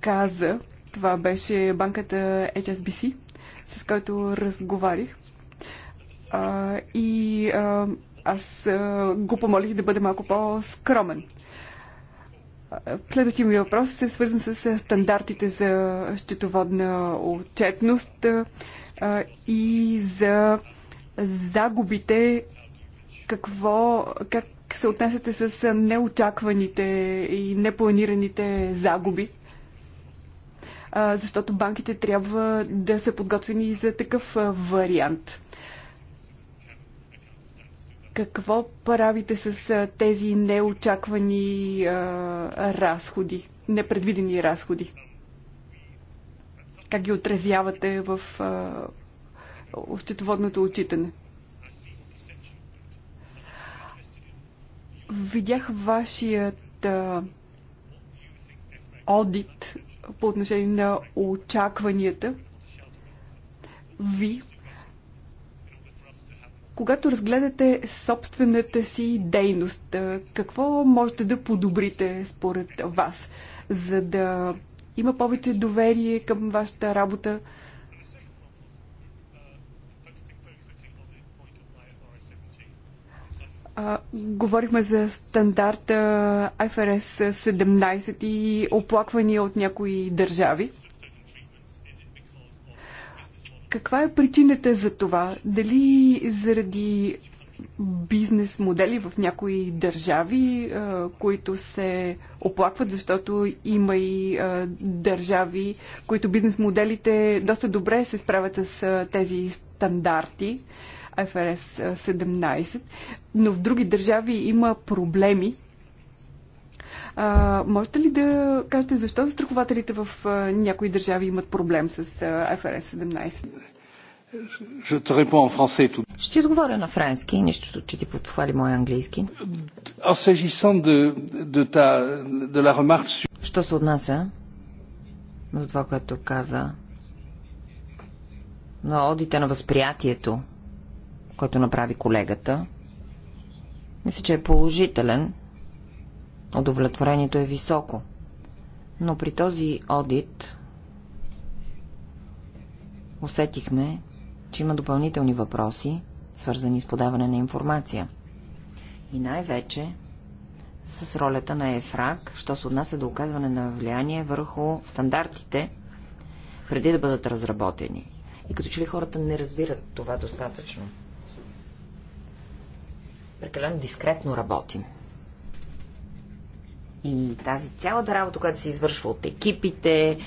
каза, това беше банката HSBC, с който разговарих. А, и а, аз а, го помолих да бъде малко по-скромен. Следващия ми въпрос е свързан с стандартите за счетоводна отчетност а, и за загубите. Какво, как се отнесете с неочакваните и непланираните загуби? защото банките трябва да са подготвени за такъв вариант. Какво правите с тези неочаквани разходи, непредвидени разходи? Как ги отразявате в счетоводното отчитане? Видях вашият одит по отношение на очакванията ви, когато разгледате собствената си дейност, какво можете да подобрите според вас, за да има повече доверие към вашата работа, говорихме за стандарта IFRS 17 и оплаквания от някои държави. Каква е причината за това? Дали заради бизнес модели в някои държави, които се оплакват, защото има и държави, които бизнес моделите доста добре се справят с тези стандарти ФРС 17, но в други държави има проблеми. А, можете ли да кажете защо застрахователите в някои държави имат проблем с ФРС 17? Ще ти отговоря на френски, нищо, че ти подхвали мой английски. Що се отнася за това, което каза на одите на възприятието който направи колегата, мисля, че е положителен. Удовлетворението е високо. Но при този одит усетихме, че има допълнителни въпроси, свързани с подаване на информация. И най-вече с ролята на ЕФРАК, що се отнася до оказване на влияние върху стандартите, преди да бъдат разработени. И като че ли хората не разбират това достатъчно прекалено дискретно работим. И тази цялата работа, която се извършва от екипите,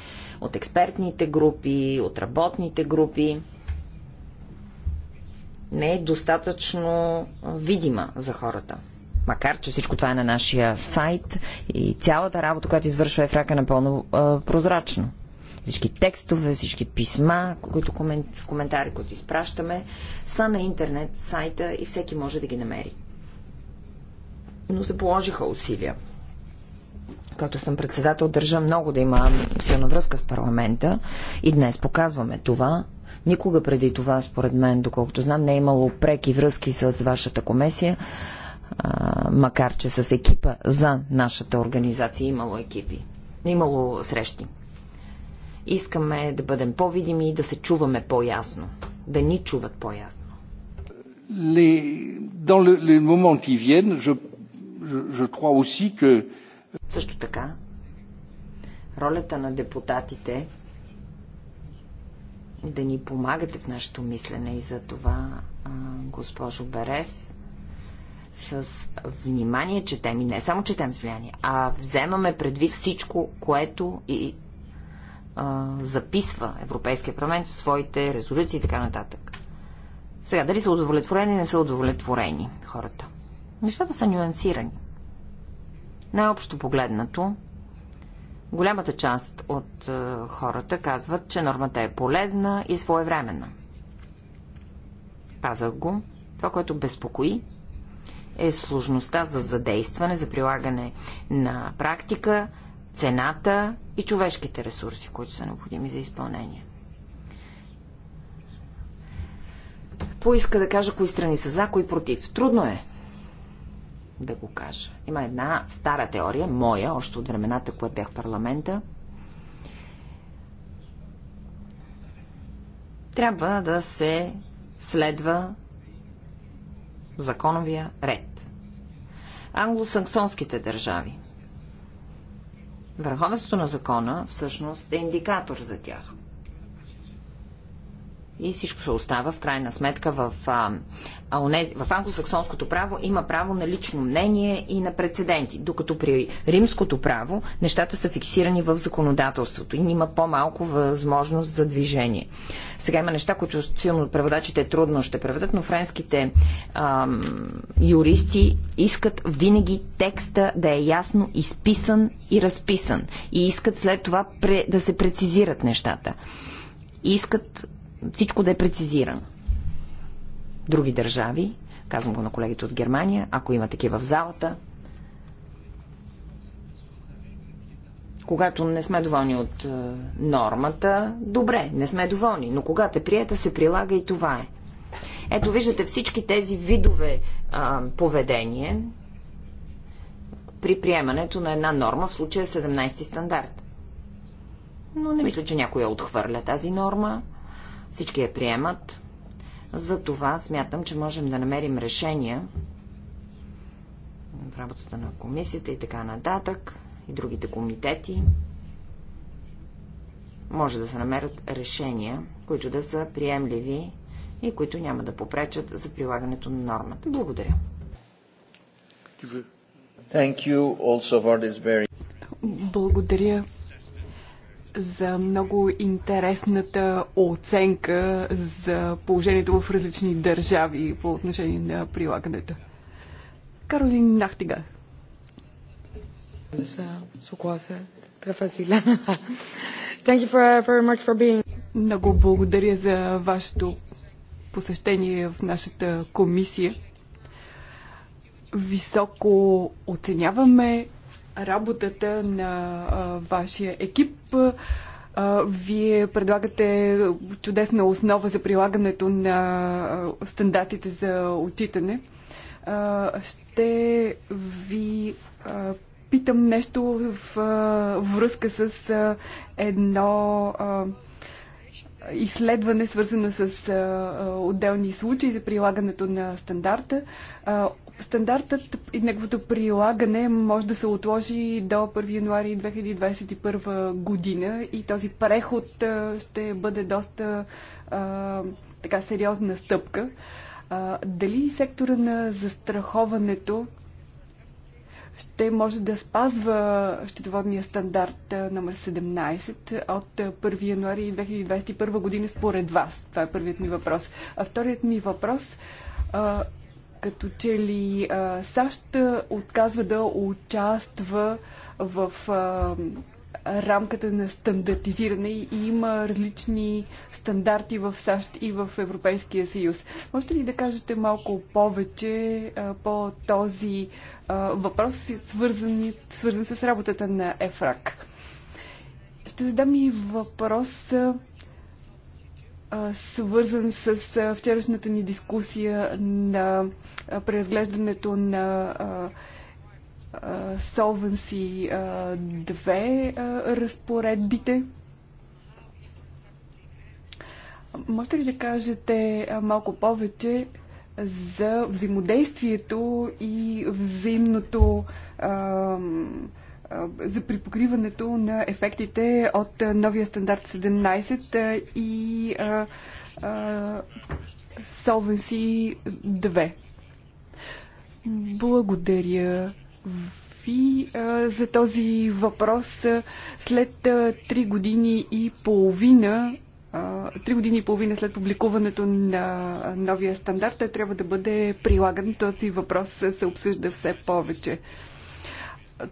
от експертните групи, от работните групи, не е достатъчно видима за хората. Макар, че всичко това е на нашия сайт и цялата работа, която извършва Ефрак е напълно а, прозрачно. Всички текстове, всички писма, които комен... с коментари, които изпращаме, са на интернет сайта и всеки може да ги намери но се положиха усилия. Като съм председател, държа много да има силна връзка с парламента и днес показваме това. Никога преди това, според мен, доколкото знам, не е имало преки връзки с вашата комисия, а, макар че с екипа за нашата организация е имало екипи. Е имало срещи. Искаме да бъдем по-видими и да се чуваме по-ясно. Да ни чуват по-ясно. Les... Dans le, le moment qui vient, je je crois aussi que... Също така, ролята на депутатите да ни помагате в нашето мислене и за това, госпожо Берес, с внимание четем и не само четем с влияние, а вземаме предвид всичко, което и а, записва Европейския парламент в своите резолюции и така нататък. Сега, дали са удовлетворени, или не са удовлетворени хората. Нещата са нюансирани. Най-общо погледнато, голямата част от е, хората казват, че нормата е полезна и своевременна. Пазах го. Това, което безпокои, е сложността за задействане, за прилагане на практика, цената и човешките ресурси, които са необходими за изпълнение. Поиска да кажа кои страни са за, кои против. Трудно е да го кажа. Има една стара теория, моя, още от времената, когато бях в парламента. Трябва да се следва законовия ред. Англосаксонските държави. Върховенството на закона всъщност е индикатор за тях и всичко се остава в крайна сметка в, а, унези, в англосаксонското право има право на лично мнение и на прецеденти, докато при римското право нещата са фиксирани в законодателството и има по-малко възможност за движение. Сега има неща, които силно преводачите е трудно ще преведат, но френските ам, юристи искат винаги текста да е ясно изписан и разписан и искат след това пре, да се прецизират нещата. Искат всичко да е прецизирано. Други държави, казвам го на колегите от Германия, ако има такива в залата, когато не сме доволни от е, нормата, добре, не сме доволни, но когато е приета, се прилага и това е. Ето виждате всички тези видове е, поведение при приемането на една норма, в случая е 17 стандарт. Но не мисля, че някой я отхвърля тази норма. Всички я приемат. За това смятам, че можем да намерим решения в работата на комисията и така нататък, и другите комитети. Може да се намерят решения, които да са приемливи и които няма да попречат за прилагането на нормата. Благодаря. Very... Благодаря за много интересната оценка за положението в различни държави по отношение на прилагането. Каролин Нахтига. Много благодаря за вашето посещение в нашата комисия. Високо оценяваме работата на а, вашия екип. А, вие предлагате чудесна основа за прилагането на стандартите за отчитане. А, ще ви а, питам нещо в а, връзка с а, едно. А, изследване, свързано с а, отделни случаи за прилагането на стандарта. А, Стандартът и неговото прилагане може да се отложи до 1 януари 2021 година и този преход ще бъде доста а, така сериозна стъпка. А, дали сектора на застраховането ще може да спазва щитоводния стандарт номер 17 от 1 януари 2021 година според вас? Това е първият ми въпрос. А вторият ми въпрос а, като че ли а, САЩ отказва да участва в а, рамката на стандартизиране и има различни стандарти в САЩ и в Европейския съюз. Можете ли да кажете малко повече а, по този а, въпрос, свързан, свързан с работата на ЕФРАК? Ще задам и въпрос. А, свързан с вчерашната ни дискусия на преразглеждането на Solvency 2 разпоредбите. Можете ли да кажете малко повече за взаимодействието и взаимното за припокриването на ефектите от новия стандарт 17 и а, а, Solvency 2. Благодаря ви а, за този въпрос. След а, 3 години и половина три години и половина след публикуването на новия стандарт трябва да бъде прилаган. Този въпрос се обсъжда все повече.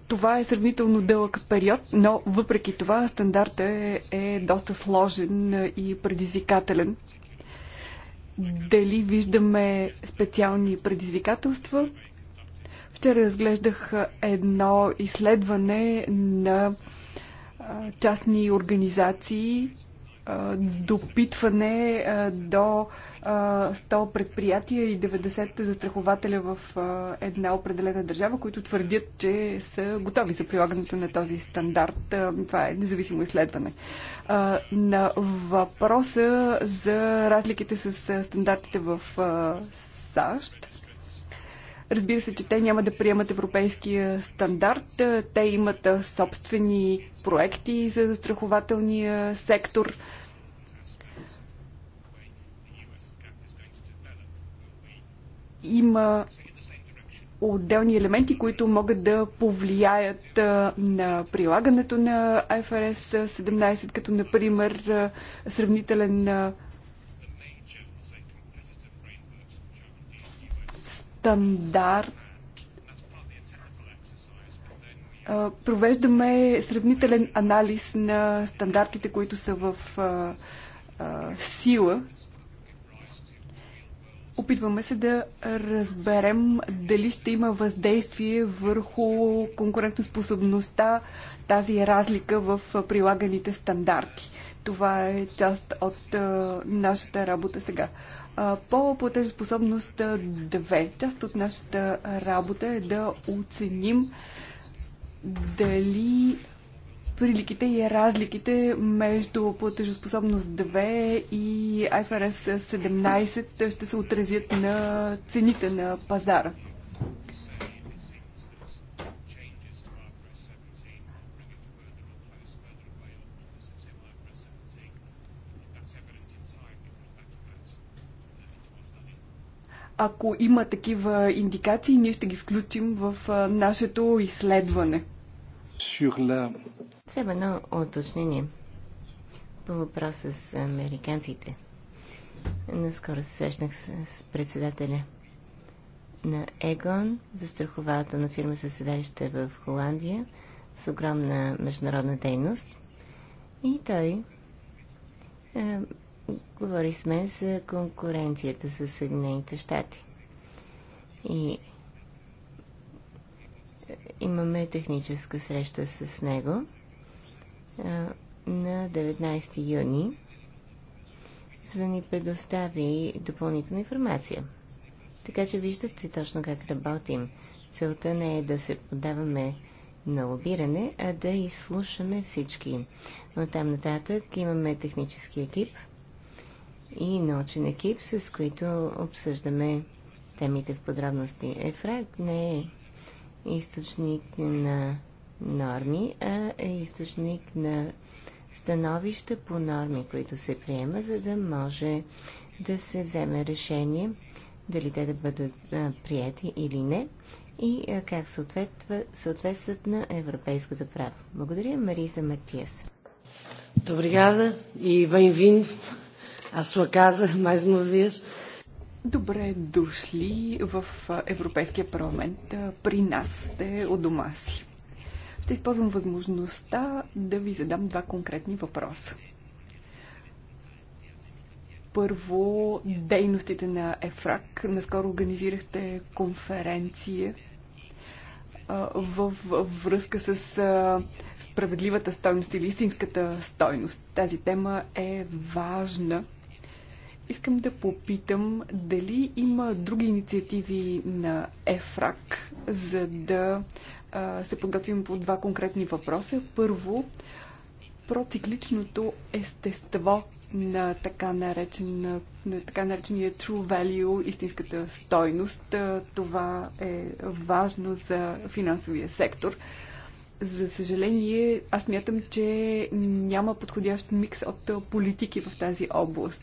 Това е сравнително дълъг период, но въпреки това стандартът е, е доста сложен и предизвикателен. Дали виждаме специални предизвикателства? Вчера разглеждах едно изследване на частни организации допитване до 100 предприятия и 90 застрахователя в една определена държава, които твърдят, че са готови за прилагането на този стандарт. Това е независимо изследване. На въпроса за разликите с стандартите в САЩ, Разбира се, че те няма да приемат европейския стандарт. Те имат собствени проекти за застрахователния сектор. Има отделни елементи, които могат да повлияят на прилагането на IFRS 17, като например сравнителен стандарт провеждаме сравнителен анализ на стандартите, които са в сила. Опитваме се да разберем дали ще има въздействие върху конкурентоспособността тази разлика в прилаганите стандарти. Това е част от а, нашата работа сега. А, по платежеспособност 2. Част от нашата работа е да оценим дали приликите и разликите между платежеспособност 2 и IFRS 17 ще се отразят на цените на пазара. Ако има такива индикации, ние ще ги включим в нашето изследване. Все едно уточнение по въпроса с американците. Наскоро се срещнах с председателя на Егон, застрахователна фирма със седалище в Холандия, с огромна международна дейност. И той е, говори сме за конкуренцията с Съединените щати. И имаме техническа среща с него на 19 юни, за да ни предостави допълнителна информация. Така че виждате точно как работим. Целта не е да се подаваме на лобиране, а да изслушаме всички. Но там нататък имаме технически екип – и научен екип, с които обсъждаме темите в подробности. ЕФРАГ не е източник на норми, а е източник на становища по норми, които се приема, за да може да се вземе решение дали те да бъдат а, прияти или не и а, как съответстват на европейското право. Благодаря, Мариза Матиас. Добре, и bem à sua casa mais uma vez. Добре дошли в Европейския парламент. При нас сте от дома си. Ще използвам възможността да ви задам два конкретни въпроса. Първо, дейностите на ЕФРАК. Наскоро организирахте конференция в връзка с справедливата стойност или истинската стойност. Тази тема е важна Искам да попитам дали има други инициативи на ЕФРАК, за да а, се подготвим по два конкретни въпроса. Първо, процикличното естество на така, наречен, на така наречения true value, истинската стойност. Това е важно за финансовия сектор. За съжаление, аз мятам, че няма подходящ микс от политики в тази област.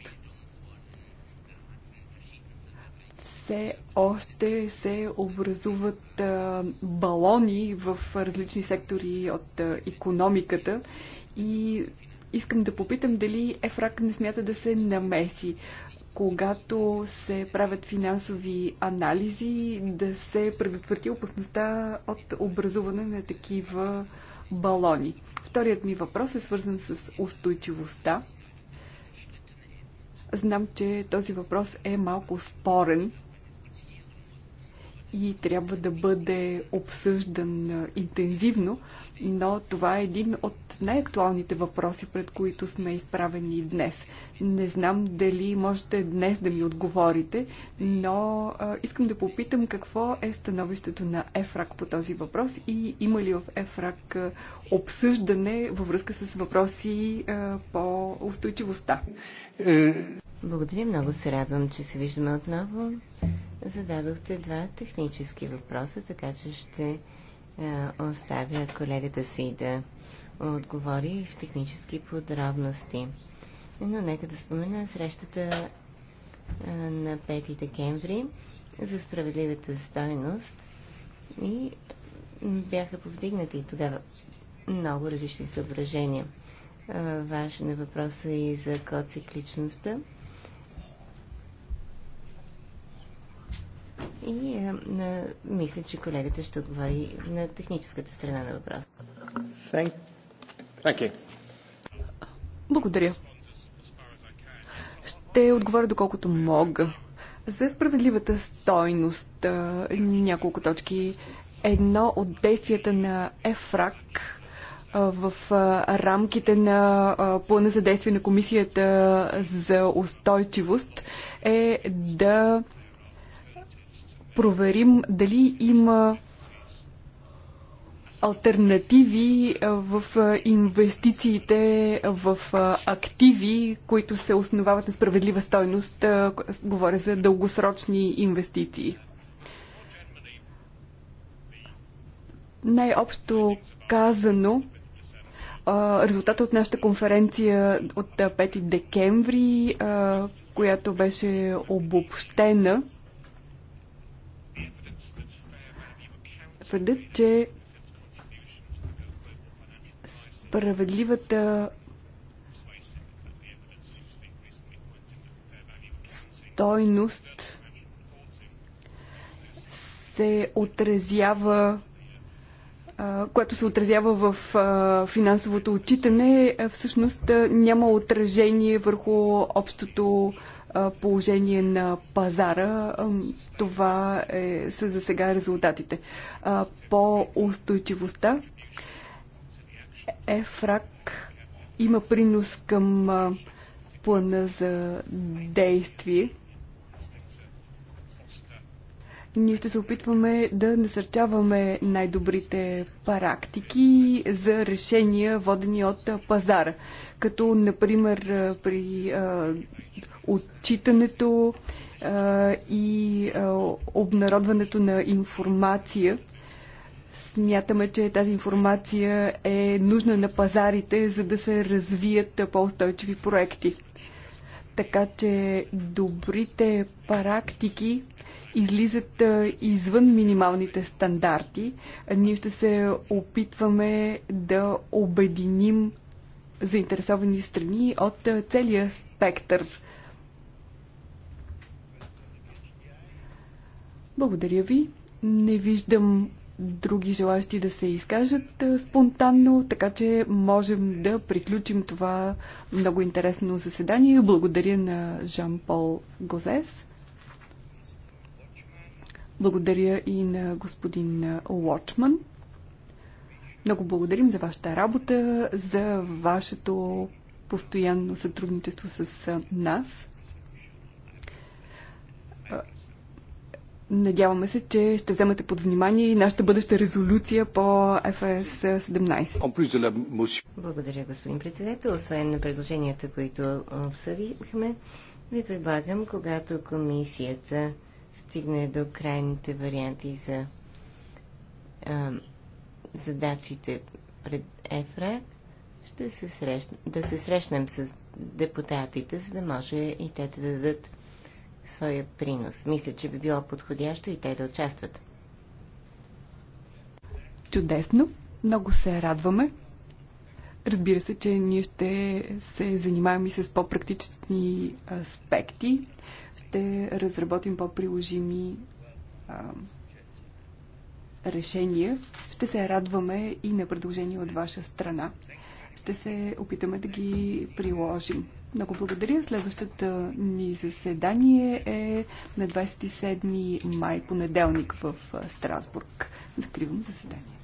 все още се образуват балони в различни сектори от економиката и искам да попитам дали ЕФРАК не смята да се намеси когато се правят финансови анализи, да се предотврати опасността от образуване на такива балони. Вторият ми въпрос е свързан с устойчивостта. Знам, че този въпрос е малко спорен и трябва да бъде обсъждан интензивно, но това е един от най-актуалните въпроси, пред които сме изправени днес. Не знам дали можете днес да ми отговорите, но искам да попитам какво е становището на ЕФРАК по този въпрос и има ли в ЕФРАК обсъждане във връзка с въпроси по устойчивостта. Е, Благодаря, много се радвам, че се виждаме отново зададохте два технически въпроса, така че ще оставя колегата си да отговори в технически подробности. Но нека да спомена срещата на 5 декември за справедливата стойност и бяха повдигнати тогава много различни съображения. Важен е въпросът и за коцикличността. И е, на, мисля, че колегата ще отговори на техническата страна на въпроса. Thank... Thank you. Благодаря. Ще отговоря доколкото мога. За справедливата стойност е, няколко точки. Едно от действията на ЕФРАК е, в рамките на плана за действие на Комисията за устойчивост е да проверим дали има альтернативи в инвестициите в активи, които се основават на справедлива стойност. Говоря за дългосрочни инвестиции. Най-общо казано, резултата от нашата конференция от 5 декември, която беше обобщена, твърдят, че справедливата стойност се отразява което се отразява в финансовото отчитане, всъщност няма отражение върху общото положение на пазара. Това е, са за сега резултатите. По устойчивостта ЕФРАК има принос към плана за действие. Ние ще се опитваме да насърчаваме най-добрите практики за решения, водени от пазара. Като, например, при отчитането а, и а, обнародването на информация. Смятаме, че тази информация е нужна на пазарите, за да се развият по-устойчиви проекти. Така че добрите практики излизат извън минималните стандарти. Ние ще се опитваме да обединим заинтересовани страни от целия спектър Благодаря ви. Не виждам други желащи да се изкажат спонтанно, така че можем да приключим това много интересно заседание. Благодаря на Жан-Пол Гозес. Благодаря и на господин Лочман. Много благодарим за вашата работа, за вашето постоянно сътрудничество с нас. Надяваме се, че ще вземете под внимание и нашата бъдеща резолюция по ФС 17. Благодаря, господин председател. Освен на предложенията, които обсъдихме, ви предлагам, когато комисията стигне до крайните варианти за а, задачите пред ЕФРА, ще се срещ... да се срещнем с депутатите, за да може и те да дадат своя принос. Мисля, че би било подходящо и те да участват. Чудесно! Много се радваме. Разбира се, че ние ще се занимаваме и с по-практични аспекти. Ще разработим по-приложими решения. Ще се радваме и на предложения от ваша страна. Ще се опитаме да ги приложим. Много благодаря. Следващата ни заседание е на 27 май понеделник в Страсбург. Закривам заседание.